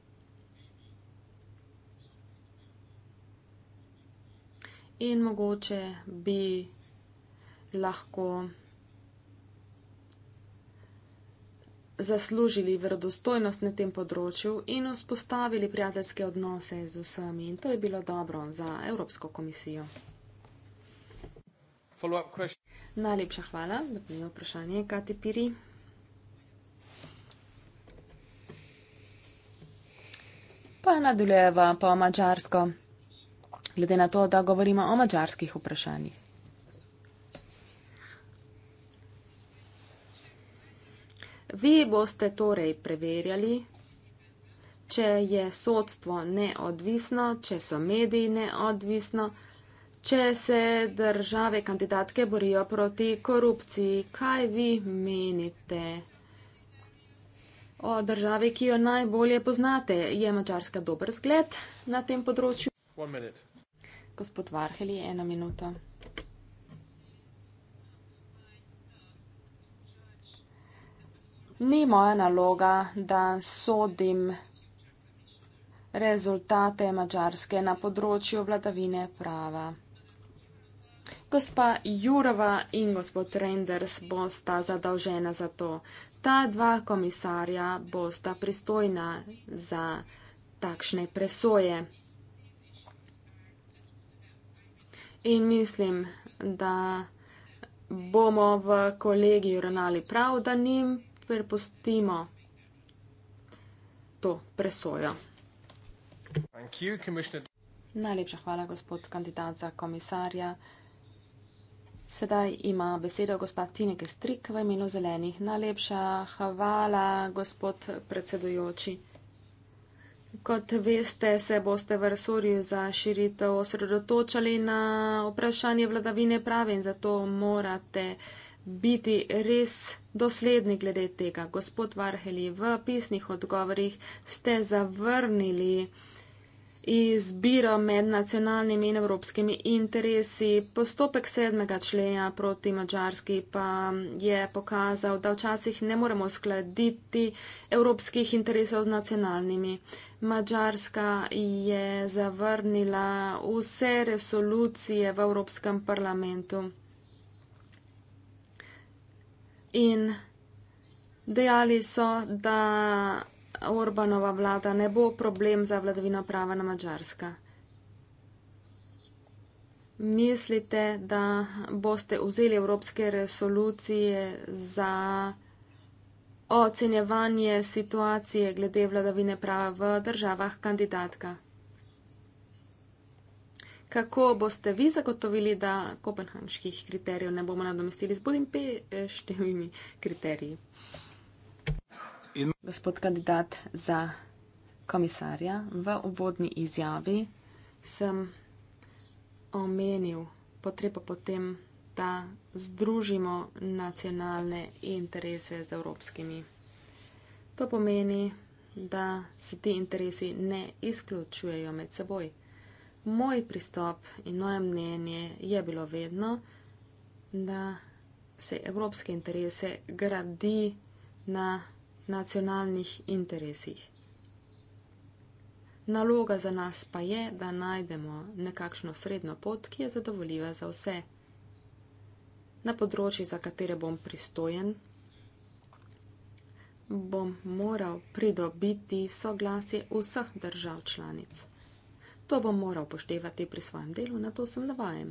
In mogoče bi lahko zaslužili verodostojnost na tem področju in vzpostavili prijateljske odnose z vsemi, in to je bilo dobro za Evropsko komisijo. Najlepša hvala, da bi imel vprašanje, Kati Piri. Pa nadaljeva po mačarsko, glede na to, da govorimo o mačarskih vprašanjih. Vi boste torej preverjali, če je sodstvo neodvisno, če so mediji neodvisno, če se države kandidatke borijo proti korupciji. Kaj vi menite o državi, ki jo najbolje poznate? Je Mačarska dober zgled na tem področju? Gospod Varheli, ena minuta. ni moja naloga, da sodim rezultate Mačarske na področju vladavine prava. Gospa Jurova in gospod Renders bosta zadolžena za to. Ta dva komisarja bosta pristojna za takšne presoje. In mislim, da bomo v kolegiju ravnali prav, da njim prepustimo to presojo. Najlepša hvala, gospod kandidat za komisarja. Sedaj ima besedo gospod Tineke Strik v imenu zelenih. Najlepša hvala, gospod predsedujoči. Kot veste, se boste v resorju za širitev osredotočali na vprašanje vladavine prave in zato morate biti res dosledni glede tega. Gospod Varheli, v pisnih odgovorih ste zavrnili izbiro med nacionalnimi in evropskimi interesi. Postopek sedmega člena proti Mačarski pa je pokazal, da včasih ne moremo skladiti evropskih interesov z nacionalnimi. Mačarska je zavrnila vse resolucije v Evropskem parlamentu in dejali so, da Orbanova vlada ne bo problem za vladavino prava na Mačarska. Mislite, da boste vzeli evropske resolucije za ocenjevanje situacije glede vladavine prava v državah kandidatka? Kako boste vi zagotovili, da kopenhanških kriterijev ne bomo nadomestili z Budimpeštevimi kriteriji? In... Gospod kandidat za komisarja, v uvodni izjavi sem omenil potrebo potem, da združimo nacionalne interese z evropskimi. To pomeni, da se ti interesi ne izključujejo med seboj moj pristop in moje mnenje je bilo vedno, da se evropske interese gradi na nacionalnih interesih. Naloga za nas pa je, da najdemo nekakšno srednjo pot, ki je zadovoljiva za vse. Na področji, za katere bom pristojen, bom moral pridobiti soglasje vseh držav članic. To bom moral upoštevati pri svojem delu, na to sem navajen.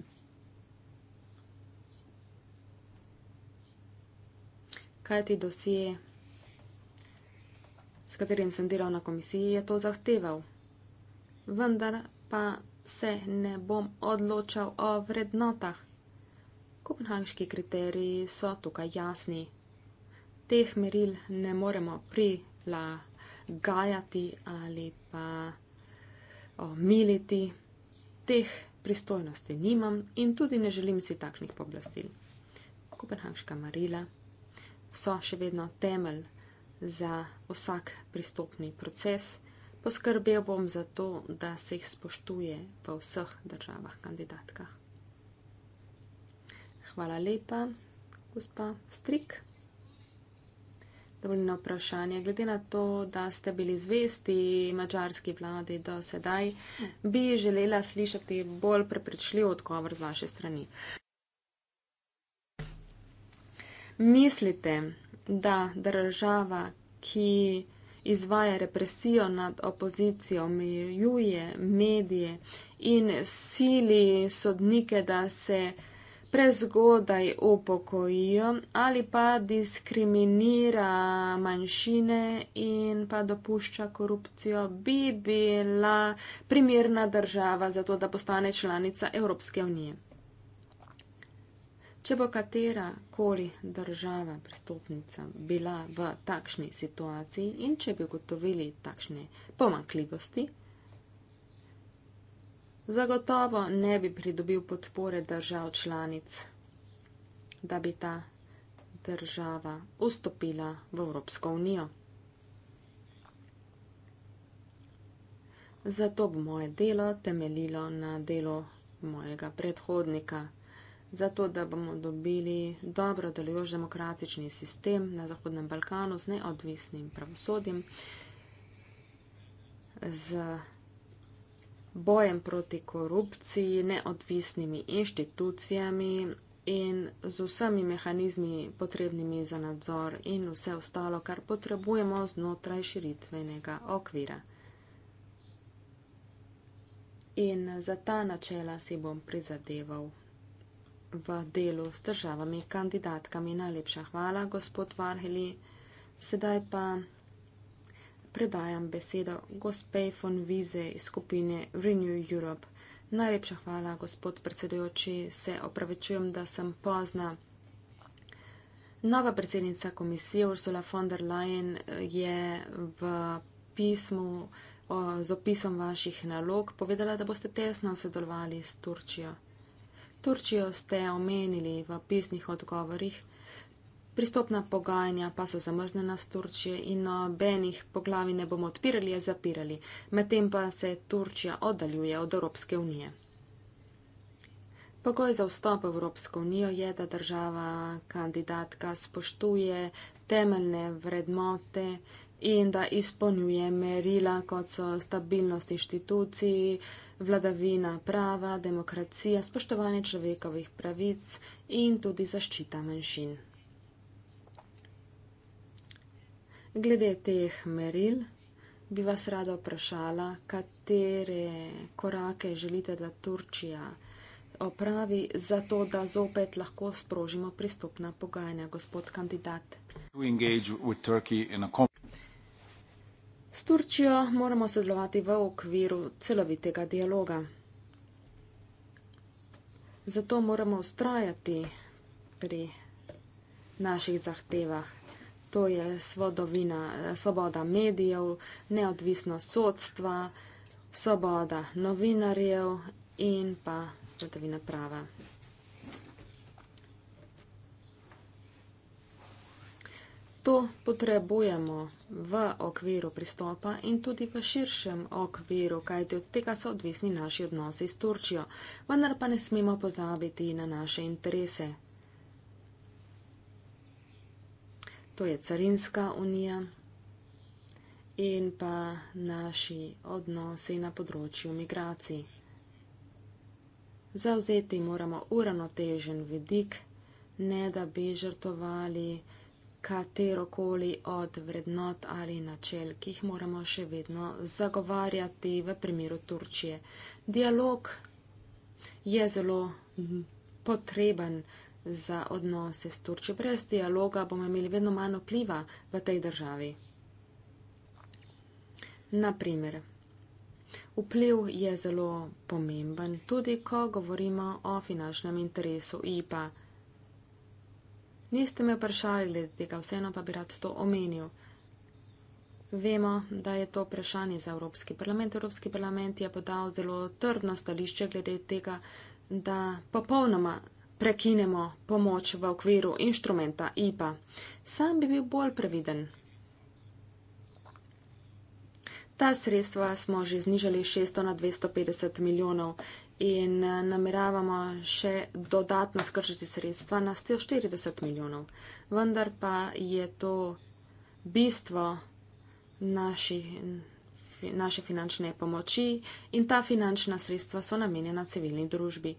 Kaj ti dosije, s katerim sem delal na komisiji, je to zahteval. Vendar pa se ne bom odločal o vrednotah. Kopenhagiški kriteriji so tukaj jasni. Teh meril ne moremo prilagajati ali pa omiliti, teh pristojnosti nimam in tudi ne želim si takšnih pooblastil. Kopenhagenska marila so še vedno temelj za vsak pristopni proces. Poskrbel bom za to, da se jih spoštuje v vseh državah kandidatkah. Hvala lepa, gospa Strik. Dovoljno vprašanje. Glede na to, da ste bili zvesti mačarski vladi do sedaj, bi želela slišati bolj prepričljiv odgovor z vaše strani. Mislite, da država, ki izvaja represijo nad opozicijo, omejuje medije in sili sodnike, da se prezgodaj upokojijo ali pa diskriminira manjšine in pa dopušča korupcijo, bi bila primirna država za to, da postane članica Evropske unije. Če bo katera koli država pristopnica bila v takšni situaciji in če bi ugotovili takšne pomankljivosti, zagotovo ne bi pridobil podpore držav članic, da bi ta država vstopila v Evropsko unijo. Zato bo moje delo temeljilo na delo mojega predhodnika, zato da bomo dobili dobro delujoč demokratični sistem na Zahodnem Balkanu z neodvisnim pravosodjem, z bojem proti korupciji, neodvisnimi inštitucijami in z vsemi mehanizmi potrebnimi za nadzor in vse ostalo, kar potrebujemo znotraj širitvenega okvira. In za ta načela si bom prizadeval v delu s državami kandidatkami. Najlepša hvala, gospod Varheli. Sedaj pa predajam besedo gospej von Vize iz skupine Renew Europe. Najlepša hvala, gospod predsedujoči, se opravičujem, da sem pozna. Nova predsednica komisije Ursula von der Leyen eh, je v pismu o, z opisom vaših nalog povedala, da boste tesno sodelovali s Turčijo. Turčijo ste omenili v pisnih odgovorih. Pristopna pogajanja pa so zamrznjena s Turčijo in nobenih poglavi ne bomo odpirali, je zapirali, medtem pa se Turčija oddaljuje od Evropske unije. Pogoj za vstop v Evropsko unijo je, da država kandidatka spoštuje temeljne vrednote in da izpolnjuje merila, kot so stabilnost inštitucij, vladavina prava, demokracija, spoštovanje človekovih pravic in tudi zaščita manjšin. Glede teh meril bi vas rada vprašala, katere korake želite, da Turčija opravi za to, da zopet lahko sprožimo pristopna pogajanja, gospod kandidat. S Turčijo moramo sodelovati v okviru celovitega dialoga. Zato moramo ustrajati pri naših zahtevah to je svobodovina, svoboda medijev, neodvisnost sodstva, svoboda novinarjev in pa vladavina prava. To potrebujemo v okviru pristopa in tudi v širšem okviru, kajti od tega so odvisni naši odnosi s Turčijo. Vendar pa ne smemo pozabiti na naše interese, to je carinska unija in pa naši odnosi na področju migracij. Zauzeti moramo uravnotežen vidik, ne da bi žrtovali katerokoli od vrednot ali načel, ki jih moramo še vedno zagovarjati v primeru Turčije. Dialog je zelo potreben za odnose s Turčjo. Brez dialoga bomo imeli vedno manj vpliva v tej državi. Naprimer, vpliv je zelo pomemben tudi, ko govorimo o finančnem interesu IPA. Niste me vprašali glede tega, vseeno pa bi rad to omenil. Vemo, da je to vprašanje za Evropski parlament. Evropski parlament je podal zelo trdno stališče glede tega, da popolnoma prekinemo pomoč v okviru inštrumenta IPA. Sam bi bil bolj previden. Ta sredstva smo že znižali 600 na 250 milijonov in eh, nameravamo še dodatno skršiti sredstva na 140 milijonov. Vendar pa je to bistvo naši, naše finančne pomoči in ta finančna sredstva so namenjena civilni družbi.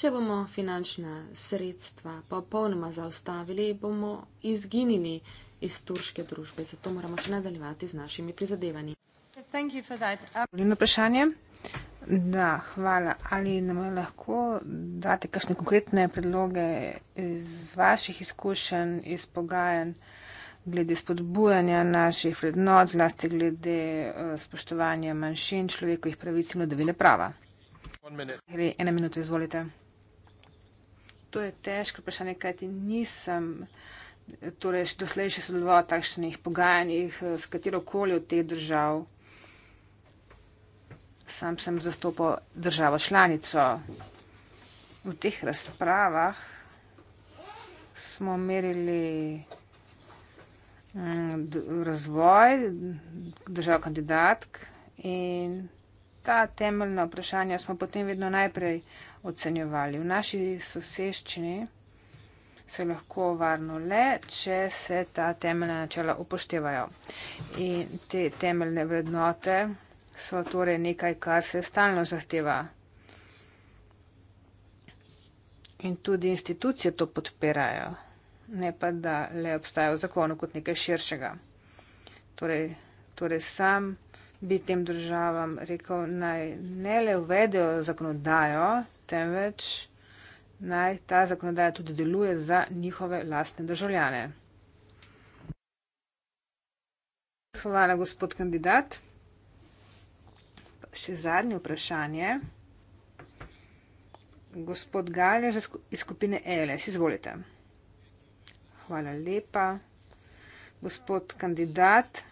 Če bomo finančna sredstva popolnoma zaustavili, bomo izginili iz turške družbe, zato moramo še nadaljevati z našimi prizadevanji. Um, da, hvala. Ali nam lahko date kakšne konkretne predloge iz vaših izkušenj, iz pogajanj, glede spodbujanja naših vrednot, zlasti glede eh, spoštovanja manjšin, človekovih pravic in vladavine prava? Gre ena minuta, izvolite. To je težko vprašanje, kajti nisem torej, doslej še sodeloval v takšnih pogajanjih eh, s katerokoli od teh držav. Sam sem zastopal državo članico. V teh razpravah smo merili mm, razvoj držav kandidatk in ta temeljna vprašanja smo potem vedno najprej ocenjevali. V naši soseščini se lahko varno le, če se ta temeljna načela upoštevajo. In te temeljne vrednote so torej nekaj, kar se stalno zahteva. In tudi institucije to podpirajo, ne pa da le obstajajo v zakonu kot nekaj širšega. Torej, torej sam bi tem državam rekel, naj ne le uvedejo zakonodajo, temveč naj ta zakonodaja tudi deluje za njihove lastne državljane. Hvala, gospod kandidat. Še zadnje vprašanje. Gospod Galjaž iz skupine ELS, izvolite. Hvala lepa. Gospod kandidat,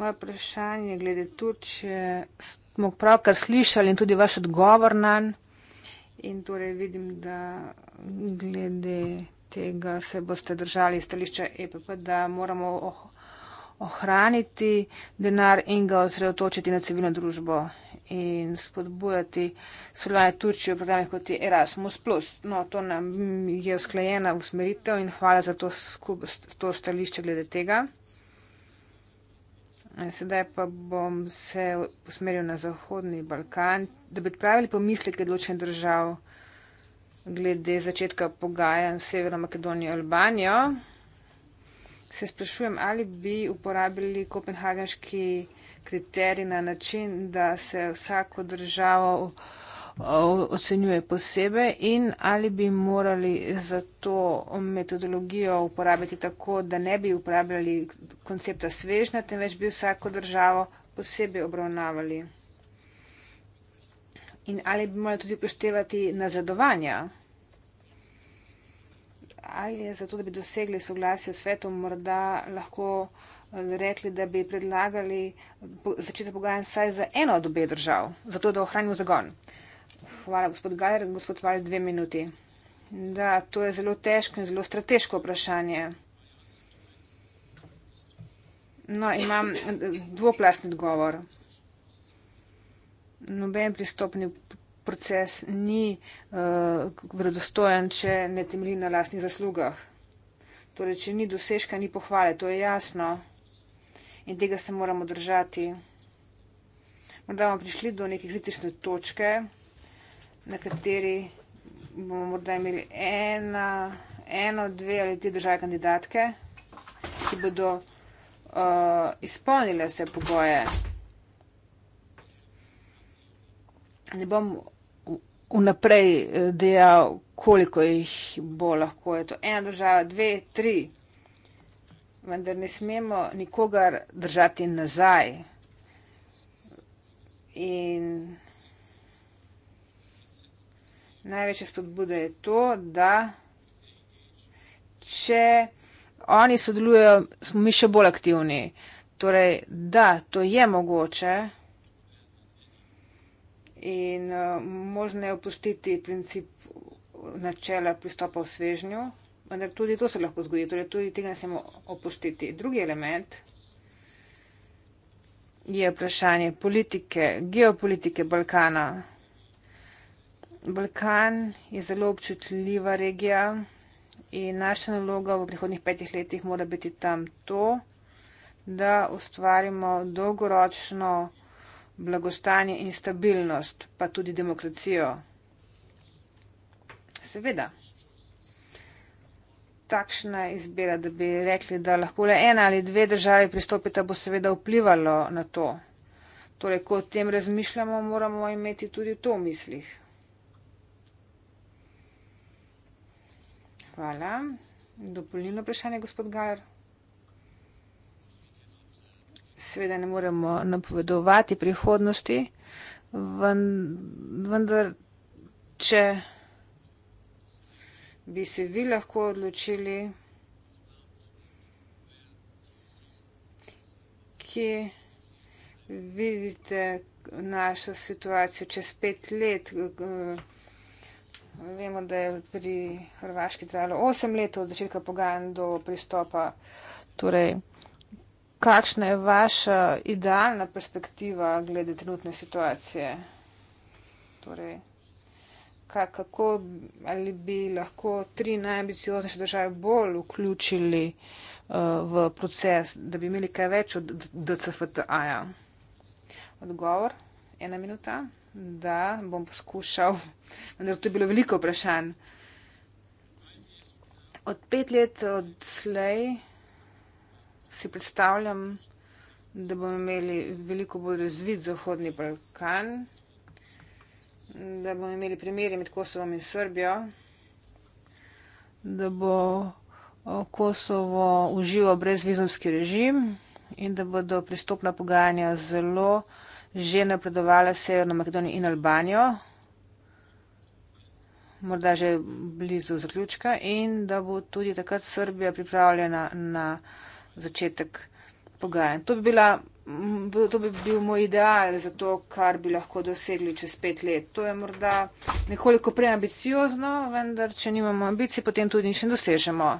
Moje vprašanje glede Turčije smo pravkar slišali in tudi vaš odgovor na nj. In torej vidim, da glede tega se boste držali stališča EPP, da moramo oh, ohraniti denar in ga osredotočiti na civilno družbo in spodbujati sodelovanje Turčije v programih kot je Erasmus. No, to nam je usklajena usmeritev in hvala za to, to stališče glede tega. Sedaj pa bom se usmeril na Zahodni Balkan, da bi odpravili pomisleke odločenih držav glede začetka pogajanj s Severno Makedonijo in Albanijo. Se sprašujem, ali bi uporabili kopenhagenški kriterij na način, da se vsako državo ocenjuje posebej in ali bi morali za to metodologijo uporabiti tako, da ne bi uporabljali koncepta svežna, temveč bi vsako državo posebej obravnavali. In ali bi morali tudi upoštevati nazadovanja? Ali je zato, da bi dosegli soglasje s svetom, morda lahko eh, rekli, da bi predlagali začeti pogajanj saj za eno od obeh držav, zato da ohranimo zagon? Uh, hvala, gospod Gajer. Gospod Valj, dve minuti. Da, to je zelo težko in zelo strateško vprašanje. No, imam eh, dvoplastni odgovor. Noben pristopni proces ni uh, eh, vredostojen, če ne temelji na lastnih zaslugah. Torej, če ni dosežka, ni pohvale, to je jasno. In tega se moramo držati. Morda bomo prišli do neke kritične točke, na kateri bomo morda imeli ena, eno, dve ali tri države kandidatke, ki bodo uh, izpolnile vse pogoje. Ne bom vnaprej eh, dejal, koliko jih bo lahko. Je to ena država, dve, tri. Vendar ne smemo nikogar držati nazaj. In največja spodbuda je to, da če oni sodelujejo, smo mi še bolj aktivni. Torej, da to je mogoče in uh, možno je opustiti princip načela pristopa v svežnju, vendar tudi to se lahko zgodi, torej tudi tega ne smemo opustiti. Drugi element je vprašanje politike, geopolitike Balkana. Balkan je zelo občutljiva regija in naša naloga v prihodnih petih letih mora biti tam to, da ustvarimo dolgoročno blagostanje in stabilnost, pa tudi demokracijo. Seveda, takšna izbira, da bi rekli, da lahko le ena ali dve državi pristopita, bo seveda vplivalo na to. Torej, ko o tem razmišljamo, moramo imeti tudi to v mislih. Hvala. Dopolnilno vprašanje, gospod Galer. Seveda ne moremo napovedovati prihodnosti, vendar, če bi se vi lahko odločili, ki vidite našo situacijo čez pet let, kako Vemo, da je pri Hrvaški trajalo 8 let od začetka pogajanj do pristopa. Torej, kakšna je vaša idealna perspektiva glede trenutne situacije? Torej, kako ali bi lahko tri najambicioznejše države bolj vključili uh, v proces, da bi imeli kaj več od DCFTA? Odgovor, ena minuta. Da, bom poskušal, vendar to je bilo veliko vprašanj. Od pet let od slej si predstavljam, da bomo imeli veliko bolj razvit Zahodni Balkan, da bomo imeli primerje med Kosovom in Srbijo, da bo Kosovo užival brezvizumski režim in da bodo pristopna pogajanja zelo že napredovala severno Makedonijo in Albanijo, morda že blizu zaključka in da bo tudi takrat Srbija pripravljena na začetek pogajanj. To, bi to bi bil moj ideal za to, kar bi lahko dosegli čez pet let. To je morda nekoliko preambiciozno, vendar če nimamo ambicij, potem tudi nič ne dosežemo.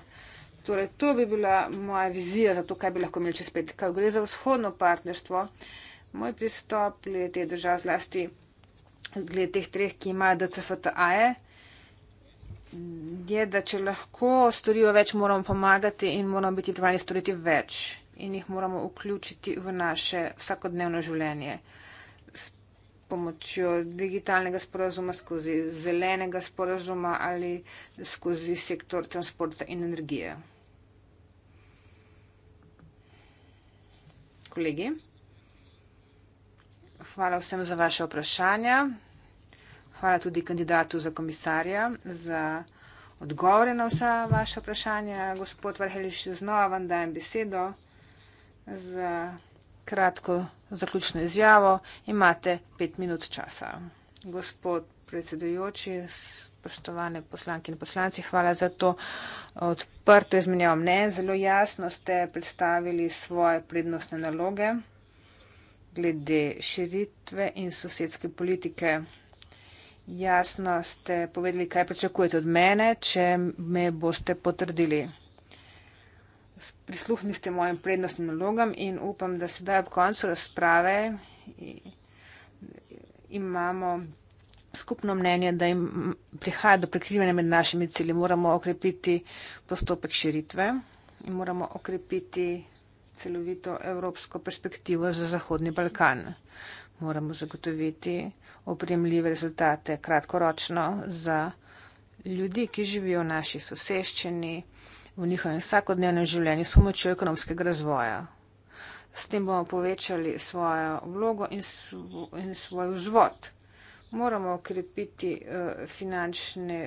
Torej, to bi bila moja vizija za to, kaj bi lahko imeli čez pet let. Kaj gre za vzhodno partnerstvo? Uh, moj pristop glede teh držav, zlasti glede teh treh, ki imajo DCFTA-je, je, da če lahko storijo več, moramo pomagati in moramo biti pripravljeni storiti več in jih moramo vključiti v naše vsakodnevno življenje s pomočjo digitalnega sporazuma, skozi zelenega sporazuma ali skozi sektor transporta in energije. Kolegi. Hvala vsem za vaše vprašanja. Hvala tudi kandidatu za komisarja za odgovore na vsa vaša vprašanja. Gospod Varheliš, znova vam dajem besedo za kratko zaključno izjavo. Imate pet minut časa. Gospod predsedujoči, spoštovane poslanke in poslanci, hvala za to odprto izmenjavo mnen. Zelo jasno ste predstavili svoje prednostne naloge glede širitve in sosedske politike. Jasno ste povedali, kaj pričakujete od mene, če me boste potrdili. Prisluhni ste mojim prednostnim nalogam in upam, da sedaj ob koncu razprave imamo skupno mnenje, da jim prihaja do prekrivanja med našimi cilji. Moramo okrepiti postopek širitve in moramo okrepiti celovito evropsko perspektivo za Zahodni Balkan. Moramo zagotoviti opremljive rezultate kratkoročno za ljudi, ki živijo v naši soseščini, v njihovem vsakodnevnem življenju s pomočjo ekonomskega razvoja. S tem bomo povečali svojo vlogo in, svo, in svoj vzvod. Moramo okrepiti uh, finančne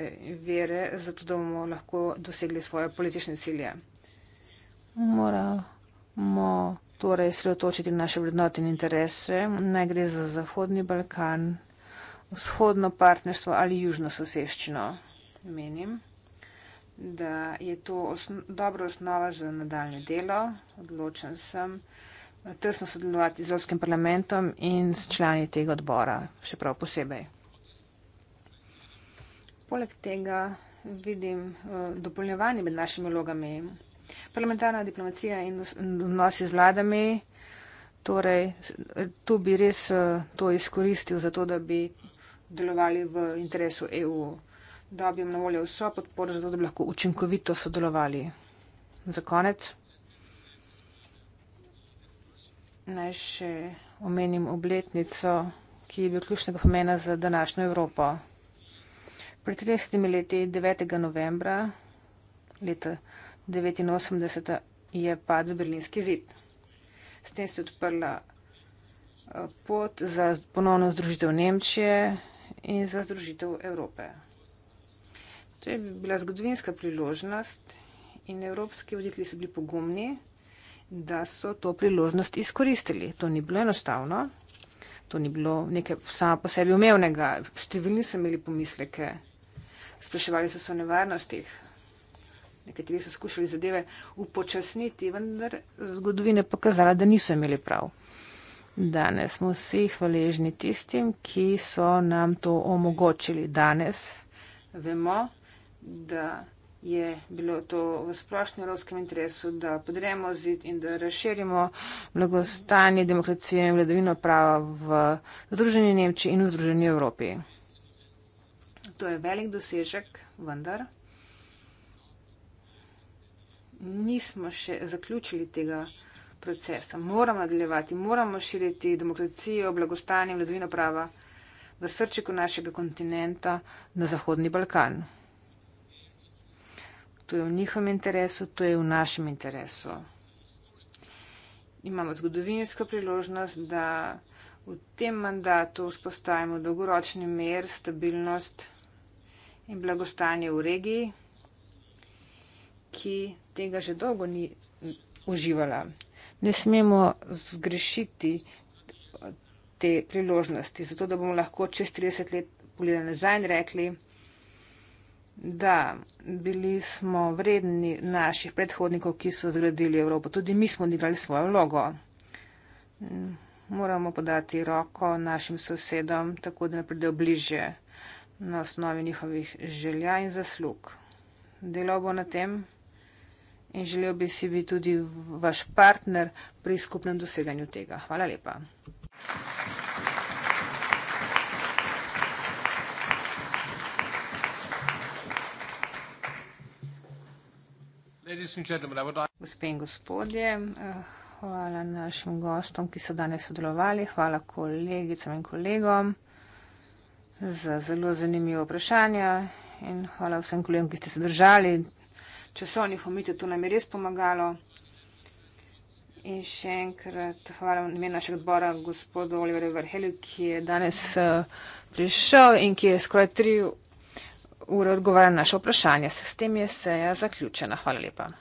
vere, zato da bomo lahko dosegli svoje politične cilje. Moramo moramo torej sredotočiti naše vrednote in interese, naj gre za Zahodni Balkan, vzhodno partnerstvo ali južno soseščino. Menim, da je to osno dobra osnova za nadaljne delo. Odločen sem eh, tesno sodelovati z Evropskim parlamentom in s člani tega odbora, še prav posebej. Poleg tega vidim uh, dopolnjevanje med našimi vlogami. Parlamentarna diplomacija in odnosi z vladami, torej tu bi res eh, to izkoristil za to, da bi delovali v interesu EU, da bi jim na voljo vso podporo, zato da bi lahko učinkovito sodelovali. Za konec naj še omenim obletnico, ki je bil ključnega pomena za današnjo Evropo. Pred 30 leti, 9. novembra leta 1991, 89. je padel Berlinski zid. S tem se je odprla eh, pot za ponovno združitev Nemčije in za združitev Evrope. To je bila zgodovinska priložnost in evropski voditelji so bili pogumni, da so to priložnost izkoristili. To ni bilo enostavno, to ni bilo nekaj samo po sebi umevnega. Številni so imeli pomisleke, spraševali so se o nevarnostih Nekateri so skušali zadeve upočasniti, vendar zgodovine pokazala, da niso imeli prav. Danes smo vsi hvaležni tistim, ki so nam to omogočili. Danes vemo, da je bilo to v splošnem evropskem interesu, da podremo zid in da razširimo blagostanje demokracije in vladavino prava v Združeni Nemčiji in v Združeni Evropi. To je velik dosežek, vendar nismo še zaključili tega procesa. Moramo nadaljevati, moramo širiti demokracijo, blagostanje, vladovino prava v srčiku našega kontinenta na Zahodni Balkan. To je v njihovem interesu, to je v našem interesu. Imamo zgodovinsko priložnost, da v tem mandatu vzpostavimo dolgoročni mer, stabilnost in blagostanje v regiji, ki tega že dolgo ni uživala. Ne smemo zgrešiti te priložnosti, zato da bomo lahko čez 30 let pogledali nazaj in rekli, da bili smo vredni naših predhodnikov, ki so zgradili Evropo. Tudi mi smo odigrali svojo vlogo. Moramo podati roko našim sosedom, tako da ne pridejo bliže na osnovi njihovih želja in zaslug. Delo bo na tem in želel bi si biti tudi vaš partner pri skupnem doseganju tega. Hvala lepa. Gospe in gospodje, hvala našim gostom, ki so danes sodelovali, hvala kolegicam in kolegom za zelo zanimivo vprašanje in hvala vsem kolegom, ki ste se držali časovnih omitev, to nam je res pomagalo. In še enkrat hvala v imenu našega odbora, gospodu Oliverju Varhelju, ki je danes uh, prišel in ki je skoraj tri ure odgovarjal na naše vprašanje. S tem je seja zaključena. Hvala lepa.